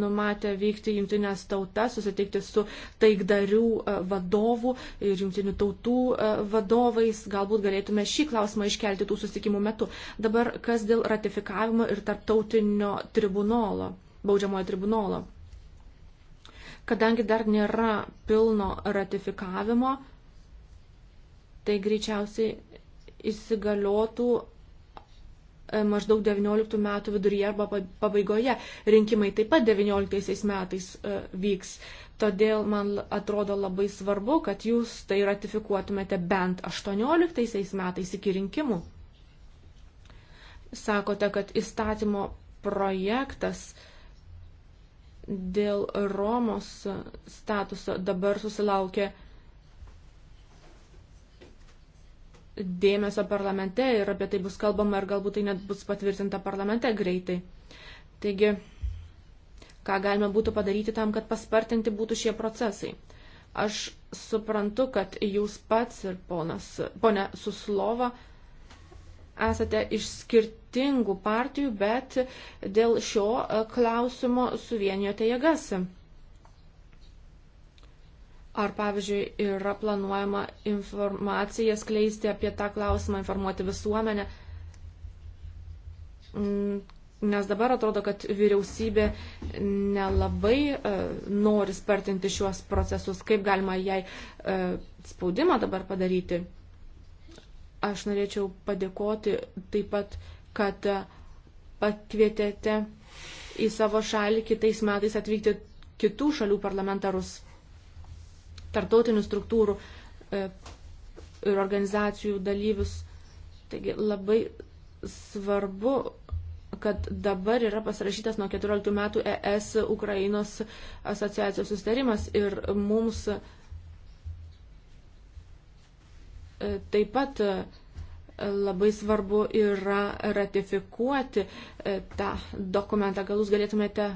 numatę vykti jungtinės tautas, susitikti su taikdarių e, vadovų ir jungtinių tautų e, vadovais. Galbūt galėtume šį klausimą iškelti tų susitikimų metu. Dabar kas dėl ratifikavimo ir tarptautinio tribunolo, baudžiamojo tribunolo. Kadangi dar nėra pilno ratifikavimo, tai greičiausiai įsigaliotų E, maždaug 19 metų viduryje arba pabaigoje. Rinkimai taip pat 19 metais e, vyks. Todėl man atrodo labai svarbu, kad jūs tai ratifikuotumėte bent 18 metais iki rinkimų. Sakote, kad įstatymo projektas dėl Romos statuso dabar susilaukė dėmesio parlamente ir apie tai bus kalbama ir galbūt tai net bus patvirtinta parlamente greitai. Taigi, ką galime būtų padaryti tam, kad paspartinti būtų šie procesai. Aš suprantu, kad jūs pats ir ponas, ponė Suslova esate iš skirtingų partijų, bet dėl šio klausimo suvienijote jėgas. Ar, pavyzdžiui, yra planuojama informaciją skleisti apie tą klausimą, informuoti visuomenę? Mm, nes dabar atrodo, kad vyriausybė nelabai e, nori spartinti šiuos procesus. Kaip galima jai e, spaudimą dabar padaryti? Aš norėčiau padėkoti taip pat, kad pakvietėte į savo šalį kitais metais atvykti kitų šalių parlamentarus tartautinių struktūrų e, ir organizacijų dalyvius. Taigi labai svarbu, kad dabar yra pasirašytas nuo 14 metų ES Ukrainos asociacijos sustarimas ir mums e, taip pat e, labai svarbu yra ratifikuoti tą dokumentą. Gal jūs galėtumėte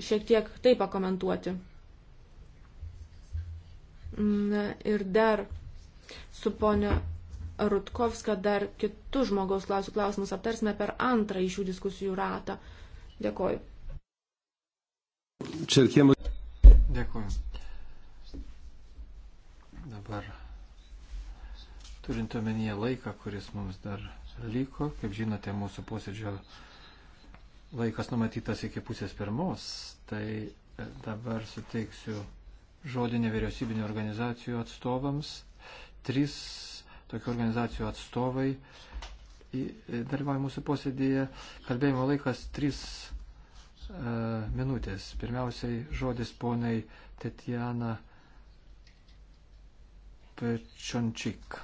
šiek tiek tai pakomentuoti? Na ir dar su ponio Rutkovska dar kitus žmogaus klausimų klausimus aptarsime per antrą iš šių diskusijų ratą. Dėkoju. Čerkėmų. Dėkoju. Dabar turint omenyje laiką, kuris mums dar liko, kaip žinote, mūsų posėdžio laikas numatytas iki pusės pirmos, tai e, dabar suteiksiu žodį nevyriausybinio organizacijų atstovams. Trys tokių organizacijų atstovai dalyvauja mūsų posėdėje. Kalbėjimo laikas trys e, minutės. Pirmiausiai žodis ponai Tetjana Pečončik,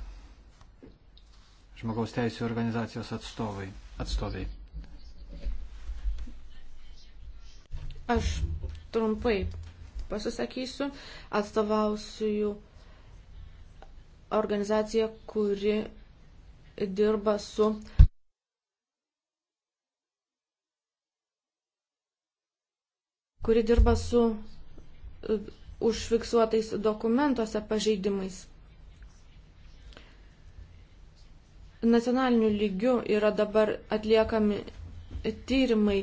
žmogaus teisų organizacijos atstovai. atstovai. Aš trumpai pasisakysiu, atstovausiu organizaciją, kuri dirba su kuri dirba su e, užfiksuotais dokumentuose pažeidimais. Nacionaliniu lygiu yra dabar atliekami tyrimai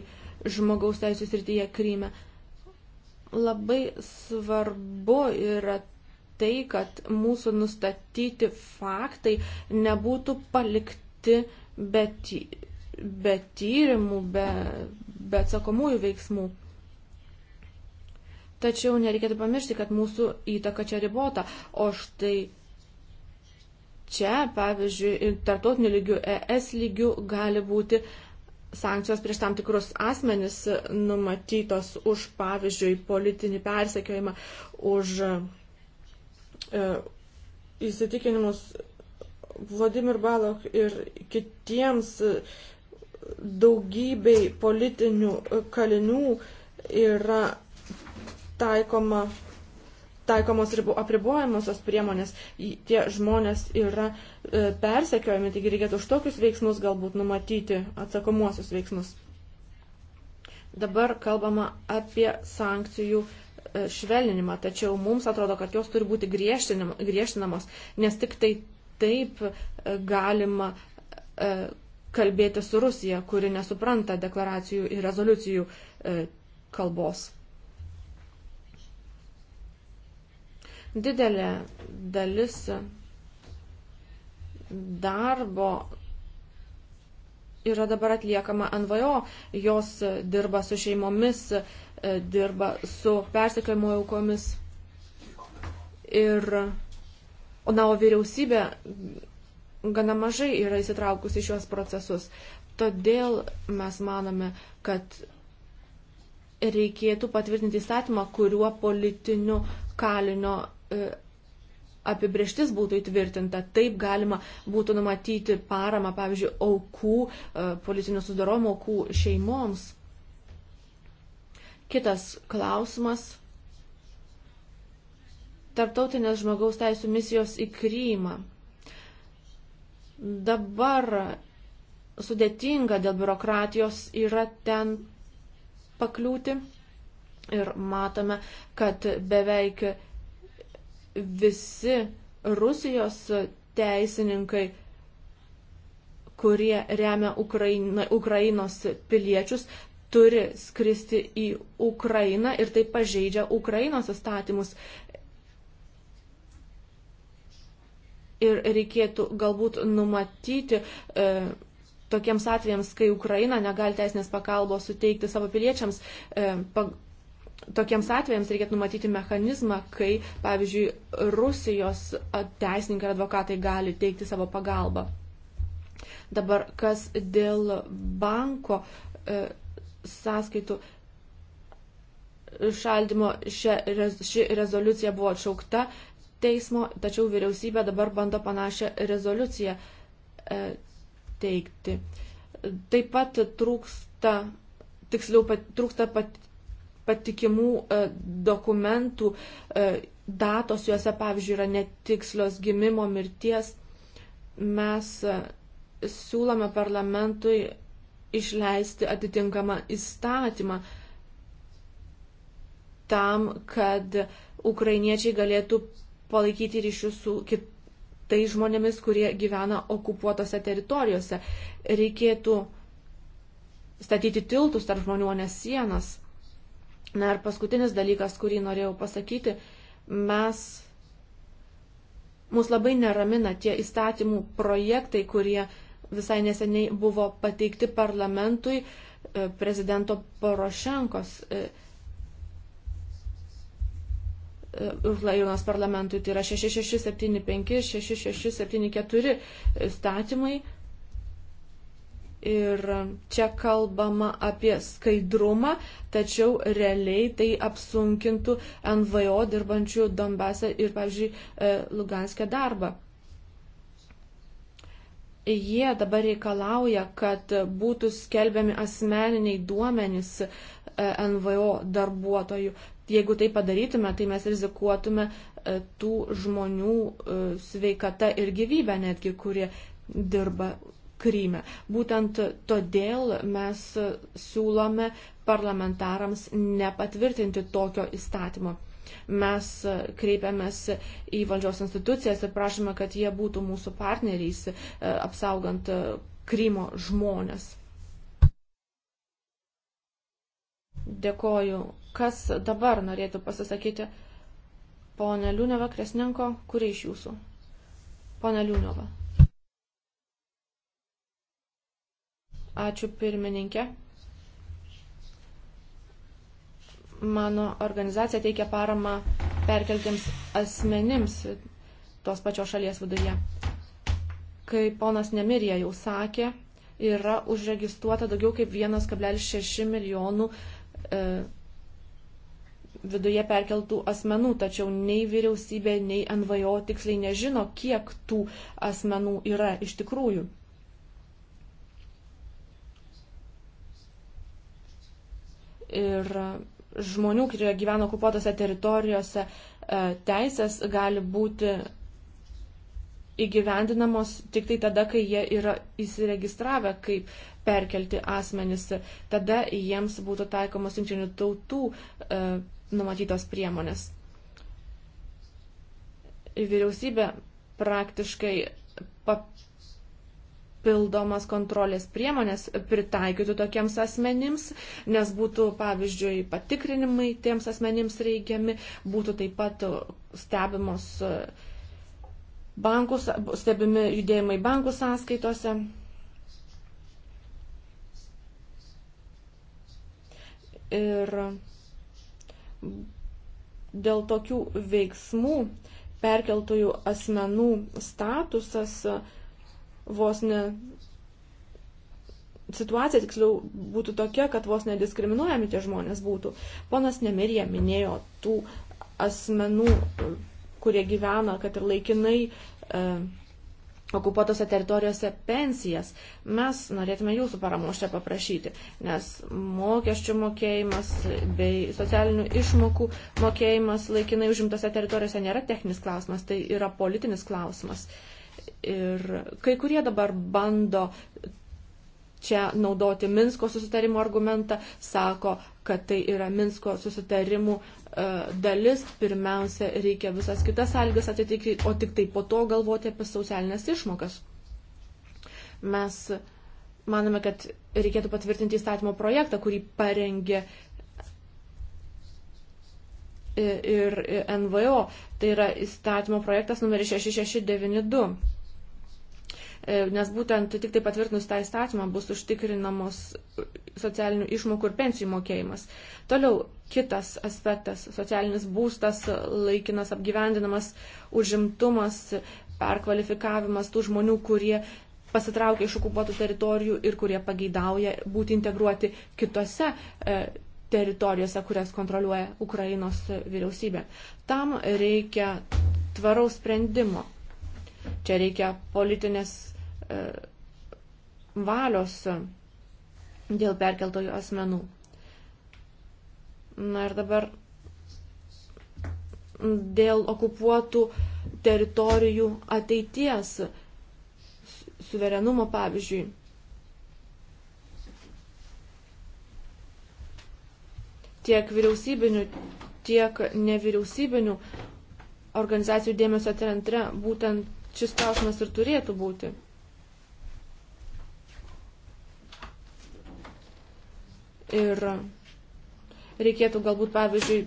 žmogaus teisų srityje Kryme. Labai svarbu yra tai, kad mūsų nustatyti faktai nebūtų palikti be, be tyrimų, be, be atsakomųjų veiksmų. Tačiau nereikėtų pamiršti, kad mūsų įtaka čia ribota, o štai čia, pavyzdžiui, tarptautiniu lygiu, ES lygiu gali būti sankcijos prieš tam tikrus asmenis numatytos už, pavyzdžiui, politinį persekiojimą, už e, įsitikinimus Vladimir Balok ir kitiems daugybei politinių kalinių yra taikoma taikomos ribų apribojamosios priemonės, tie žmonės yra e, persekiojami, taigi reikėtų už tokius veiksmus galbūt numatyti atsakomuosius veiksmus. Dabar kalbama apie sankcijų e, švelninimą, tačiau mums atrodo, kad jos turi būti griežtinamos, nes tik tai taip e, galima e, kalbėti su Rusija, kuri nesupranta deklaracijų ir rezoliucijų e, kalbos. Didelė dalis darbo yra dabar atliekama NVO, jos dirba su šeimomis, e, dirba su persekiojimo aukomis. Ir, na, o vyriausybė gana mažai yra įsitraukusi šios procesus. Todėl mes manome, kad reikėtų patvirtinti įstatymą, kuriuo politiniu kalinio E, apibrieštis būtų įtvirtinta, taip galima būtų numatyti paramą, pavyzdžiui, aukų, e, politinio sudaromo aukų šeimoms. Kitas klausimas. Tartautinės žmogaus teisų misijos į Krymą. Dabar sudėtinga dėl biurokratijos yra ten pakliūti ir matome, kad beveik visi Rusijos teisininkai, kurie remia Ukraina, Ukrainos piliečius, turi skristi į Ukrainą ir tai pažeidžia Ukrainos įstatymus. Ir reikėtų galbūt numatyti e, tokiems atvejams, kai Ukraina negali teisinės pakalbos suteikti savo piliečiams, e, pa, tokiems atvejams reikėtų numatyti mechanizmą, kai, pavyzdžiui, Rusijos teisininkai ir advokatai gali teikti savo pagalbą. Dabar, kas dėl banko e, sąskaitų šaldimo, šia, rez, ši rezoliucija buvo atšaukta teismo, tačiau vyriausybė dabar bando panašią rezoliuciją e, teikti. Taip pat trūksta, tiksliau, pat, trūksta pat, patikimų e, dokumentų, e, datos juose, pavyzdžiui, yra netikslios gimimo mirties. Mes e, siūlome parlamentui išleisti atitinkamą įstatymą tam, kad ukrainiečiai galėtų palaikyti ryšius su kitais žmonėmis, kurie gyvena okupuotose teritorijose. Reikėtų statyti tiltus tarp žmonių, o ne sienas. Na ir paskutinis dalykas, kurį norėjau pasakyti, mes, mus labai neramina tie įstatymų projektai, kurie visai neseniai buvo pateikti parlamentui e, prezidento Porošenkos e, e, užlaivimas parlamentui, tai yra 6675, 6674 įstatymai Ir čia kalbama apie skaidrumą, tačiau realiai tai apsunkintų NVO dirbančių Donbase ir, pavyzdžiui, e, Luganskė darbą. Jie dabar reikalauja, kad būtų skelbiami asmeniniai duomenys e, NVO darbuotojų. Jeigu tai padarytume, tai mes rizikuotume e, tų žmonių sveikata ir gyvybę netgi, kurie dirba Kryme. Būtent todėl mes siūlome parlamentarams nepatvirtinti tokio įstatymo. Mes kreipiamės į valdžios institucijas ir prašome, kad jie būtų mūsų partneriais e, apsaugant Krymo žmonės. Dėkoju. Kas dabar norėtų pasisakyti? Pone Liūneva Kresninko, kuri iš jūsų? Pone Liūneva. Ačiū pirmininkė. Mano organizacija teikia paramą perkeltiems asmenims tos pačios šalies viduje. Kaip ponas Nemirija jau sakė, yra užregistruota daugiau kaip 1,6 milijonų e, viduje perkeltų asmenų, tačiau nei vyriausybė, nei NVO tiksliai nežino, kiek tų asmenų yra iš tikrųjų. ir žmonių, kurie gyvena okupuotose teritorijose, e, teisės gali būti įgyvendinamos tik tai tada, kai jie yra įsiregistravę kaip perkelti asmenys. Tada jiems būtų taikomos jungtinių tautų e, numatytos priemonės. Vyriausybė praktiškai pap papildomas kontrolės priemonės pritaikytų tokiems asmenims, nes būtų, pavyzdžiui, patikrinimai tiems asmenims reikiami, būtų taip pat stebimos bankus, stebimi judėjimai bankų sąskaitose. Ir dėl tokių veiksmų perkeltųjų asmenų statusas uh, vos ne situacija tiksliau būtų tokia, kad vos nediskriminuojami tie žmonės būtų. Ponas Nemirija minėjo tų asmenų, kurie gyvena, kad ir laikinai e, okupuotose teritorijose pensijas. Mes norėtume jūsų paramos čia paprašyti, nes mokesčių mokėjimas bei socialinių išmokų mokėjimas laikinai užimtose teritorijose nėra techninis klausimas, tai yra politinis klausimas. E, Ir kai kurie dabar bando čia naudoti Minsko susitarimo argumentą, sako, kad tai yra Minsko susitarimų e, dalis, pirmiausia, reikia visas kitas sąlygas atitikti, o tik tai po to galvoti apie socialinės išmokas. Mes manome, kad reikėtų patvirtinti įstatymo projektą, kurį parengė ir NVO. Tai yra įstatymo projektas numeris 6692. E, nes būtent tik tai patvirtinus tą įstatymą bus užtikrinamos socialinių išmokų ir pensijų mokėjimas. Toliau kitas aspektas - socialinis būstas, laikinas apgyvendinamas, užimtumas, perkvalifikavimas tų žmonių, kurie pasitraukia iš okupuotų teritorijų ir kurie pageidauja būti integruoti kitose e, teritorijose, kurias kontroliuoja Ukrainos vyriausybė. Tam reikia tvaraus sprendimo. Čia reikia politinės E, valios dėl perkeltojų asmenų. Na ir dabar dėl okupuotų teritorijų ateities suverenumo pavyzdžiui. Tiek vyriausybinių, tiek nevyriausybinių organizacijų dėmesio centre būtent šis klausimas ir turėtų būti. Ir reikėtų galbūt, pavyzdžiui,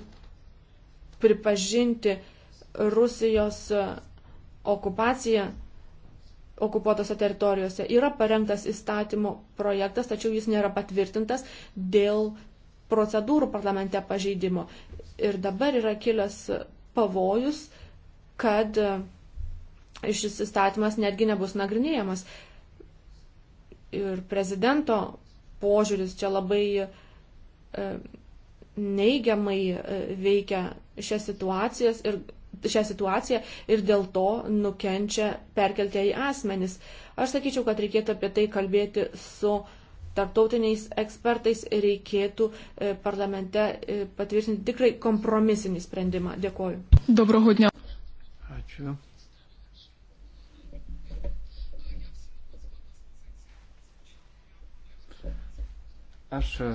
pripažinti Rusijos okupaciją okupuotose teritorijose. Yra parengtas įstatymo projektas, tačiau jis nėra patvirtintas dėl procedūrų parlamente pažeidimo. Ir dabar yra kilęs pavojus, kad šis įstatymas netgi nebus nagrinėjamas. Ir prezidento požiūris čia labai e, neigiamai e, veikia šią situacijas ir šią situaciją ir dėl to nukenčia perkeltieji asmenys. Aš sakyčiau, kad reikėtų apie tai kalbėti su tarptautiniais ekspertais ir reikėtų e, parlamente patvirtinti tikrai kompromisinį sprendimą. Dėkoju. Dobrohodnio. Ačiū. Aš e,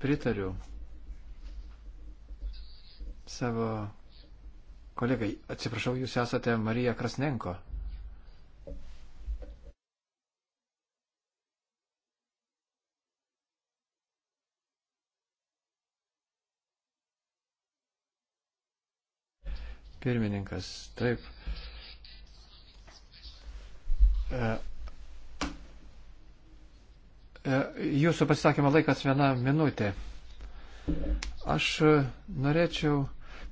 pritariu savo kolegai. Atsiprašau, jūs esate Marija Krasnenko. Pirmininkas, taip. E, E, jūsų pasisakymo laikas viena minutė. Aš e, norėčiau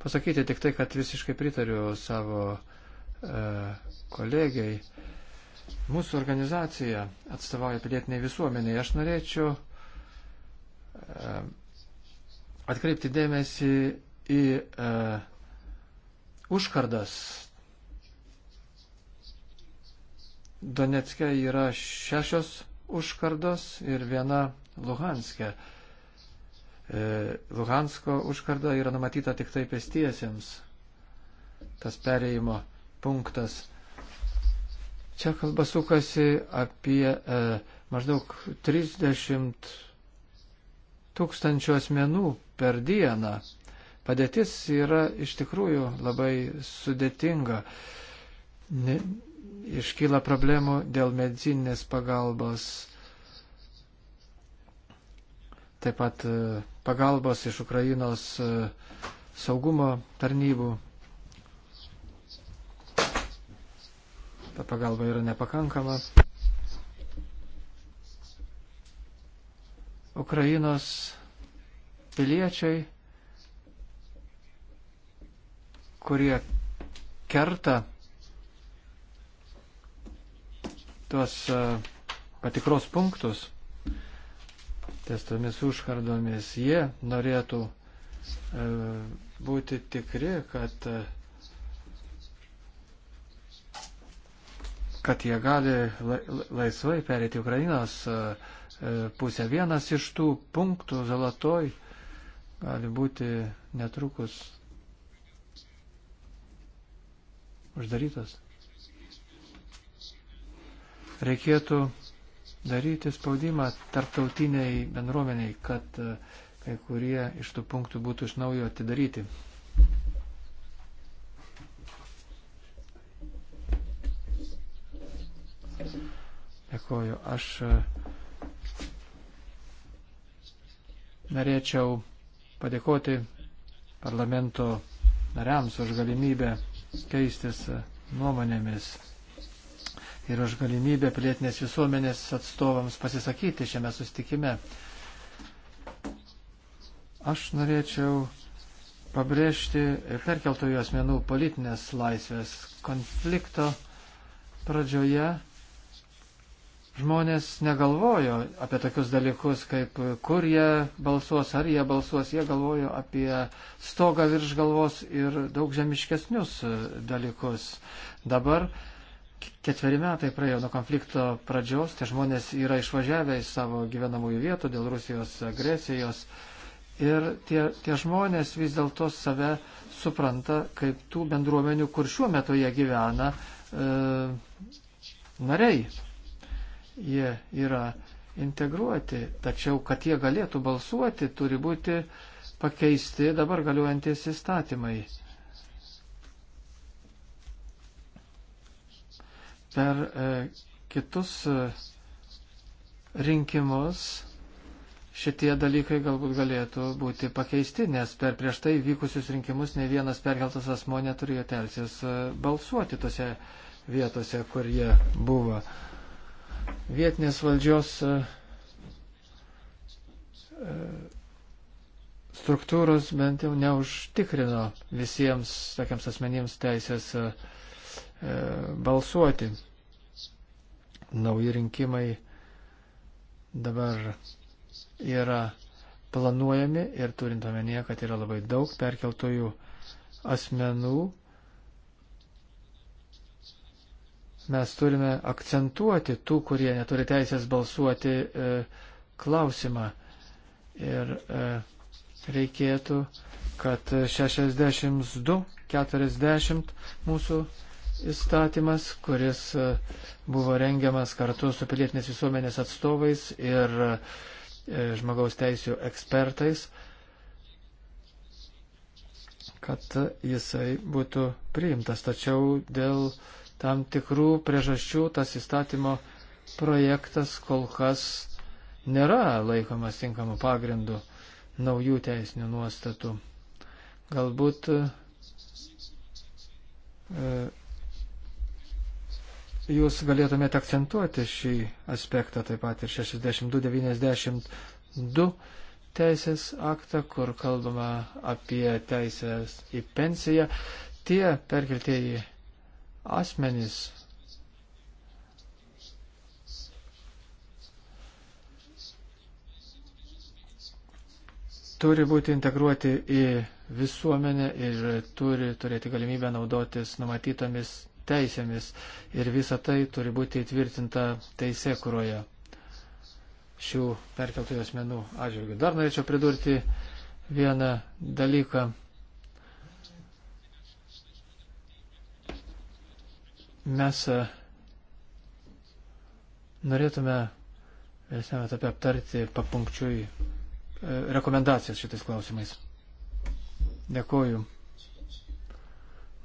pasakyti tik tai, kad visiškai pritariu savo e, kolegiai. Mūsų organizacija atstovauja pilietiniai visuomeniai. Aš norėčiau e, atkreipti dėmesį į e, užkardas. Donetskė yra šešios užkardos ir viena Luhanskė. E, Luhansko užkarda yra numatyta tik tai pėstiesiems. Tas pereimo punktas. Čia kalba sukasi apie e, maždaug 30 tūkstančių asmenų per dieną. Padėtis yra iš tikrųjų labai sudėtinga. Ne, iškyla problemų dėl medicininės pagalbos, taip pat e, pagalbos iš Ukrainos e, saugumo tarnybų. Ta pagalba yra nepakankama. Ukrainos piliečiai, kurie kerta tuos e, patikros punktus ties tomis užkardomis. Jie norėtų e, būti tikri, kad, e, kad jie gali laisvai perėti Ukrainos pusę. Vienas iš tų punktų Zalatoj gali būti netrukus uždarytas reikėtų daryti spaudimą tarptautiniai bendruomeniai, kad e, kai kurie iš tų punktų būtų iš naujo atidaryti. Dėkoju. Aš e, norėčiau padėkoti parlamento nariams už galimybę keistis e, nuomonėmis ir už galimybę pilietinės visuomenės atstovams pasisakyti šiame sustikime. Aš norėčiau pabrėžti perkeltųjų asmenų politinės laisvės. Konflikto pradžioje žmonės negalvojo apie tokius dalykus, kaip kur jie balsuos, ar jie balsuos, jie galvojo apie stogą virš galvos ir daug žemiškesnius dalykus. Dabar ketveri metai praėjo nuo konflikto pradžios, tie žmonės yra išvažiavę iš savo gyvenamųjų vietų dėl Rusijos agresijos ir tie, tie žmonės vis dėlto save supranta kaip tų bendruomenių, kur šiuo metu jie gyvena, e, nariai. Jie yra integruoti, tačiau kad jie galėtų balsuoti, turi būti pakeisti dabar galiuojantis įstatymai. per e, kitus e, rinkimus šitie dalykai galbūt galėtų būti pakeisti, nes per prieš tai vykusius rinkimus ne vienas perkeltas asmo neturėjo teisės e, balsuoti tose vietose, kur jie buvo. Vietinės valdžios struktūros bent jau neužtikrino visiems tokiams asmenims teisės uh, E, balsuoti. Nauji rinkimai dabar yra planuojami ir turint omenyje, kad yra labai daug perkeltojų asmenų, mes turime akcentuoti tų, kurie neturi teisės balsuoti e, klausimą. Ir e, reikėtų, kad 62-40 mūsų įstatymas, kuris e, buvo rengiamas kartu su pilietinės visuomenės atstovais ir e, žmogaus teisų ekspertais, kad jisai būtų priimtas. Tačiau dėl tam tikrų priežasčių tas įstatymo projektas kol kas nėra laikomas tinkamu pagrindu naujų teisinių nuostatų. Galbūt e, jūs galėtumėte akcentuoti šį aspektą taip pat ir 62-92 teisės aktą, kur kalbama apie teisės į pensiją. Tie perkeltieji asmenys turi būti integruoti į visuomenę ir turi turėti galimybę naudotis numatytomis teisėmis ir visa tai turi būti įtvirtinta teisė, kurioje šių perkeltųjų asmenų atžvilgių. Dar norėčiau pridurti vieną dalyką. Mes e, norėtume vėlesniame etape aptarti papunkčiui e, rekomendacijas šitais klausimais. Dėkoju.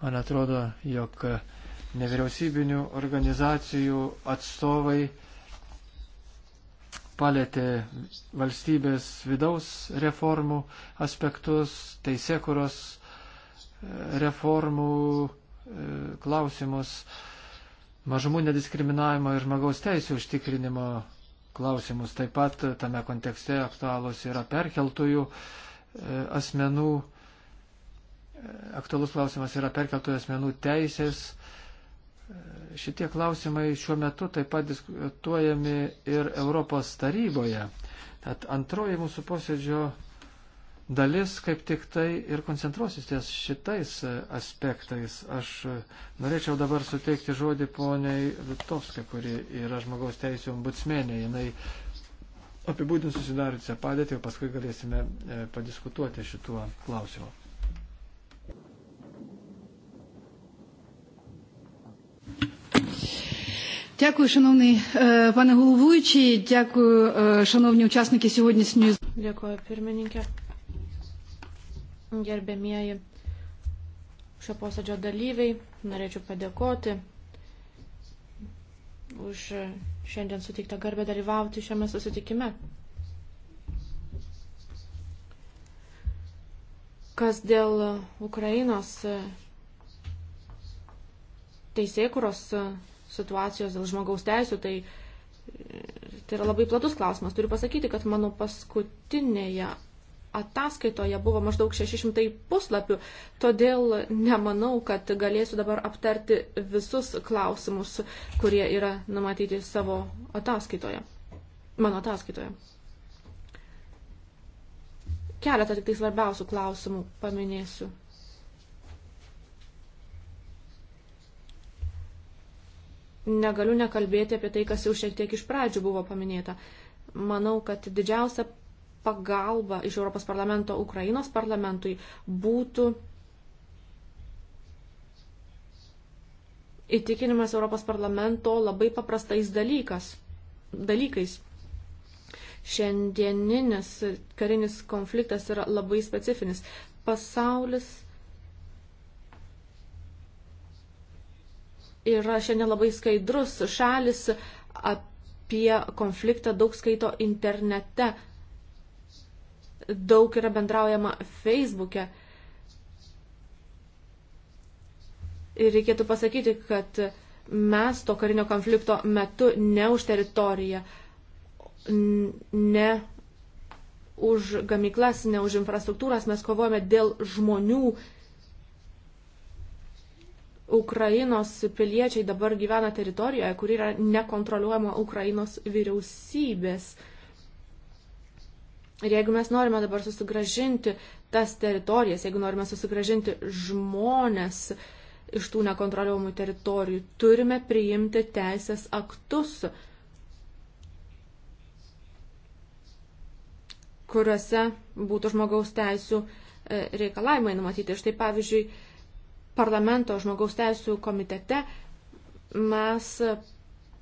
Man atrodo, jog nevyriausybinių organizacijų atstovai palėtė valstybės vidaus reformų aspektus, teisėkuros e, reformų e, klausimus, mažumų nediskriminavimo ir žmogaus teisų užtikrinimo klausimus. Taip pat tame kontekste aktualūs yra perkeltųjų e, asmenų, aktualus klausimas yra perkeltųjų asmenų teisės Šitie klausimai šiuo metu taip pat diskutuojami ir Europos taryboje. Tad antroji mūsų posėdžio dalis kaip tik tai ir koncentruosis ties šitais aspektais. Aš norėčiau dabar suteikti žodį poniai Vitovskai, kuri yra žmogaus teisų ombudsmenė. Jinai apibūdins susidariusią padėtį, o paskui galėsime e, padiskutuoti šituo klausimu. Дякую, шановний пане головуючий. Дякую, шановні учасники сьогоднішньої. Дякую, pirmininkė. Gerbėmieji šio posėdžio dalyviai, norėčiau padėkoti už šiandien suteiktą garbę dalyvauti šiame susitikime. Kas dėl Ukrainos teisėkuros situacijos dėl žmogaus teisų, tai, tai yra labai platus klausimas. Turiu pasakyti, kad mano paskutinėje ataskaitoje buvo maždaug 600 puslapių, todėl nemanau, kad galėsiu dabar aptarti visus klausimus, kurie yra numatyti savo ataskaitoje. Mano ataskaitoje. Keletą tik tai svarbiausių klausimų paminėsiu. negaliu nekalbėti apie tai, kas jau šiek tiek iš pradžių buvo paminėta. Manau, kad didžiausia pagalba iš Europos parlamento Ukrainos parlamentui būtų įtikinimas Europos parlamento labai paprastais dalykas, dalykais. Šiandieninis karinis konfliktas yra labai specifinis. Pasaulis yra šiandien labai skaidrus. Šalis apie konfliktą daug skaito internete, daug yra bendraujama feisbuke. Ir reikėtų pasakyti, kad mes to karinio konflikto metu ne už teritoriją, ne už gamyklas, ne už infrastruktūras, mes kovojame dėl žmonių Ukrainos piliečiai dabar gyvena teritorijoje, kur yra nekontroliuojama Ukrainos vyriausybės. Ir jeigu mes norime dabar susigražinti tas teritorijas, jeigu norime susigražinti žmonės iš tų nekontroliuojamų teritorijų, turime priimti teisės aktus, kuriuose būtų žmogaus teisų e, reikalavimai numatyti. Štai pavyzdžiui, parlamento žmogaus teisų komitete mes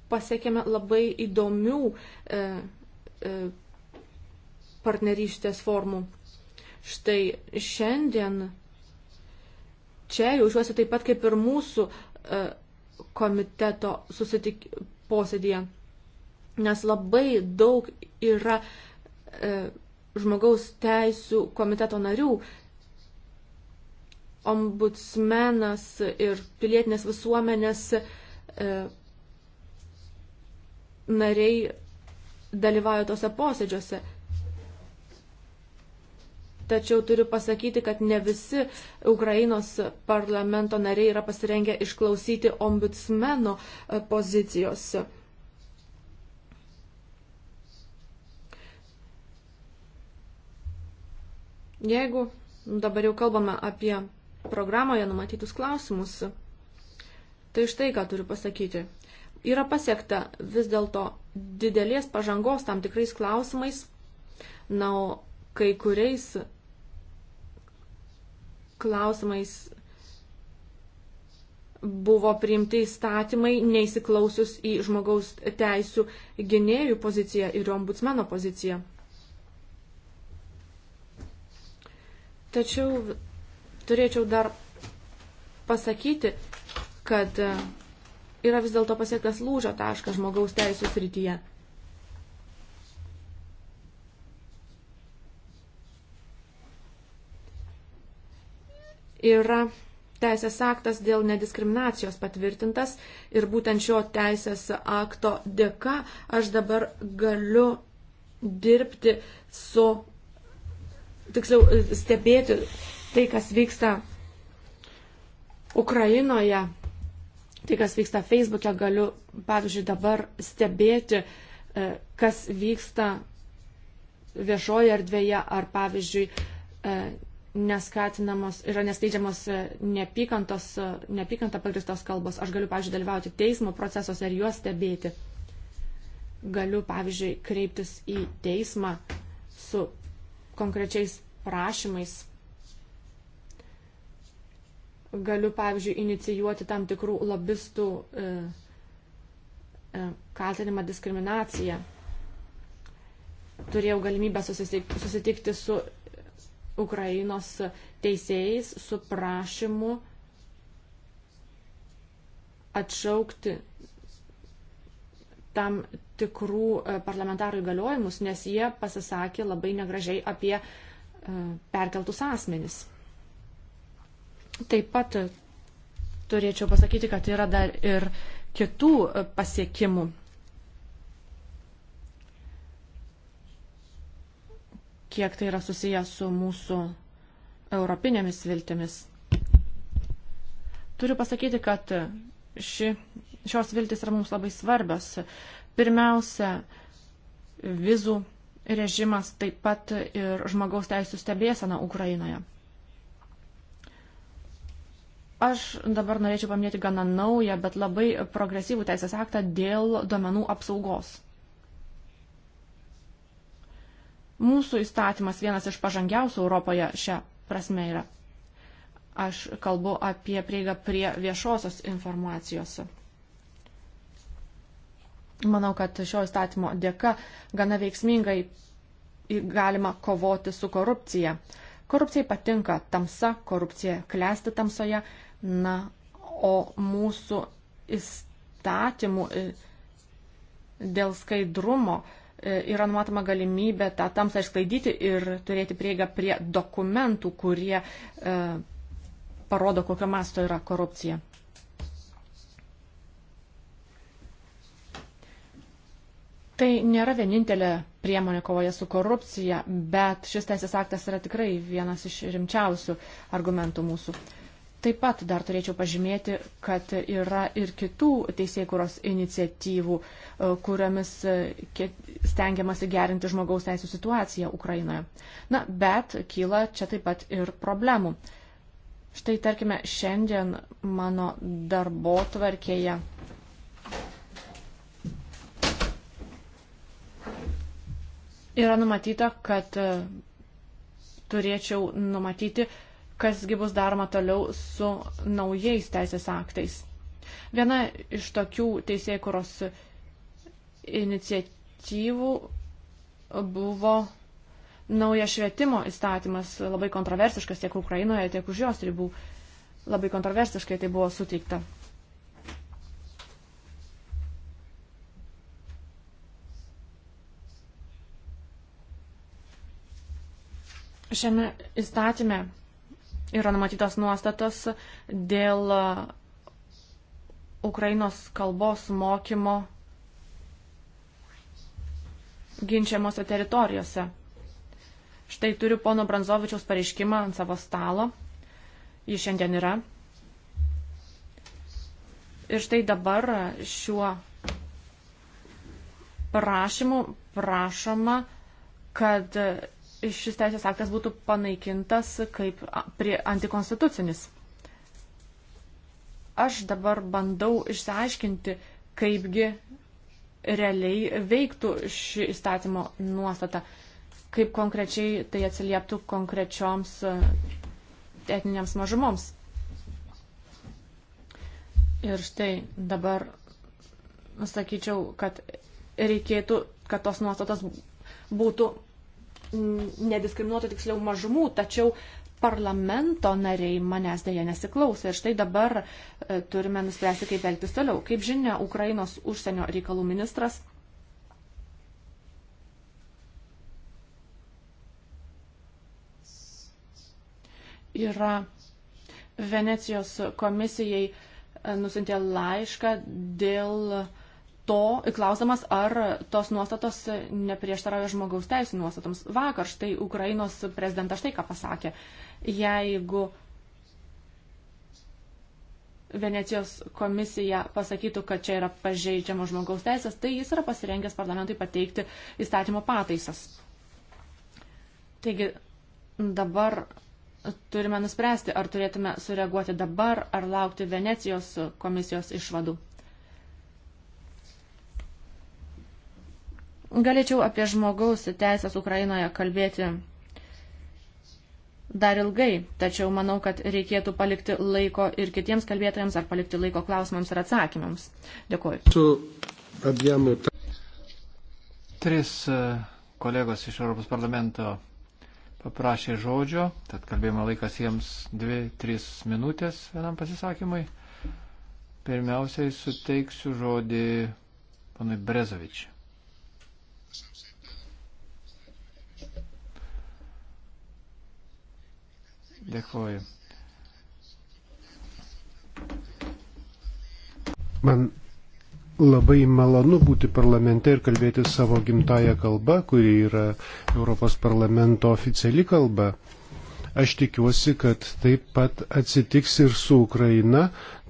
pasiekėme labai įdomių e, e, partnerystės formų. Štai šiandien čia jaučiuosi taip pat kaip ir mūsų e, komiteto susitik posėdėje, nes labai daug yra e, žmogaus teisų komiteto narių ombudsmenas ir pilietinės visuomenės e, nariai dalyvauja tose posėdžiuose. Tačiau turiu pasakyti, kad ne visi Ukrainos parlamento nariai yra pasirengę išklausyti ombudsmeno e, pozicijos. Jeigu dabar jau kalbame apie programoje numatytus klausimus. Tai štai ką turiu pasakyti. Yra pasiekta vis dėlto didelės pažangos tam tikrais klausimais, na, o kai kuriais klausimais buvo priimti įstatymai, neįsiklausius į žmogaus teisų gynėjų poziciją ir ombudsmeno poziciją. Tačiau turėčiau dar pasakyti, kad e, yra vis dėlto pasiektas lūžio taškas žmogaus teisų srityje. Yra teisės aktas dėl nediskriminacijos patvirtintas ir būtent šio teisės akto dėka aš dabar galiu dirbti su, tiksliau, stebėti tai, kas vyksta Ukrainoje, tai, kas vyksta Facebook'e, galiu, pavyzdžiui, dabar stebėti, e, kas vyksta viešoje erdvėje, ar, pavyzdžiui, e, neskatinamos, yra neskleidžiamos e, neapykantos, neapykanta pagristos kalbos. Aš galiu, pavyzdžiui, dalyvauti teismo procesuose ir juos stebėti. Galiu, pavyzdžiui, kreiptis į teismą su konkrečiais prašymais galiu, pavyzdžiui, inicijuoti tam tikrų lobistų e, e, kaltinimą diskriminaciją. Turėjau galimybę susitikti, susitikti su Ukrainos teisėjais su prašymu atšaukti tam tikrų e, parlamentarų įgaliojimus, nes jie pasisakė labai negražiai apie e, perkeltus asmenis. Taip pat turėčiau pasakyti, kad yra dar ir kitų pasiekimų. Kiek tai yra susijęs su mūsų europinėmis viltimis. Turiu pasakyti, kad ši, šios viltis yra mums labai svarbios. Pirmiausia, vizų režimas taip pat ir žmogaus teisų stebėsena Ukrainoje. Aš dabar norėčiau paminėti gana naują, bet labai progresyvų teisės aktą dėl duomenų apsaugos. Mūsų įstatymas vienas iš pažangiausių Europoje šią prasme yra. Aš kalbu apie prieigą prie viešosios informacijos. Manau, kad šio įstatymo dėka gana veiksmingai galima kovoti su korupcija. Korupcijai patinka tamsa, korupcija klesti tamsoje Na, o mūsų įstatymų e, dėl skaidrumo e, yra numatoma galimybė tą tamsą išsklaidyti ir turėti prieigą prie dokumentų, kurie e, parodo, kokio masto yra korupcija. Tai nėra vienintelė priemonė kovoje su korupcija, bet šis teisės aktas yra tikrai vienas iš rimčiausių argumentų mūsų Taip pat dar turėčiau pažymėti, kad yra ir kitų teisėkuros iniciatyvų, e, kuriamis e, stengiamasi gerinti žmogaus teisų situaciją Ukrainoje. Na, bet kyla čia taip pat ir problemų. Štai, tarkime, šiandien mano darbo tvarkėje. Yra numatyta, kad e, turėčiau numatyti uh, kasgi bus daroma toliau su naujais teisės aktais. Viena iš tokių teisėkuros iniciatyvų buvo naujas švietimo įstatymas, labai kontroversiškas tiek Ukrainoje, tiek už jos ribų. Labai kontroversiškai tai buvo suteikta. Šiame įstatyme yra numatytos nuostatos dėl e, Ukrainos kalbos mokymo ginčiamose teritorijose. Štai turiu pono Branzovičiaus pareiškimą ant savo stalo. Jis šiandien yra. Ir štai dabar šiuo prašymu prašoma, kad šis teisės aktas būtų panaikintas kaip antikonstitucinis. Aš dabar bandau išsiaiškinti, kaipgi realiai veiktų ši įstatymo nuostata, kaip konkrečiai tai atsilieptų konkrečioms e, etniniams mažumoms. Ir štai dabar sakyčiau, kad reikėtų, kad tos nuostatos būtų nediskriminuotų tiksliau mažumų, tačiau parlamento nariai manęs dėja nesiklausė. Ir štai dabar e, turime nuspręsti, kaip elgtis toliau. Kaip žinia, Ukrainos užsienio reikalų ministras. Yra Venecijos komisijai e, nusintė laišką dėl uh, to, klausimas, ar tos nuostatos neprieštarauja žmogaus teisų nuostatoms. Vakar štai Ukrainos prezidentas štai ką pasakė. Jeigu Venecijos komisija pasakytų, kad čia yra pažeidžiamos žmogaus teisės, tai jis yra pasirengęs parlamentui pateikti įstatymo pataisas. Taigi dabar turime nuspręsti, ar turėtume sureaguoti dabar, ar laukti Venecijos komisijos išvadų. Galėčiau apie žmogaus teisės Ukrainoje kalbėti dar ilgai, tačiau manau, kad reikėtų palikti laiko ir kitiems kalbėtojams ar palikti laiko klausimams ir atsakymams. Dėkuoju. Tris e, kolegos iš Europos parlamento paprašė žodžio, tad kalbėjimo laikas jiems 2-3 minutės vienam pasisakymui. Pirmiausiai suteiksiu žodį panui Brezovičiui. Dėkuoju. Man labai malonu būti parlamente ir kalbėti savo gimtają kalbą, kuri yra Europos parlamento oficiali kalba. Aš tikiuosi, kad taip pat atsitiks ir su Ukraina,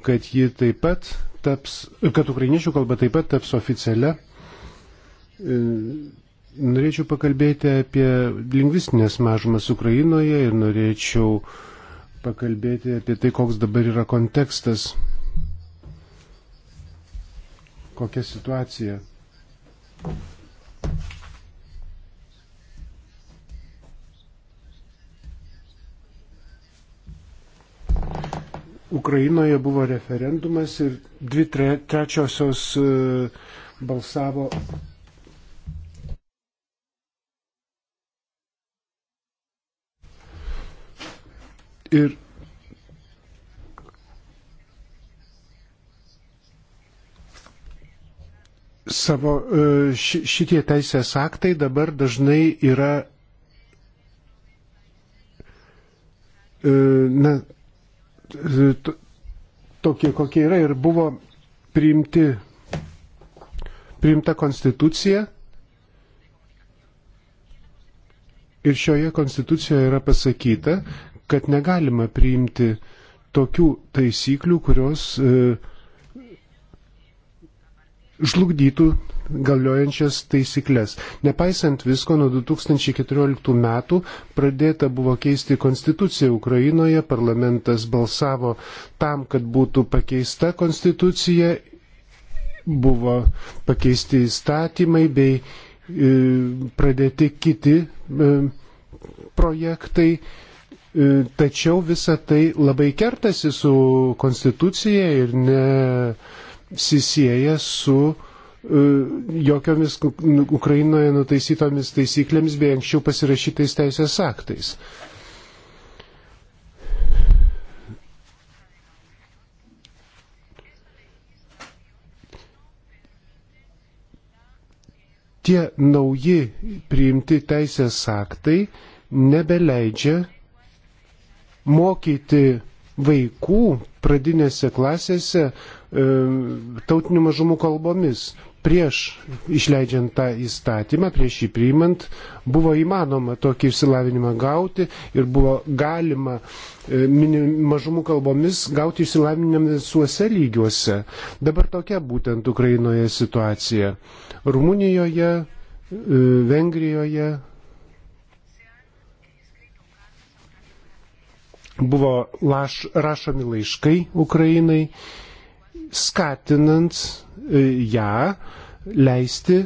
kad ji taip pat taps, kad ukrainiečių kalba taip pat taps oficialia E, norėčiau pakalbėti apie lingvistinės mažumas Ukrainoje ir norėčiau pakalbėti apie tai, koks dabar yra kontekstas, kokia situacija. Ukrainoje buvo referendumas ir dvi tre, trečiosios e, balsavo Ir savo e, šitie teisės aktai dabar dažnai yra e, na, tokie kokie yra ir buvo priimti, priimta konstitucija. Ir šioje konstitucijoje yra pasakyta, kad negalima priimti tokių taisyklių, kurios e, žlugdytų galiojančias taisyklės. Nepaisant visko, nuo 2014 metų pradėta buvo keisti konstituciją Ukrainoje, parlamentas balsavo tam, kad būtų pakeista konstitucija, buvo pakeisti įstatymai bei e, pradėti kiti e, projektai. E, E, tačiau visa tai labai kertasi su konstitucija ir nesisėja su e, jokiomis Ukrainoje nutaisytomis taisyklėmis bei anksčiau pasirašytais teisės aktais. Tie nauji priimti teisės aktai nebeleidžia mokyti vaikų pradinėse klasėse e, tautinių mažumų kalbomis. Prieš išleidžiant tą įstatymą, prieš jį priimant, buvo įmanoma tokį išsilavinimą gauti ir buvo galima e, mažumų kalbomis gauti išsilavinimą visuose lygiuose. Dabar tokia būtent Ukrainoje situacija. Rumunijoje, e, Vengrijoje, buvo laš, rašomi laiškai Ukrainai, skatinant e, ją leisti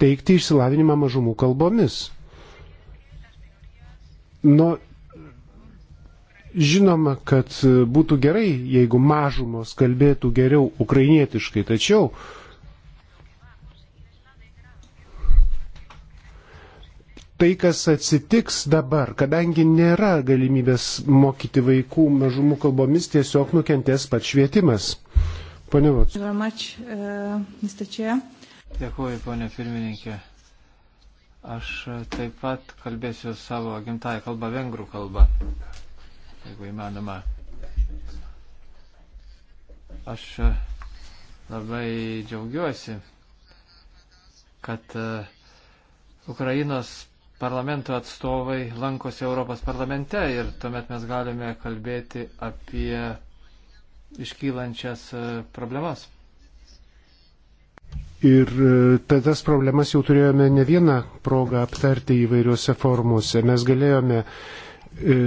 teikti išsilavinimą mažumų kalbomis. Nu, žinoma, kad e, būtų gerai, jeigu mažumos kalbėtų geriau ukrainietiškai, tačiau uh, tai, kas atsitiks dabar, kadangi nėra galimybės mokyti vaikų mažumų kalbomis, tiesiog nukentės pats švietimas. Pane Vots. Uh, Dėkuoju, ponė pirmininkė. Aš uh, taip pat kalbėsiu savo gimtąją kalbą, vengrų kalbą, jeigu įmanoma. Aš uh, labai džiaugiuosi, kad Ukrainos parlamento atstovai lankosi Europos parlamente ir tuomet mes galime kalbėti apie iškylančias e, problemas. Ir e, tas problemas jau turėjome ne vieną progą aptarti įvairiuose formuose. Mes galėjome e,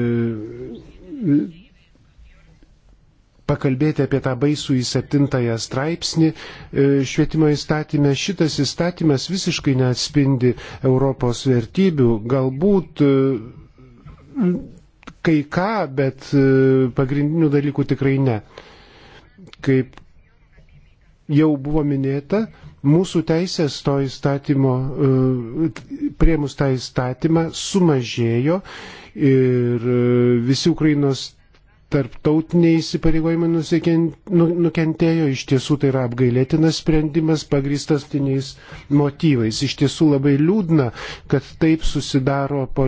pakalbėti apie tą baisų į septintąją straipsnį e, švietimo įstatymę. Šitas įstatymas visiškai neatspindi Europos vertybių. Galbūt e, kai ką, bet e, pagrindinių dalykų tikrai ne. Kaip jau buvo minėta, mūsų teisės to įstatymo, priemus tą įstatymą sumažėjo ir visi Ukrainos tarptautiniai įsipareigojimai nu, nukentėjo, iš tiesų tai yra apgailėtinas sprendimas pagristas tiniais motyvais. Iš tiesų labai liūdna, kad taip susidaro po,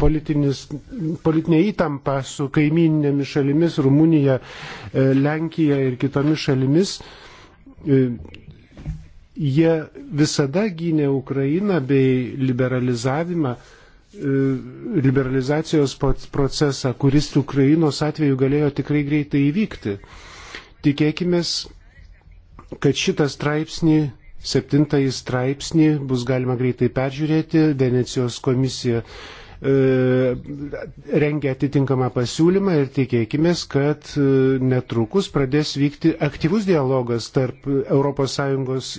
politinė įtampa su kaimininėmis šalimis - Rumunija, e, Lenkija ir kitomis šalimis. E, jie visada gynė Ukrainą bei liberalizavimą E, liberalizacijos procesą, kuris Ukrainos atveju galėjo tikrai greitai įvykti. Tikėkime, kad šitą straipsnį, septintąjį straipsnį bus galima greitai peržiūrėti. Venecijos komisija e, rengia atitinkamą pasiūlymą ir tikėkime, kad e, netrukus pradės vykti aktyvus dialogas tarp ES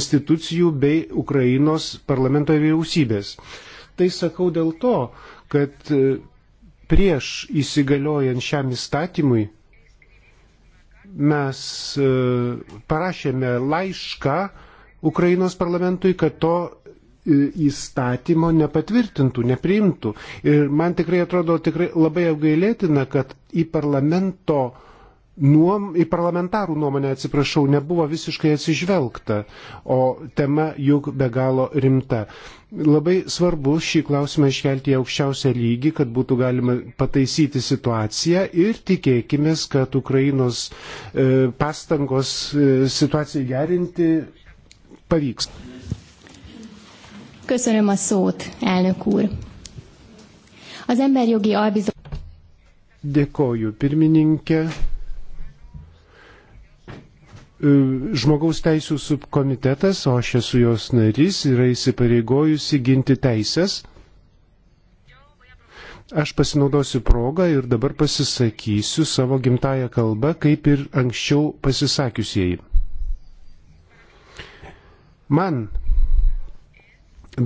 institucijų bei Ukrainos parlamento vyriausybės. Tai sakau dėl to, kad e, prieš įsigaliojant šiam įstatymui mes e, parašėme laišką Ukrainos parlamentui, kad to e, įstatymo nepatvirtintų, nepriimtų. Ir man tikrai atrodo tikrai labai apgailėtina, kad į parlamento uh, nuom, į parlamentarų nuomonę, atsiprašau, nebuvo visiškai atsižvelgta, o tema juk be galo rimta. Labai svarbu šį klausimą iškelti į aukščiausią lygį, kad būtų galima pataisyti situaciją ir tikėkime, kad Ukrainos e, pastangos e, situacijai gerinti pavyks. Köszönöm a szót, elnök úr. Az Emberjogi Albizottság. Dėkoju pirmininkė, E, žmogaus teisų subkomitetas, o aš esu jos narys, yra įsipareigojusi ginti teisės. Aš pasinaudosiu progą ir dabar pasisakysiu savo gimtają kalbą, kaip ir anksčiau pasisakiusieji. Man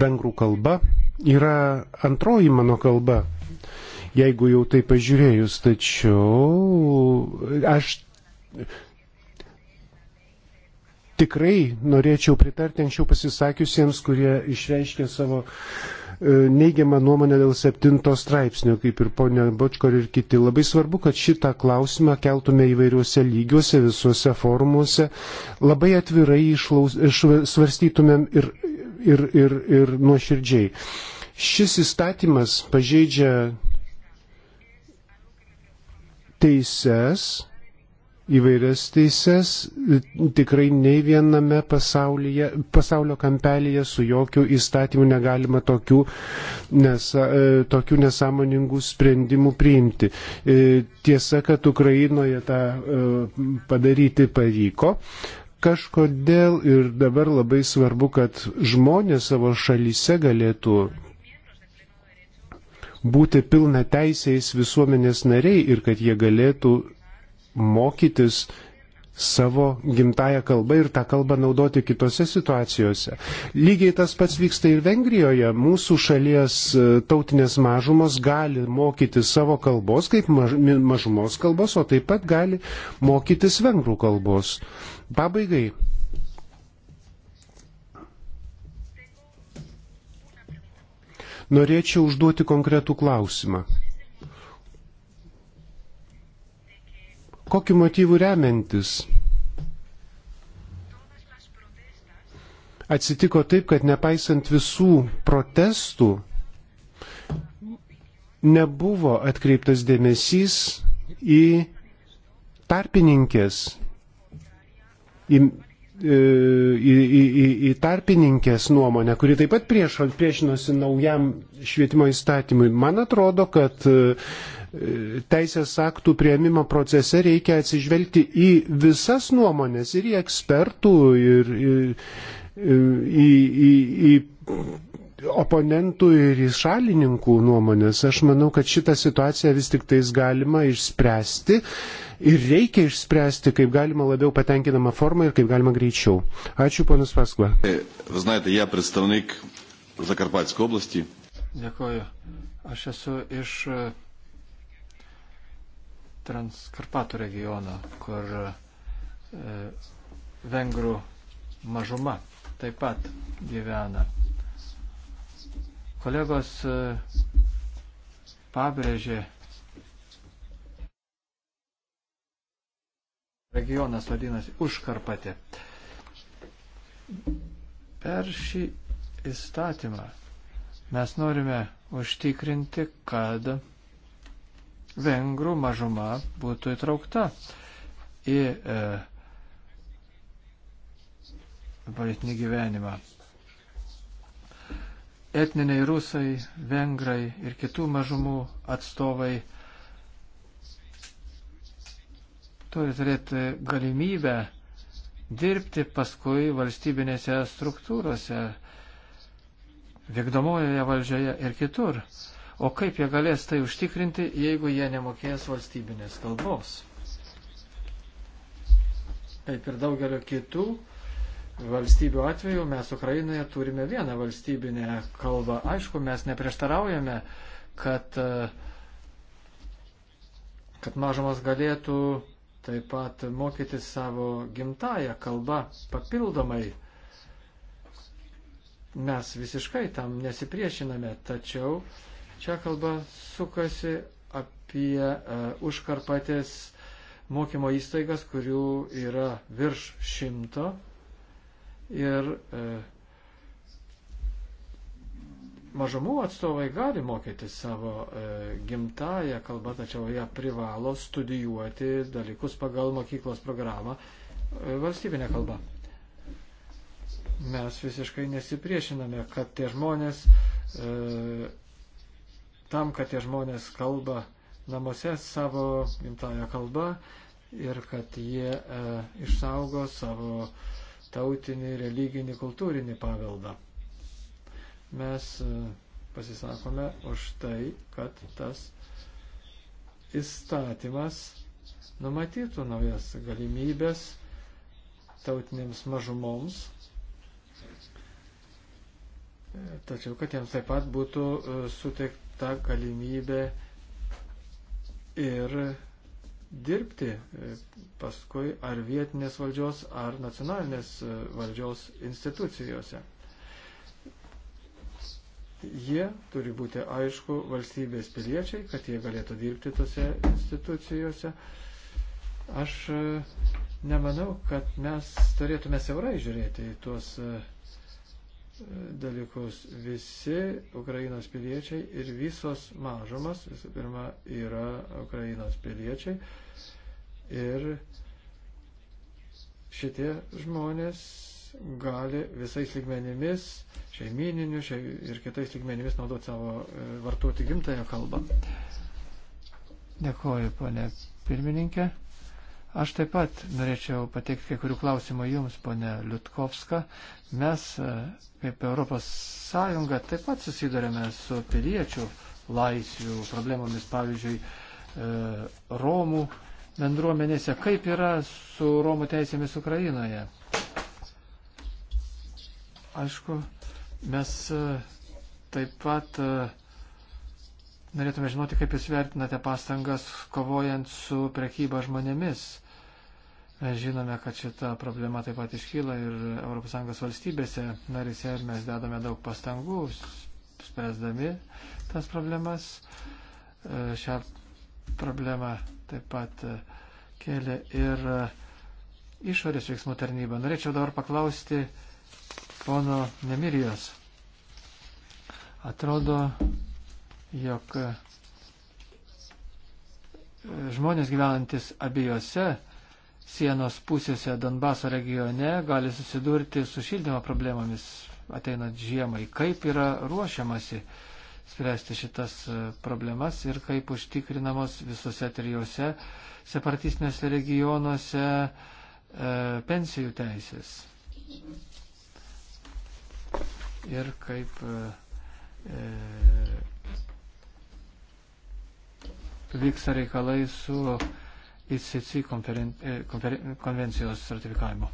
vengrų kalba yra antroji mano kalba, jeigu jau tai pažiūrėjus, tačiau aš tikrai norėčiau pritarti anksčiau pasisakiusiems, kurie išreiškė savo e, neigiamą nuomonę dėl septinto straipsnio, kaip ir ponia Bočkor ir kiti. Labai svarbu, kad šitą klausimą keltume įvairiuose lygiuose, visuose forumuose, labai atvirai išlaus, svarstytumėm ir, ir, ir, ir nuoširdžiai. Šis įstatymas pažeidžia teises įvairias teises, tikrai nei viename pasaulyje, pasaulio kampelėje su jokių įstatymų negalima tokių, nesa, e, tokių nesąmoningų sprendimų priimti. E, tiesa, kad Ukrainoje tą e, padaryti pavyko. Kažkodėl ir dabar labai svarbu, kad žmonės savo šalyse galėtų būti pilna teisės visuomenės nariai ir kad jie galėtų mokytis savo gimtają kalbą ir tą kalbą naudoti kitose situacijose. Lygiai tas pats vyksta ir Vengrijoje. Mūsų šalies e, tautinės mažumos gali mokyti savo kalbos kaip mažumos kalbos, o taip pat gali mokytis vengrų kalbos. Pabaigai. Norėčiau užduoti konkretų klausimą. Kokiu motyvu remiantis? Atsitiko taip, kad nepaisant visų protestų, nebuvo atkreiptas dėmesys į tarpininkės, į, e, į, į, į, į tarpininkės nuomonę, kuri taip pat prieš, priešinosi naujam švietimo įstatymui. Man atrodo, kad teisės aktų prieimimo procese reikia atsižvelgti į visas nuomonės ir į ekspertų, ir, ir į, į, į oponentų, ir į šalininkų nuomonės. Aš manau, kad šitą situaciją vis tik tais galima išspręsti ir reikia išspręsti kaip galima labiau patenkinamą formą ir kaip galima greičiau. Ačiū, ponas Paskva. Знаете, я представник Закарпатской области. Дякую. Aš esu iš Transkarpatų regioną, kur e, vengrų mažuma taip pat gyvena. Kolegos e, pabrėžė regionas vadinasi Užkarpatė. Per šį įstatymą mes norime užtikrinti, kad vengrų mažuma būtų įtraukta į e, politinį gyvenimą. Etniniai rusai, vengrai ir kitų mažumų atstovai turi turėti galimybę dirbti paskui valstybinėse struktūrose, vykdomojoje valdžioje ir kitur. O kaip jie galės tai užtikrinti, jeigu jie nemokės valstybinės kalbos? Kaip ir daugelio kitų valstybių atveju, mes Ukrainoje turime vieną valstybinę kalbą. Aišku, mes neprieštaraujame, kad, e, kad mažumas galėtų taip pat mokytis savo gimtają kalbą papildomai mes visiškai tam nesipriešiname, tačiau Čia kalba sukasi apie uh, užkarpatės mokymo įstaigas, kurių yra virš šimto. Ir uh, mažumų atstovai gali mokyti savo e, gimtają kalbą, tačiau jie privalo studijuoti dalykus pagal mokyklos programą e, valstybinę kalbą. Mes visiškai nesipriešiname, kad tie žmonės e, tam, kad tie žmonės kalba namuose savo gimtają kalbą ir kad jie e, išsaugo savo tautinį, religinį, kultūrinį paveldą. Mes e, pasisakome už tai, kad tas įstatymas numatytų naujas galimybės tautinėms mažumoms, e, tačiau kad jiems taip pat būtų e, suteikta ta galimybė ir dirbti e, paskui ar vietinės valdžios, ar nacionalinės e, valdžios institucijose. Jie turi būti aišku valstybės piliečiai, kad jie galėtų dirbti tose institucijose. Aš e, nemanau, kad mes turėtume siaurai žiūrėti į tuos dalykus. Visi Ukrainos piliečiai ir visos mažumas, visų pirma, yra Ukrainos piliečiai. Ir šitie žmonės gali visais lygmenimis, šeimininiu šei, ir kitais lygmenimis naudoti savo e, vartoti gimtąją kalbą. Dėkuoju, ponė pirmininkė. Aš taip pat norėčiau pateikti kai kurių klausimų Jums, ponė Liutkovska. Mes, e, kaip Europos Sąjunga, taip pat susidurėme su piliečių laisvių problemomis, pavyzdžiui, e, Romų bendruomenėse. Kaip yra su Romų teisėmis Ukrainoje? Aišku, mes e, taip pat norėtume žinoti, kaip Jūs vertinate pastangas kovojant su prekyba žmonėmis Žinome, kad šita problema taip pat iškyla ir ES valstybėse narise ir mes dedame daug pastangų, spręsdami tas problemas. E, šią problemą taip pat e, kėlė ir e, išorės veiksmų tarnyba. Norėčiau dabar paklausti pono Nemirijos. Atrodo, jog žmonės gyvenantis abiejose sienos pusėse Donbaso regione gali susidurti su šildymo problemomis ateinant žiemai. Kaip yra ruošiamasi spręsti šitas e, problemas ir kaip užtikrinamos visose trijose separatistinėse regionuose e, pensijų teisės. Ir kaip e, e vyksta reikalai su ICC konferen... E, konferen... konvencijos ratifikavimo.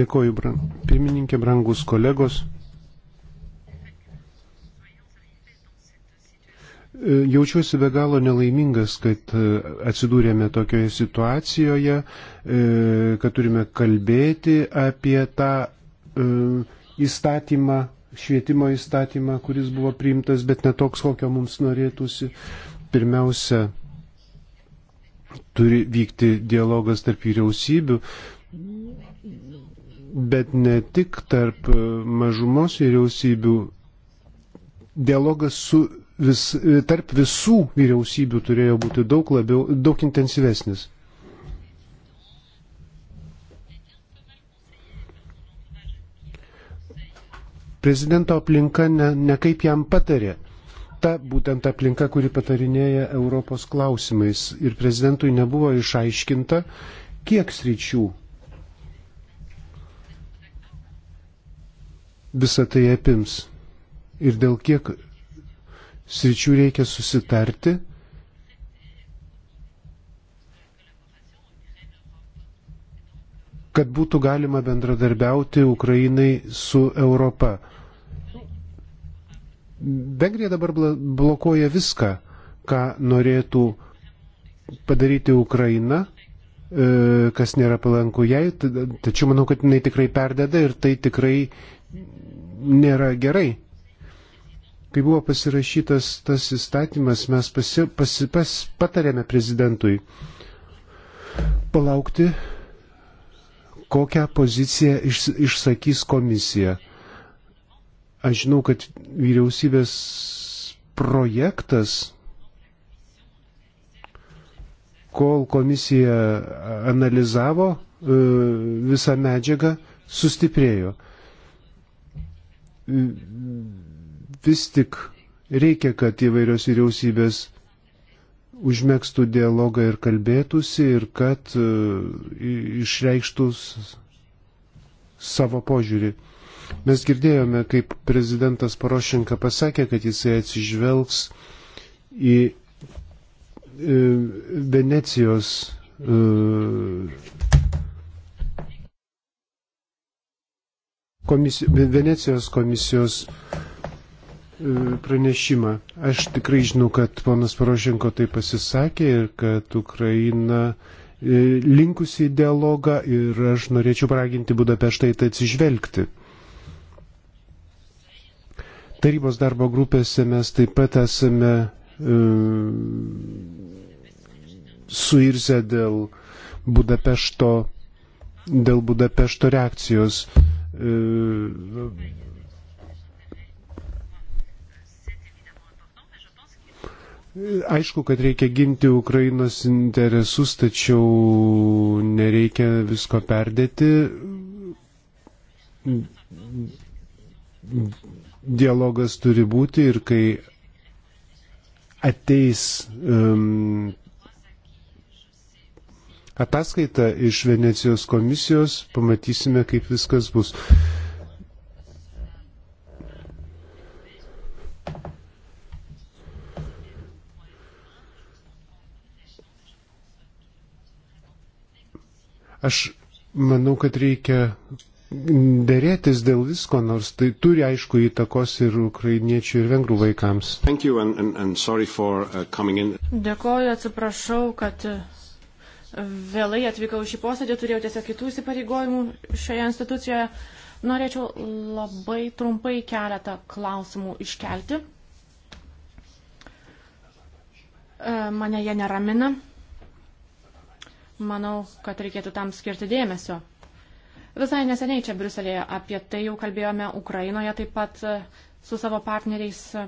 Dėkoju, bran... pirmininkė, brangus kolegos. E, jaučiuosi be galo nelaimingas, kad e, atsidūrėme tokioje situacijoje, kad turime kalbėti apie tą įstatymą, švietimo įstatymą, kuris buvo priimtas, bet netoks, kokio mums norėtųsi. Pirmiausia, turi vykti dialogas tarp vyriausybių, bet ne tik tarp e, mažumos vyriausybių. Dialogas su vis, e, tarp visų vyriausybių turėjo būti daug labiau, daug intensyvesnis. Prezidento aplinka ne, ne kaip jam patarė ta būtent aplinka, kuri patarinėja Europos klausimais. Ir prezidentui nebuvo išaiškinta, kiek sričių visą tai apims ir dėl kiek sričių reikia susitarti. kad būtų galima bendradarbiauti Ukrainai su Europa. Vengrija dabar blokuoja viską, ką norėtų padaryti Ukraina, e, kas nėra palanku jai, tačiau manau, kad jinai tikrai perdeda ir tai tikrai nėra gerai. Kai buvo pasirašytas tas įstatymas, mes pasi, pasi, pas, patarėme prezidentui palaukti, kokią poziciją iš, išsakys komisija. Aš žinau, kad vyriausybės projektas, kol komisija analizavo e, visą medžiagą, sustiprėjo. E, vis tik reikia, kad įvairios vyriausybės užmėgstų dialogą ir kalbėtųsi ir kad e, išreikštų savo požiūrį. Mes girdėjome, kaip prezidentas Porošenka pasakė, kad jisai atsižvelgs į e, e, Venecijos komisijos, Venecijos komisijos pranešimą. Aš tikrai žinau, kad ponas Porošenko tai pasisakė ir kad Ukraina e, linkusi į dialogą ir aš norėčiau paraginti Budapeštą į tai atsižvelgti. Tarybos darbo grupėse mes taip pat esame e, suirzę dėl Budapešto, dėl Budapešto reakcijos. E, aišku, kad reikia ginti Ukrainos interesus, tačiau nereikia visko perdėti dialogas turi būti ir kai ateis um, ataskaita iš Venecijos komisijos, pamatysime, kaip viskas bus. Aš manau, kad reikia dėrėtis dėl visko, nors tai turi aišku įtakos ir ukrainiečių ir vengrų vaikams. And, and, and for, uh, Dėkoju, atsiprašau, kad uh, vėlai atvykau šį posėdį, turėjau tiesiog kitų įsipareigojimų šioje institucijoje. Norėčiau labai trumpai keletą klausimų iškelti. Uh, mane jie neramina. Manau, kad reikėtų tam skirti dėmesio. Visai neseniai čia Briuselėje apie tai jau kalbėjome Ukrainoje taip pat e, su savo partneriais e,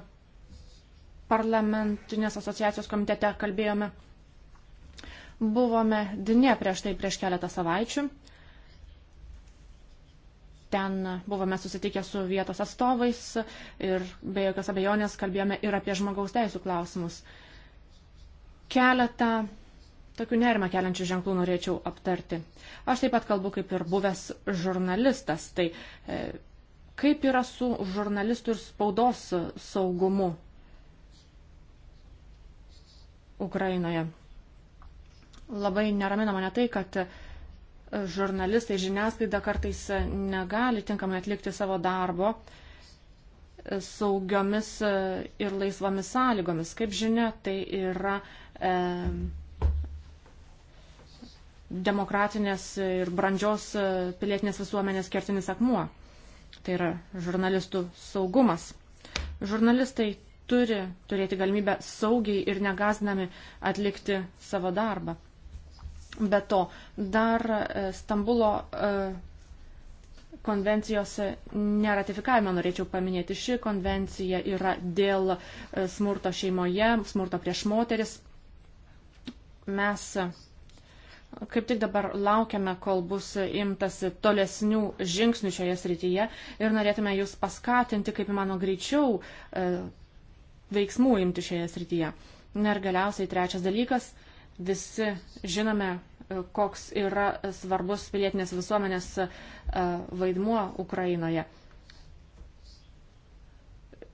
parlamentinės asociacijos komitete kalbėjome. Buvome Dne prieš tai prieš keletą savaičių. Ten buvome susitikę su vietos atstovais ir be jokios abejonės kalbėjome ir apie žmogaus teisų klausimus. Keletą Tokių nerimą keliančių ženklų norėčiau aptarti. Aš taip pat kalbu kaip ir buvęs žurnalistas. Tai e, kaip yra su žurnalistų ir spaudos saugumu Ukrainoje? Labai neramina mane tai, kad žurnalistai žiniasklaida kartais negali tinkamai atlikti savo darbo saugiomis ir laisvomis sąlygomis. Kaip žinia, tai yra. E, demokratinės ir brandžios e, pilietinės visuomenės kertinis akmuo. Tai yra žurnalistų saugumas. Žurnalistai turi turėti galimybę saugiai ir negazdinami atlikti savo darbą. Be to, dar e, Stambulo e, konvencijos neratifikavimą norėčiau paminėti. Ši konvencija yra dėl smurto šeimoje, smurto prieš moteris. Mes Kaip tik dabar laukiame, kol bus imtasi tolesnių žingsnių šioje srityje ir norėtume jūs paskatinti, kaip įmano greičiau, e, veiksmų imti šioje srityje. Na ir galiausiai trečias dalykas. Visi žinome, e, koks yra svarbus pilietinės visuomenės e, vaidmuo Ukrainoje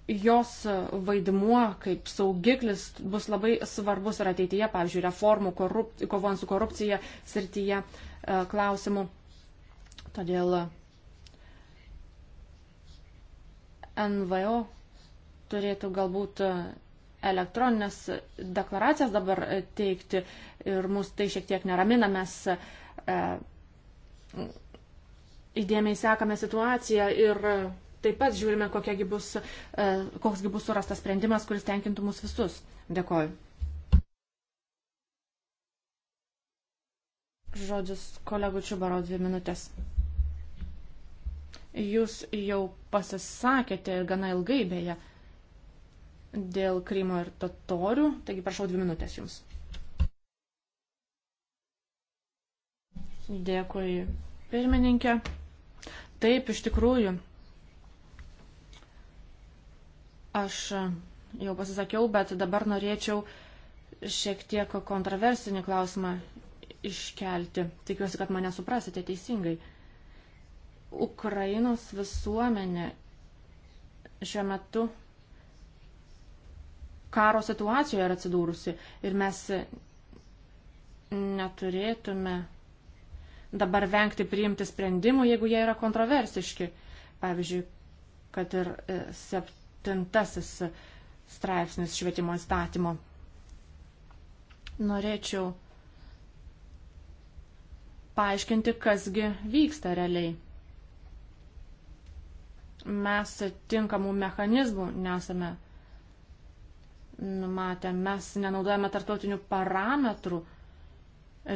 jos vaidmuo kaip saugiklis bus labai svarbus ir ateityje, pavyzdžiui, reformų, korup... kovant su korupcija srityje e, klausimų. Todėl NVO turėtų galbūt elektroninės deklaracijas dabar teikti ir mus tai šiek tiek neramina, mes e, įdėmiai sekame situaciją ir taip pat žiūrime, bus, e, koksgi bus surastas sprendimas, kuris tenkintų mus visus. Dėkoju. Žodžius kolegų Čiubaro dvi minutės. Jūs jau pasisakėte gana ilgai beje dėl Krymo ir Totorių, taigi prašau dvi minutės jums. Dėkui, pirmininkė. Taip, iš tikrųjų, Aš jau pasisakiau, bet dabar norėčiau šiek tiek kontroversinį klausimą iškelti. Tikiuosi, kad mane suprasite teisingai. Ukrainos visuomenė šiuo metu karo situacijoje yra atsidūrusi ir mes neturėtume dabar vengti priimti sprendimų, jeigu jie yra kontroversiški. Pavyzdžiui, kad ir e, sept septintasis straipsnis švietimo įstatymo. Norėčiau paaiškinti, kasgi vyksta realiai. Mes tinkamų mechanizmų nesame numatę, mes nenaudojame tartautinių parametrų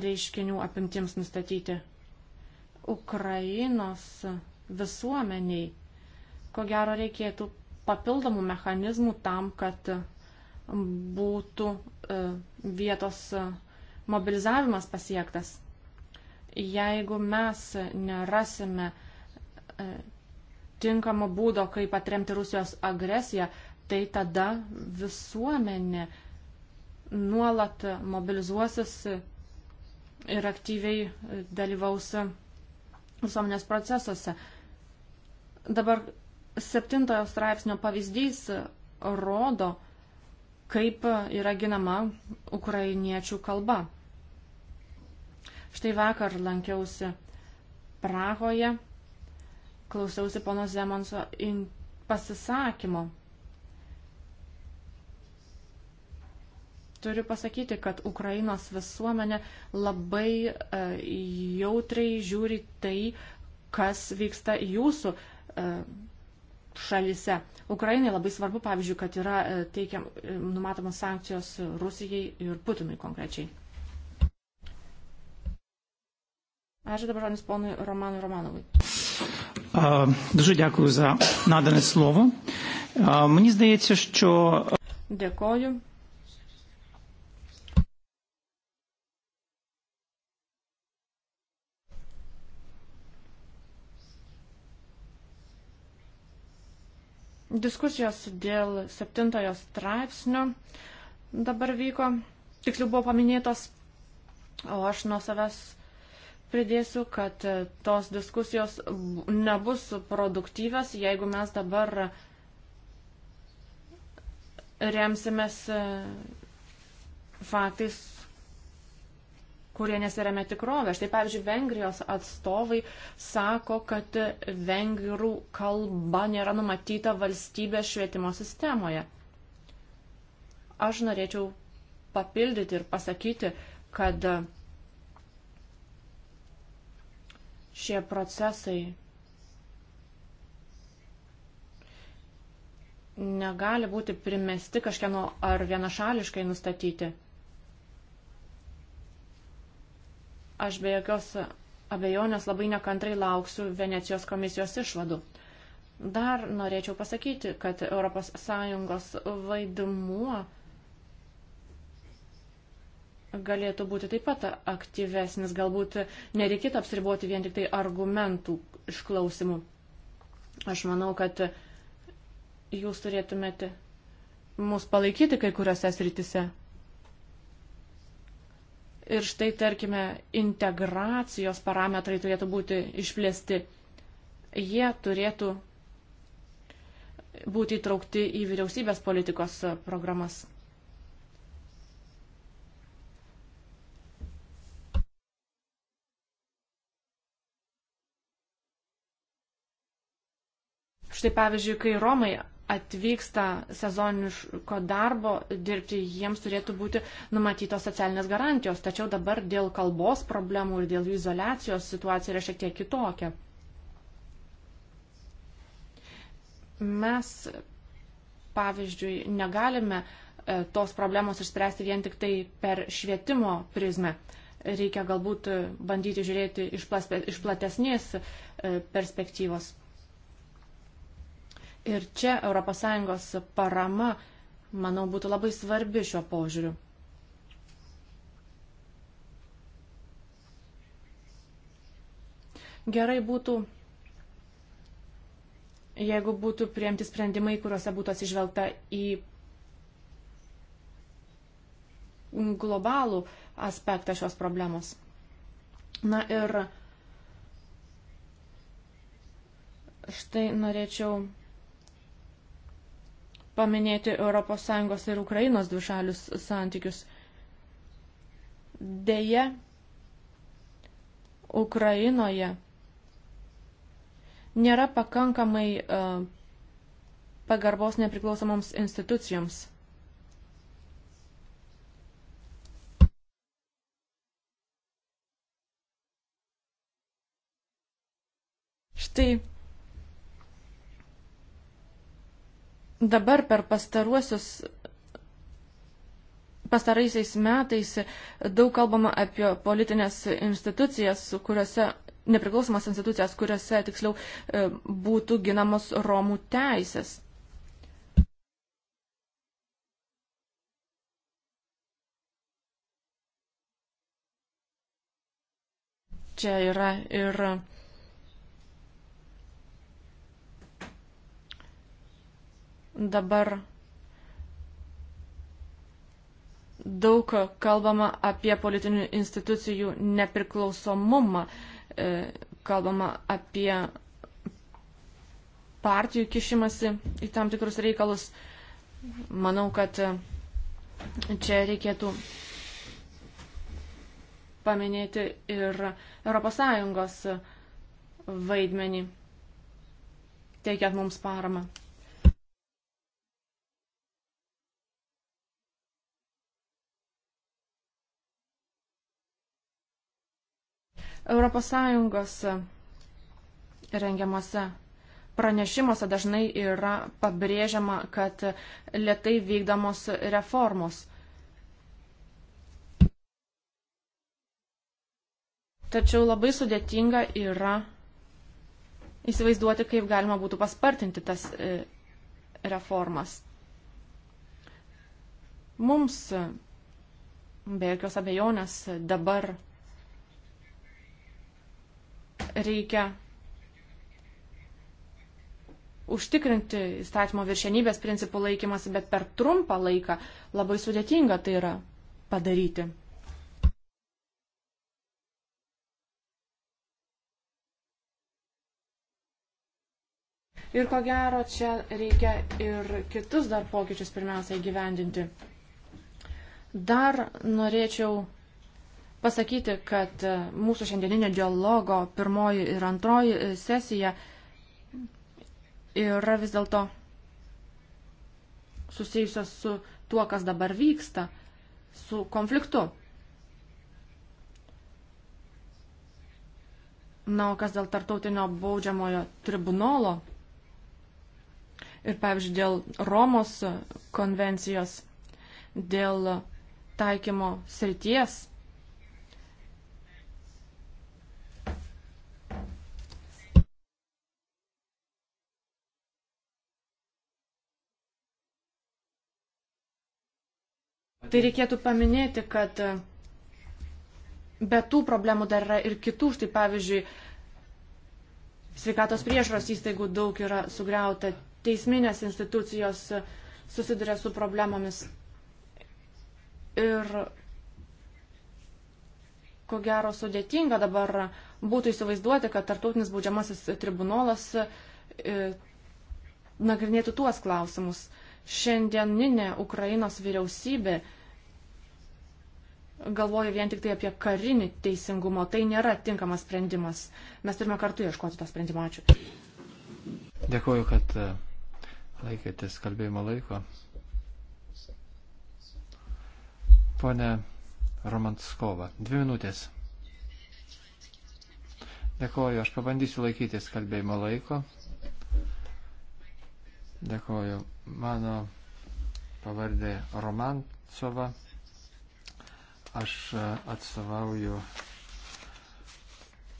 reiškinių apimtims nustatyti. Ukrainos visuomeniai, ko gero reikėtų papildomų mechanizmų tam, kad e, būtų e, vietos e, mobilizavimas pasiektas. Jeigu mes nerasime tinkamo būdo, kaip atremti Rusijos agresiją, tai tada visuomenė nuolat mobilizuosis ir aktyviai dalyvaus visuomenės procesuose. Dabar septintojo straipsnio pavyzdys rodo, kaip yra ginama ukrainiečių kalba. Štai vakar lankiausi Prahoje, klausiausi pono Zemonso pasisakymo. Turiu pasakyti, kad Ukrainos visuomenė labai e, jautriai žiūri tai, kas vyksta jūsų e, šalise. Ukrainai labai svarbu, pavyzdžiui, kad yra e, teikiam, e, numatomos sankcijos Rusijai ir Putinui konkrečiai. Ačiū dabar žodis ponui Romanui Romanovui. Дуже дякую за надане слово. Мені здається, що. Дякую. Diskusijos dėl septintojo straipsnio dabar vyko, tiksliau buvo paminėtos, o aš nuo savęs pridėsiu, kad e, tos diskusijos nebus produktyvios, jeigu mes dabar remsimės e, faktais, kurie nesiremia tikrovę. Štai pavyzdžiui, Vengrijos atstovai sako, kad vengrų kalba nėra numatyta valstybės švietimo sistemoje. Aš norėčiau papildyti ir pasakyti, kad šie procesai negali būti primesti kažkieno ar vienašališkai nustatyti. Aš be jokios abejonės labai nekantrai lauksiu Venecijos komisijos išvadų. Dar norėčiau pasakyti, kad ES vaidmuo galėtų būti taip pat aktyvesnis, galbūt nereikėtų apsiriboti vien tik tai argumentų išklausimų. Aš manau, kad jūs turėtumėte mus palaikyti kai kuriuose srityse. Ir štai, tarkime, integracijos parametrai turėtų būti išplėsti. Jie turėtų būti įtraukti į vyriausybės politikos programas. Štai pavyzdžiui, kai Romai atvyksta sezoniško darbo dirbti, jiems turėtų būti numatytos socialinės garantijos. Tačiau dabar dėl kalbos problemų ir dėl jų izolacijos situacija yra šiek tiek kitokia. Mes, pavyzdžiui, negalime e, tos problemos išspręsti vien tik tai per švietimo prizmę. Reikia galbūt bandyti žiūrėti iš platesnės e, perspektyvos. Ir čia ES parama, manau, būtų labai svarbi šiuo požiūriu. Gerai būtų, jeigu būtų priimti sprendimai, kuriuose būtų atsižvelgta į globalų aspektą šios problemos. Na ir štai norėčiau paminėti ES ir Ukrainos dvišalius santykius. Deja, Ukrainoje nėra pakankamai uh, pagarbos nepriklausomoms institucijoms. Štai Dabar per pastaruosius pastaraisiais metais daug kalbama apie politinės institucijas, kuriuose nepriklausomas institucijas, kuriuose tiksliau e, būtų ginamos Romų teisės. Čia yra ir Dabar daug kalbama apie politinių institucijų nepriklausomumą, e, kalbama apie partijų kišimasi į tam tikrus reikalus. Manau, kad e, čia reikėtų paminėti ir ES vaidmenį, teikiant mums paramą. ES rengiamuose pranešimuose dažnai yra pabrėžiama, kad lietai vykdomos reformos. Tačiau labai sudėtinga yra įsivaizduoti, kaip galima būtų paspartinti tas e, reformas. Mums, be jokios abejonės, dabar reikia užtikrinti įstatymo viršenybės principų laikymasi, bet per trumpą laiką labai sudėtinga tai yra padaryti. Ir ko gero, čia reikia ir kitus dar pokyčius pirmiausia įgyvendinti. Dar norėčiau pasakyti, kad e, mūsų šiandieninio dialogo pirmoji ir antroji e, sesija yra vis dėlto susijusios su tuo, kas dabar vyksta, su konfliktu. Na, o kas dėl tartautinio baudžiamojo tribunolo ir, pavyzdžiui, dėl Romos konvencijos, dėl taikymo srities Tai reikėtų paminėti, kad e, be tų problemų dar yra ir kitų. Štai pavyzdžiui, sveikatos priežaros įstaigų daug yra sugriauta, teisminės institucijos e, susiduria su problemomis. Ir ko gero sudėtinga dabar būtų įsivaizduoti, kad tartautinis baudžiamasis tribunolas e, nagrinėtų tuos klausimus šiandieninė Ukrainos vyriausybė galvoja vien tik tai apie karinį teisingumą. Tai nėra tinkamas sprendimas. Mes turime kartu ieškoti to sprendimo. Ačiū. Dėkuoju, kad e, laikėtės kalbėjimo laiko. Pone Romantskova, dvi minutės. Dėkuoju, aš pabandysiu laikytis kalbėjimo laiko. Dėkoju. Mano pavardė Romancova. Aš e, atstovauju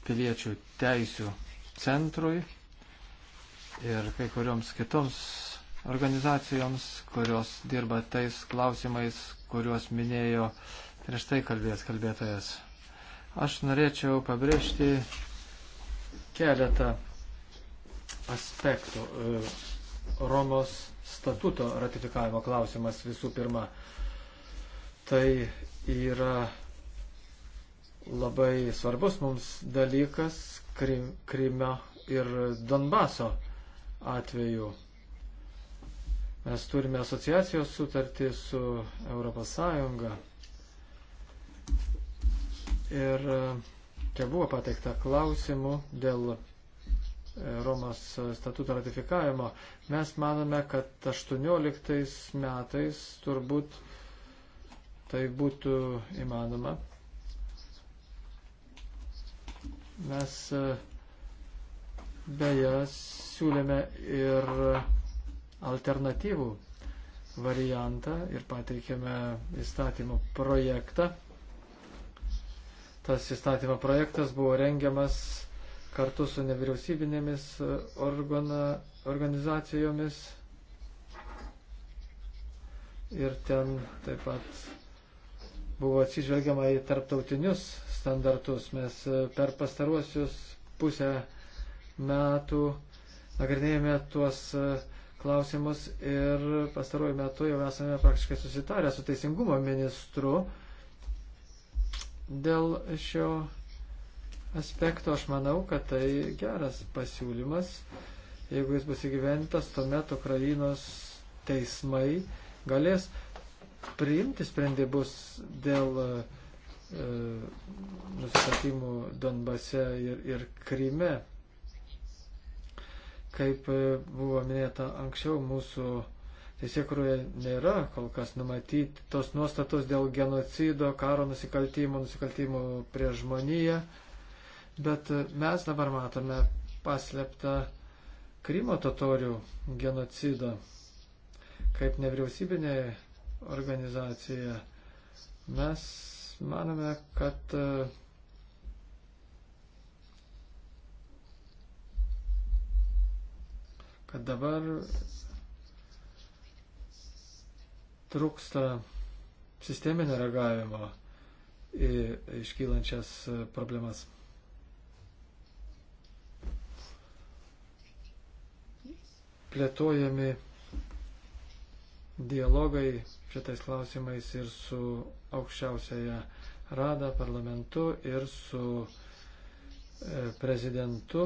piliečių teisių centrui ir kai kurioms kitoms organizacijoms, kurios dirba tais klausimais, kuriuos minėjo prieš tai kalbėjęs kalbėtojas. Aš norėčiau pabrėžti keletą aspektų. E, Romos statuto ratifikavimo klausimas visų pirma. Tai yra labai svarbus mums dalykas Krim, Krime ir Donbaso atveju. Mes turime asociacijos sutartį su ES. Ir e, čia buvo pateikta klausimų dėl Romos statuto ratifikavimo, mes manome, kad 18 metais turbūt tai būtų įmanoma. Mes e, beje siūlėme ir alternatyvų variantą ir pateikėme įstatymo projektą. Tas įstatymo projektas buvo rengiamas kartu su nevyriausybinėmis e, organa, organizacijomis. Ir ten taip pat buvo atsižvelgiama į tarptautinius standartus. Mes e, per pastaruosius pusę metų nagrinėjame tuos e, klausimus ir pastaruoju metu jau esame praktiškai susitarę su teisingumo ministru dėl šio aspekto aš manau, kad tai geras pasiūlymas. Jeigu jis bus įgyventas, tuomet Ukrainos teismai galės priimti sprendimus dėl e, e nusikaltimų Donbase ir, ir Kryme. Kaip e, buvo minėta anksčiau, mūsų teisėkuroje nėra kol kas numatyti tos nuostatos dėl genocido, karo nusikaltimų, nusikaltimų prie žmoniją. E, Bet e, mes dabar matome paslėptą Krymo totorių genocidą kaip nevyriausybinė organizacija. Mes manome, kad e, kad dabar trūksta sisteminio reagavimo į iškylančias problemas. plėtojami dialogai šitais klausimais ir su aukščiausiaja rada, parlamentu ir su e, prezidentu,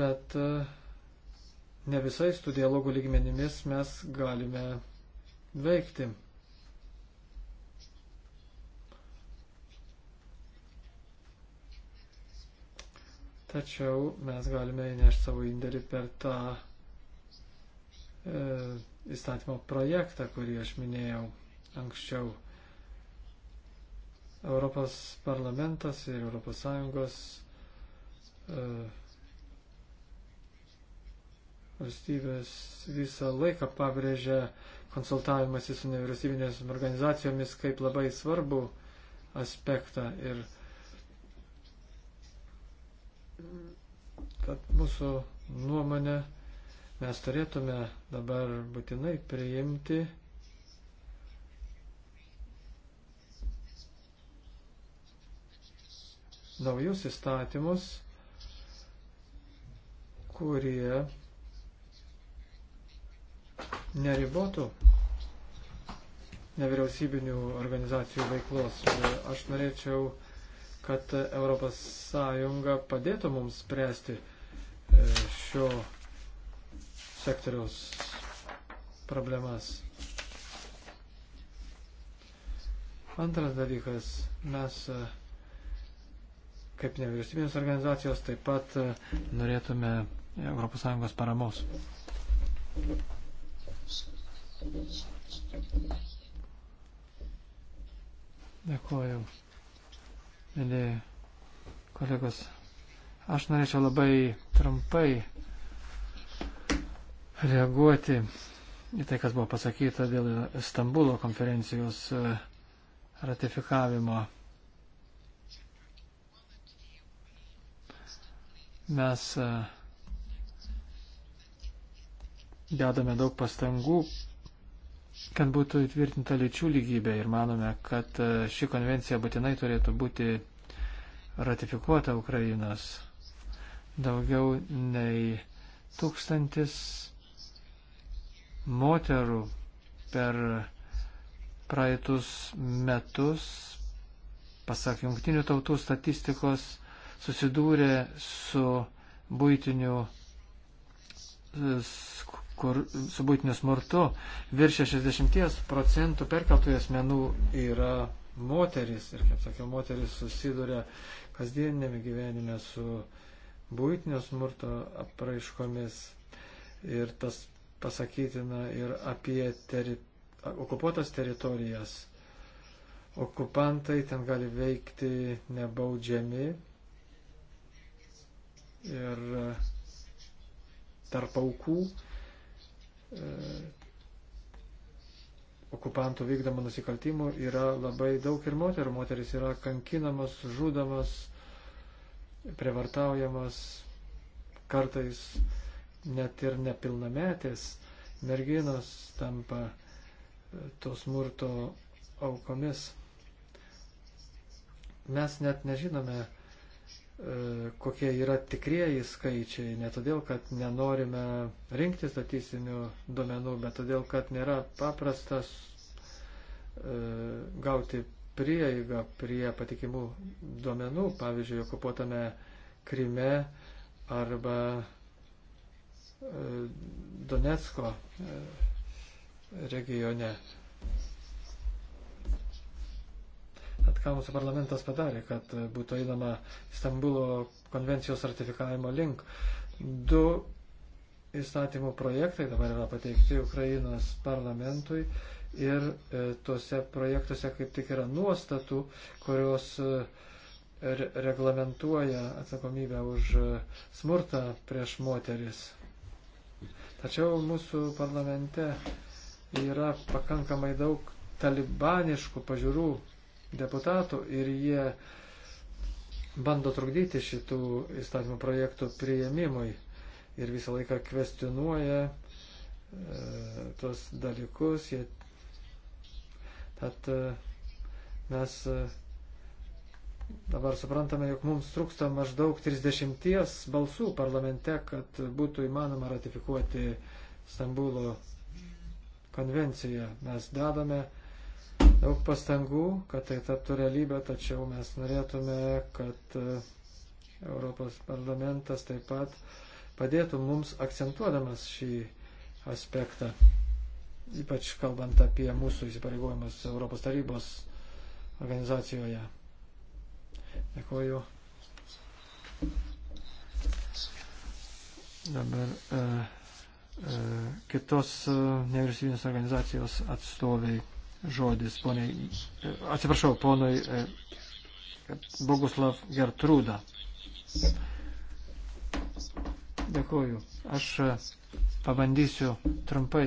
bet e, ne visais tų dialogų lygmenimis mes galime veikti. tačiau mes galime įnešti savo indėlį per tą e, įstatymo projektą, kurį aš minėjau anksčiau. Europos parlamentas ir Europos Sąjungos e, valstybės visą laiką pabrėžia konsultavimasi su nevyriausybinės organizacijomis kaip labai svarbu aspektą ir e, Tad mūsų nuomonė mes turėtume dabar būtinai priimti naujus įstatymus, kurie neribotų nevyriausybinių organizacijų veiklos. Aš norėčiau kad ES padėtų mums spręsti e, šio sektoriaus problemas. Antras dalykas, mes e, kaip nevyriausybinės organizacijos taip pat e, norėtume ES paramos. Dėkuoju mėly kolegos. Aš norėčiau labai trumpai reaguoti į tai, kas buvo pasakyta dėl Stambulo konferencijos e, ratifikavimo. Mes e, dedame daug pastangų, kad būtų įtvirtinta lyčių lygybė ir manome, kad e, ši konvencija būtinai turėtų būti ratifikuota Ukrainos. Daugiau nei tūkstantis moterų per praeitus metus, pasak jungtinių tautų statistikos, susidūrė su būtiniu, skur, su būtiniu smurtu. Virš 60 procentų perkeltųjų asmenų yra moteris ir, kaip sakiau, moteris susiduria kasdieninėme gyvenime su būtinio smurto apraiškomis ir tas pasakytina ir apie teri okupuotas teritorijas. Okupantai ten gali veikti nebaudžiami ir e, tarp aukų e, okupantų vykdomų nusikaltimų yra labai daug ir moterų. Moteris yra kankinamos, žudomos, prievartaujamos kartais net ir nepilnametės merginos tampa to smurto aukomis. Mes net nežinome, e, kokie yra tikrieji skaičiai, ne todėl, kad nenorime rinkti statistinių duomenų, bet todėl, kad nėra paprastas e, gauti prieigą prie patikimų duomenų, pavyzdžiui, okupuotame Krime arba e, Donetsko e, regione. Tad ką mūsų parlamentas padarė, kad būtų einama Stambulo konvencijos ratifikavimo link. Du įstatymų projektai dabar yra pateikti Ukrainos parlamentui ir e, tuose projektuose kaip tik yra nuostatų, kurios e, re reglamentuoja atsakomybę už e, smurtą prieš moteris. Tačiau mūsų parlamente yra pakankamai daug talibaniškų pažiūrų deputatų ir jie bando trukdyti šitų įstatymų projektų prieimimui ir visą laiką kvestionuoja e, tos dalykus, jie Tad e, mes e, dabar suprantame, jog mums trūksta maždaug 30 balsų parlamente, kad būtų įmanoma ratifikuoti Stambulo konvenciją. Mes dedame daug pastangų, kad tai taptų realybę, tačiau mes norėtume, kad e, Europos parlamentas taip pat padėtų mums akcentuodamas šį aspektą ypač kalbant apie mūsų įsipareigojimus Europos tarybos organizacijoje. Dėkuoju. Dabar e, e, kitos e, nevyriausybinės organizacijos atstoviai žodis, poniai, e, atsiprašau, ponui e, Boguslav Gertrūda. Dėkuoju. Aš e, pabandysiu trumpai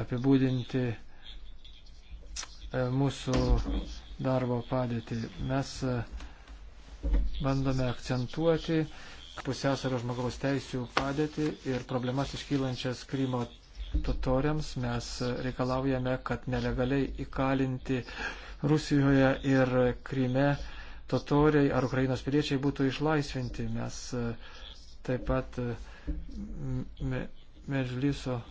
apibūdinti e, mūsų darbo padėtį. Mes e, bandome akcentuoti pusiausvėro žmogaus teisų padėtį ir problemas iškylančias Krymo totoriams. Mes e, reikalaujame, kad nelegaliai įkalinti Rusijoje ir Kryme totoriai ar Ukrainos piliečiai būtų išlaisvinti. Mes taip pat Medžliso. Me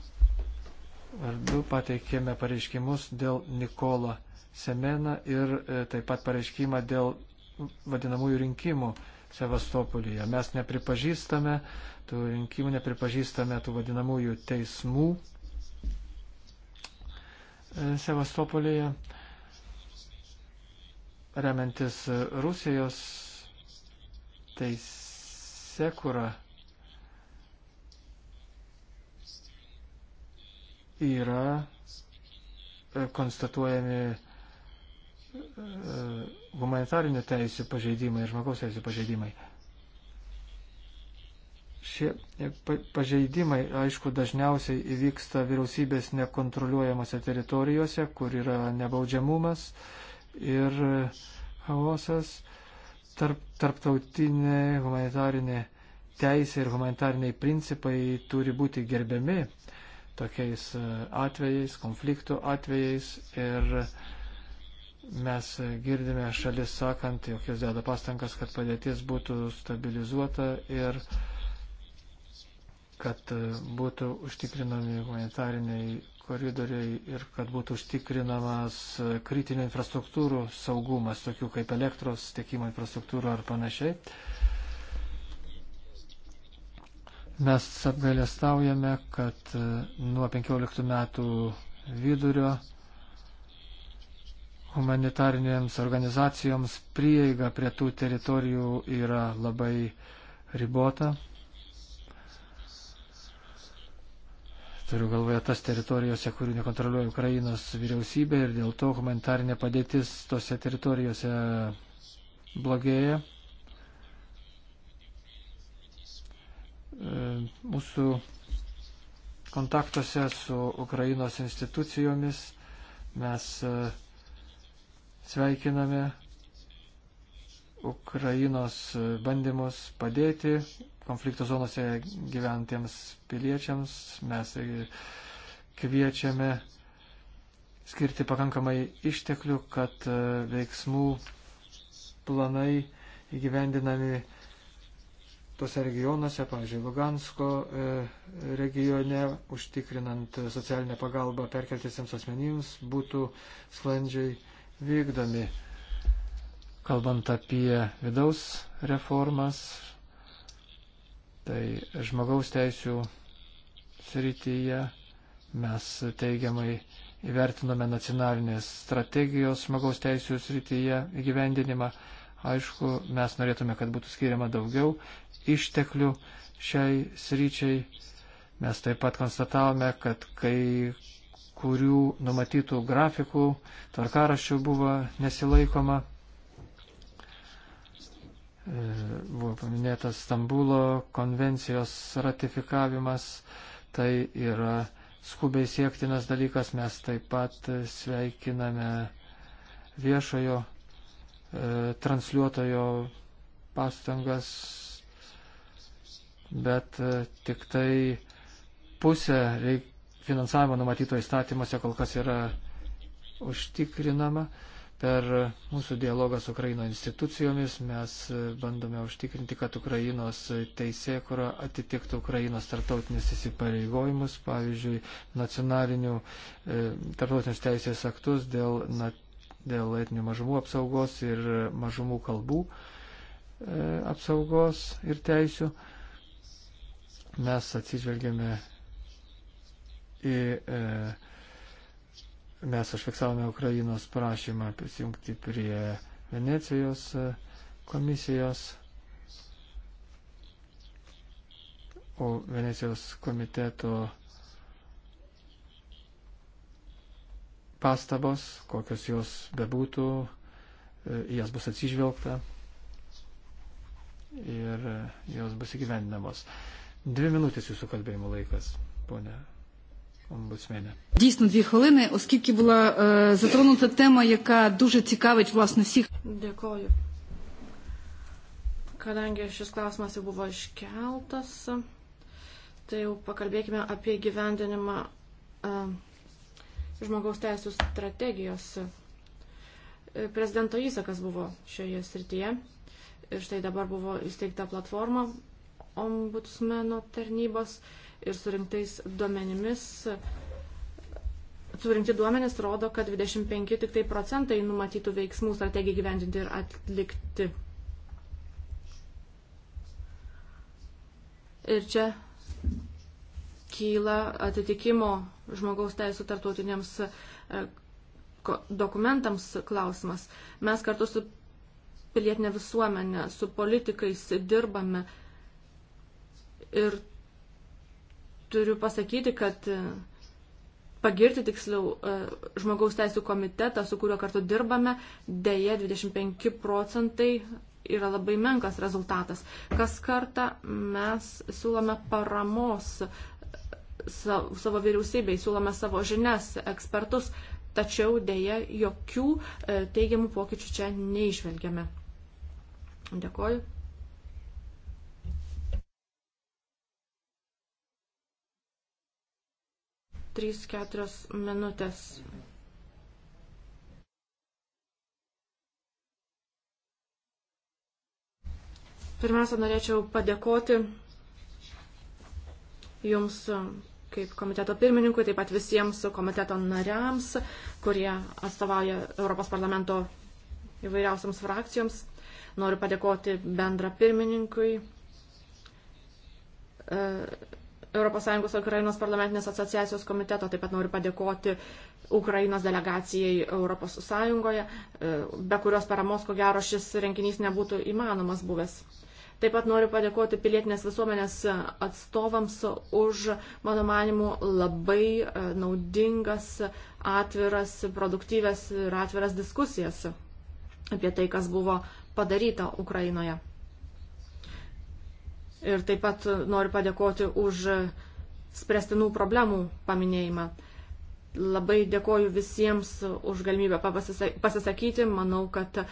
vardu pateikėme pareiškimus dėl Nikola Semena ir e, taip pat pareiškimą dėl vadinamųjų rinkimų Sevastopolyje. Mes nepripažįstame tų rinkimų, nepripažįstame tų vadinamųjų teismų e, Sevastopolyje. Remiantis Rusijos teisė, kurą yra e, konstatuojami e, humanitarinių teisų pažeidimai ir žmogaus teisų pažeidimai. Šie e, pažeidimai, aišku, dažniausiai įvyksta vyriausybės nekontroliuojamose teritorijose, kur yra nebaudžiamumas ir chaosas, tarp, tarptautinė humanitarinė teisė ir humanitariniai principai turi būti gerbiami. Uh, tokiais e, atvejais, konfliktų atvejais ir mes girdime šalis sakant, jog jis deda pastangas, kad padėtis būtų stabilizuota ir kad e, būtų užtikrinami humanitariniai koridoriai ir kad būtų užtikrinamas e, kritinių infrastruktūrų saugumas, tokių kaip elektros tiekimo infrastruktūrų ar panašiai. Uh, Mes apgailestaujame, kad e, nuo 15 metų vidurio humanitarinėms organizacijoms prieiga prie tų teritorijų yra labai ribota. Turiu galvoje tas teritorijose, kurių nekontroliuoja Ukrainos vyriausybė ir dėl to humanitarinė padėtis tose teritorijose blogėja. E, mūsų kontaktuose su Ukrainos institucijomis mes e, sveikiname Ukrainos e, bandymus padėti konflikto zonose gyventiems piliečiams. Mes kviečiame skirti pakankamai išteklių, kad veiksmų planai įgyvendinami tose regionuose, pavyzdžiui, Lugansko e, regione, užtikrinant socialinę pagalbą perkeltiesiems asmenims, būtų sklandžiai vykdomi. Kalbant apie vidaus reformas, tai žmogaus teisų srityje mes teigiamai įvertinome nacionalinės strategijos žmogaus teisų srityje įgyvendinimą. Aišku, mes norėtume, kad būtų skiriama daugiau išteklių šiai sryčiai. Mes taip pat konstatavome, kad kai kurių numatytų grafikų, tvarkaraščių buvo nesilaikoma. E, buvo paminėtas Stambulo konvencijos ratifikavimas, tai yra skubiai siektinas dalykas, mes taip pat sveikiname viešojo e, transliuotojo pastangas bet e, tik tai pusė reik, finansavimo numatyto įstatymuose kol kas yra užtikrinama. Per mūsų dialogą su Ukraino institucijomis mes e, bandome užtikrinti, kad Ukrainos teisė, kurio atitiktų Ukrainos tartautinius įsipareigojimus, pavyzdžiui, nacionalinių e, tartautinius teisės aktus dėl, na, dėl etinių mažumų apsaugos ir mažumų kalbų e, apsaugos ir teisių. E, mes atsižvelgėme į, e, mes užfiksavome Ukrainos prašymą prisijungti prie Venecijos e, komisijos, o Venecijos komiteto pastabos, kokios jos bebūtų, e, jas bus atsižvelgta ir e, jos bus įgyvendinamos. E, Dvi minutės jūsų kalbėjimo laikas, ponia омбудсмена. Дійсно, дві хвилини, оскільки була е, затронута тема, яка дуже цікавить власне всіх. Дякую. Kadangi šis klausimas jau buvo iškeltas, tai jau pakalbėkime apie gyvendinimą e, žmogaus teisų strategijos. E, prezidento įsakas buvo šioje srityje ir štai dabar buvo įsteigta platforma ombudsmeno tarnybos ir surinktais duomenimis. Surinkti duomenys rodo, kad 25 tik tai procentai numatytų veiksmų strategijai gyvendinti ir atlikti. Ir čia kyla atitikimo žmogaus teisų tartutiniams e, dokumentams klausimas. Mes kartu su pilietinė visuomenė, su politikais dirbame Ir turiu pasakyti, kad e, pagirti tiksliau e, žmogaus teisų komitetą, su kuriuo kartu dirbame, dėje 25 procentai yra labai menkas rezultatas. Kas kartą mes siūlome paramos e, savo vyriausybei, siūlome savo žinias, ekspertus, tačiau dėja jokių teigiamų pokyčių čia neišvelgiame. Dėkoju. 3-4 minutės. Pirmiausia, norėčiau padėkoti Jums kaip komiteto pirmininkui, taip pat visiems komiteto nariams, kurie atstovauja Europos parlamento įvairiausiams frakcijoms. Noriu padėkoti bendra pirmininkui, ES Ukrainos parlamentinės asociacijos komiteto. Taip pat noriu padėkoti Ukrainos delegacijai ES, e, be kurios paramos, ko gero, šis renginys nebūtų įmanomas buvęs. Taip pat noriu padėkoti pilietinės visuomenės atstovams už, mano manimu, labai e, naudingas, atviras, produktyves ir atviras diskusijas apie tai, kas buvo padaryta Ukrainoje. Ir taip pat noriu padėkoti už spręstinų problemų paminėjimą. Labai dėkoju visiems už galimybę pasisakyti. Manau, kad e,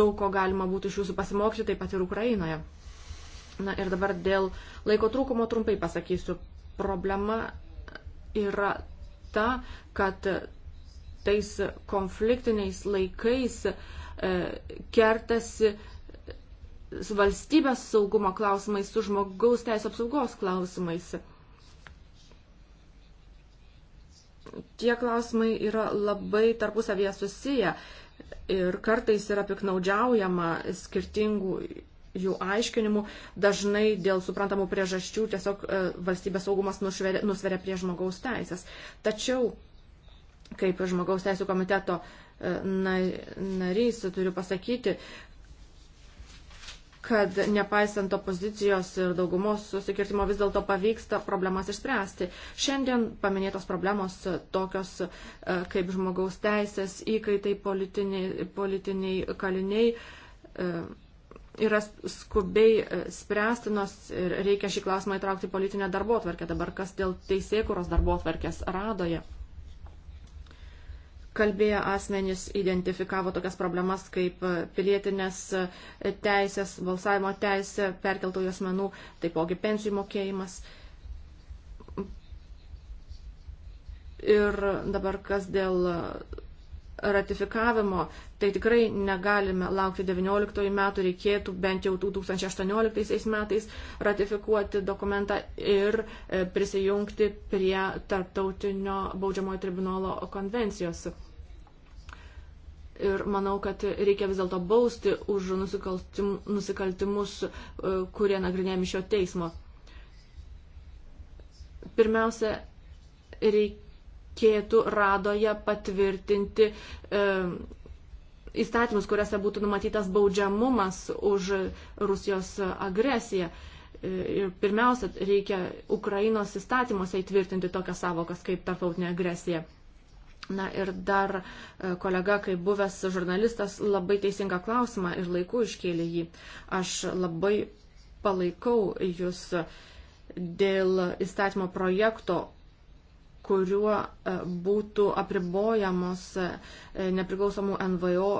daug ko galima būtų iš jūsų pasimokyti, taip pat ir Ukrainoje. Na ir dabar dėl laiko trūkumo trumpai pasakysiu. Problema yra ta, kad tais konfliktiniais laikais e, kertasi su valstybės saugumo klausimais, su žmogaus teisų apsaugos klausimais. Tie klausimai yra labai tarpusavėje susiję ir kartais yra piknaudžiaujama skirtingų jų aiškinimų, dažnai dėl suprantamų priežasčių tiesiog e, valstybės saugumas nusveria prie žmogaus teisės. Tačiau, kaip žmogaus teisų komiteto e, narys, turiu pasakyti, kad nepaisant opozicijos ir daugumos susikirtimo vis dėlto pavyksta problemas išspręsti. Šiandien paminėtos problemos tokios e, kaip žmogaus teisės, įkaitai politiniai, politiniai kaliniai e, yra skubiai e, spręstinos ir reikia šį klausimą įtraukti politinę darbo tvarkę. Dabar kas dėl teisėkuros darbo tvarkės radoje? kalbėję asmenys identifikavo tokias problemas kaip pilietinės teisės, balsavimo teisė, perkeltojų asmenų, taipogi pensijų mokėjimas. Ir dabar kas dėl ratifikavimo, tai tikrai negalime laukti 19 metų, reikėtų bent jau 2018 metais ratifikuoti dokumentą ir e, prisijungti prie Tarptautinio baudžiamojo tribunolo konvencijos. Ir manau, kad reikia vis dėlto bausti už nusikaltim, nusikaltimus, e, kurie nagrinėjami šio teismo. Pirmiausia, reikėtų radoje patvirtinti e, įstatymus, kuriuose būtų numatytas baudžiamumas už Rusijos agresiją. E, ir pirmiausia, reikia Ukrainos įstatymuose įtvirtinti tokias savokas kaip tarptautinė agresija. Na ir dar e, kolega, kaip buvęs žurnalistas, labai teisingą klausimą ir laiku iškėlė jį. Aš labai palaikau jūs dėl įstatymo projekto, kuriuo e, būtų apribojamos e, nepriklausomų NVO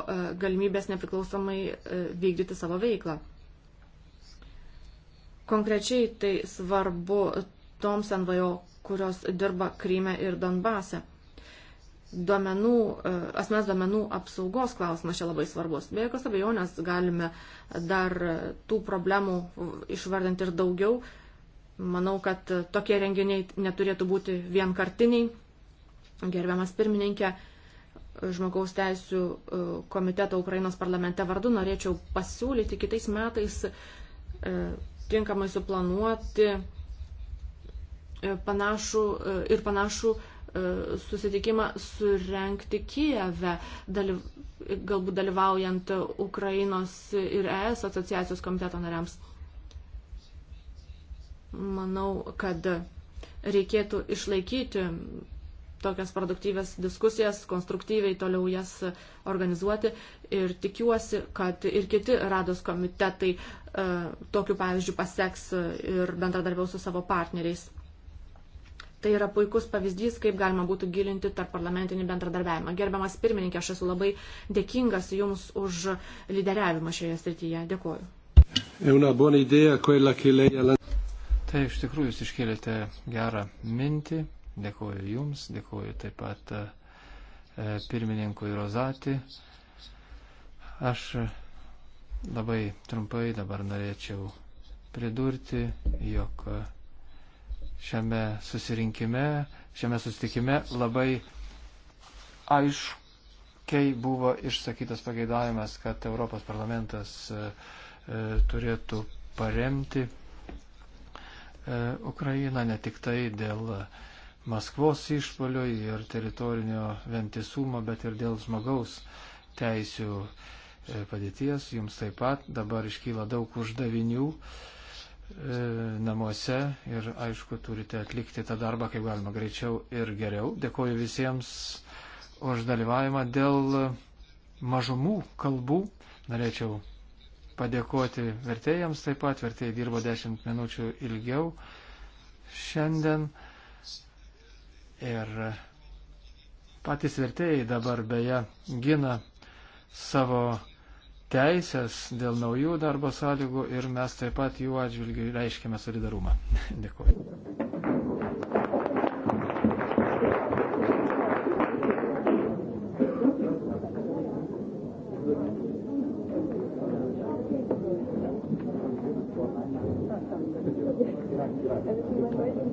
galimybės nepriklausomai vykdyti savo veiklą. Konkrečiai tai svarbu toms NVO, kurios dirba Kryme ir Donbase duomenų, e, asmens duomenų apsaugos klausimas čia labai svarbus. Be jokios abejonės galime dar tų problemų išvardinti ir daugiau. Manau, kad tokie renginiai neturėtų būti vienkartiniai. Gerbiamas pirmininkė, žmogaus teisų e, komiteto Ukrainos parlamente vardu norėčiau pasiūlyti kitais metais e, tinkamai suplanuoti panašų ir panašų E, susitikimą surenkti Kijeve, dalyv, galbūt dalyvaujant Ukrainos ir ES asociacijos komiteto nariams. Manau, kad reikėtų išlaikyti tokias produktyvės diskusijas, konstruktyviai toliau jas organizuoti ir tikiuosi, kad ir kiti rados komitetai e, tokiu pavyzdžiu paseks ir bendradarbiaus su savo partneriais. Tai yra puikus pavyzdys, kaip galima būtų gilinti tarp parlamentinį bendradarbiavimą. Gerbiamas pirmininkė, aš esu labai dėkingas Jums už lyderiavimą šioje srityje. Dėkuoju. Tai iš tikrųjų Jūs iškėlėte gerą mintį. Dėkuoju Jums, dėkuoju taip pat e, pirmininkui Rozati. Aš labai trumpai dabar norėčiau pridurti, jog šiame susirinkime, šiame susitikime labai aiškiai buvo išsakytas pageidavimas, kad Europos parlamentas e, e, turėtų paremti e, Ukrainą ne tik tai dėl Maskvos išpolio ir teritorinio ventisumo, bet ir dėl žmogaus teisių padėties. Jums taip pat dabar iškyla daug uždavinių. E, E, namuose ir aišku turite atlikti tą darbą kaip galima greičiau ir geriau. Dėkoju visiems už dalyvavimą dėl mažumų kalbų. Norėčiau padėkoti vertėjams taip pat. Vertėjai dirbo 10 minučių ilgiau šiandien. Ir patys vertėjai dabar beje gina savo teisės, dėl naujų darbo sąlygų ir mes taip pat jų atžvilgių reiškiame solidarumą. [laughs] Dėkuoju.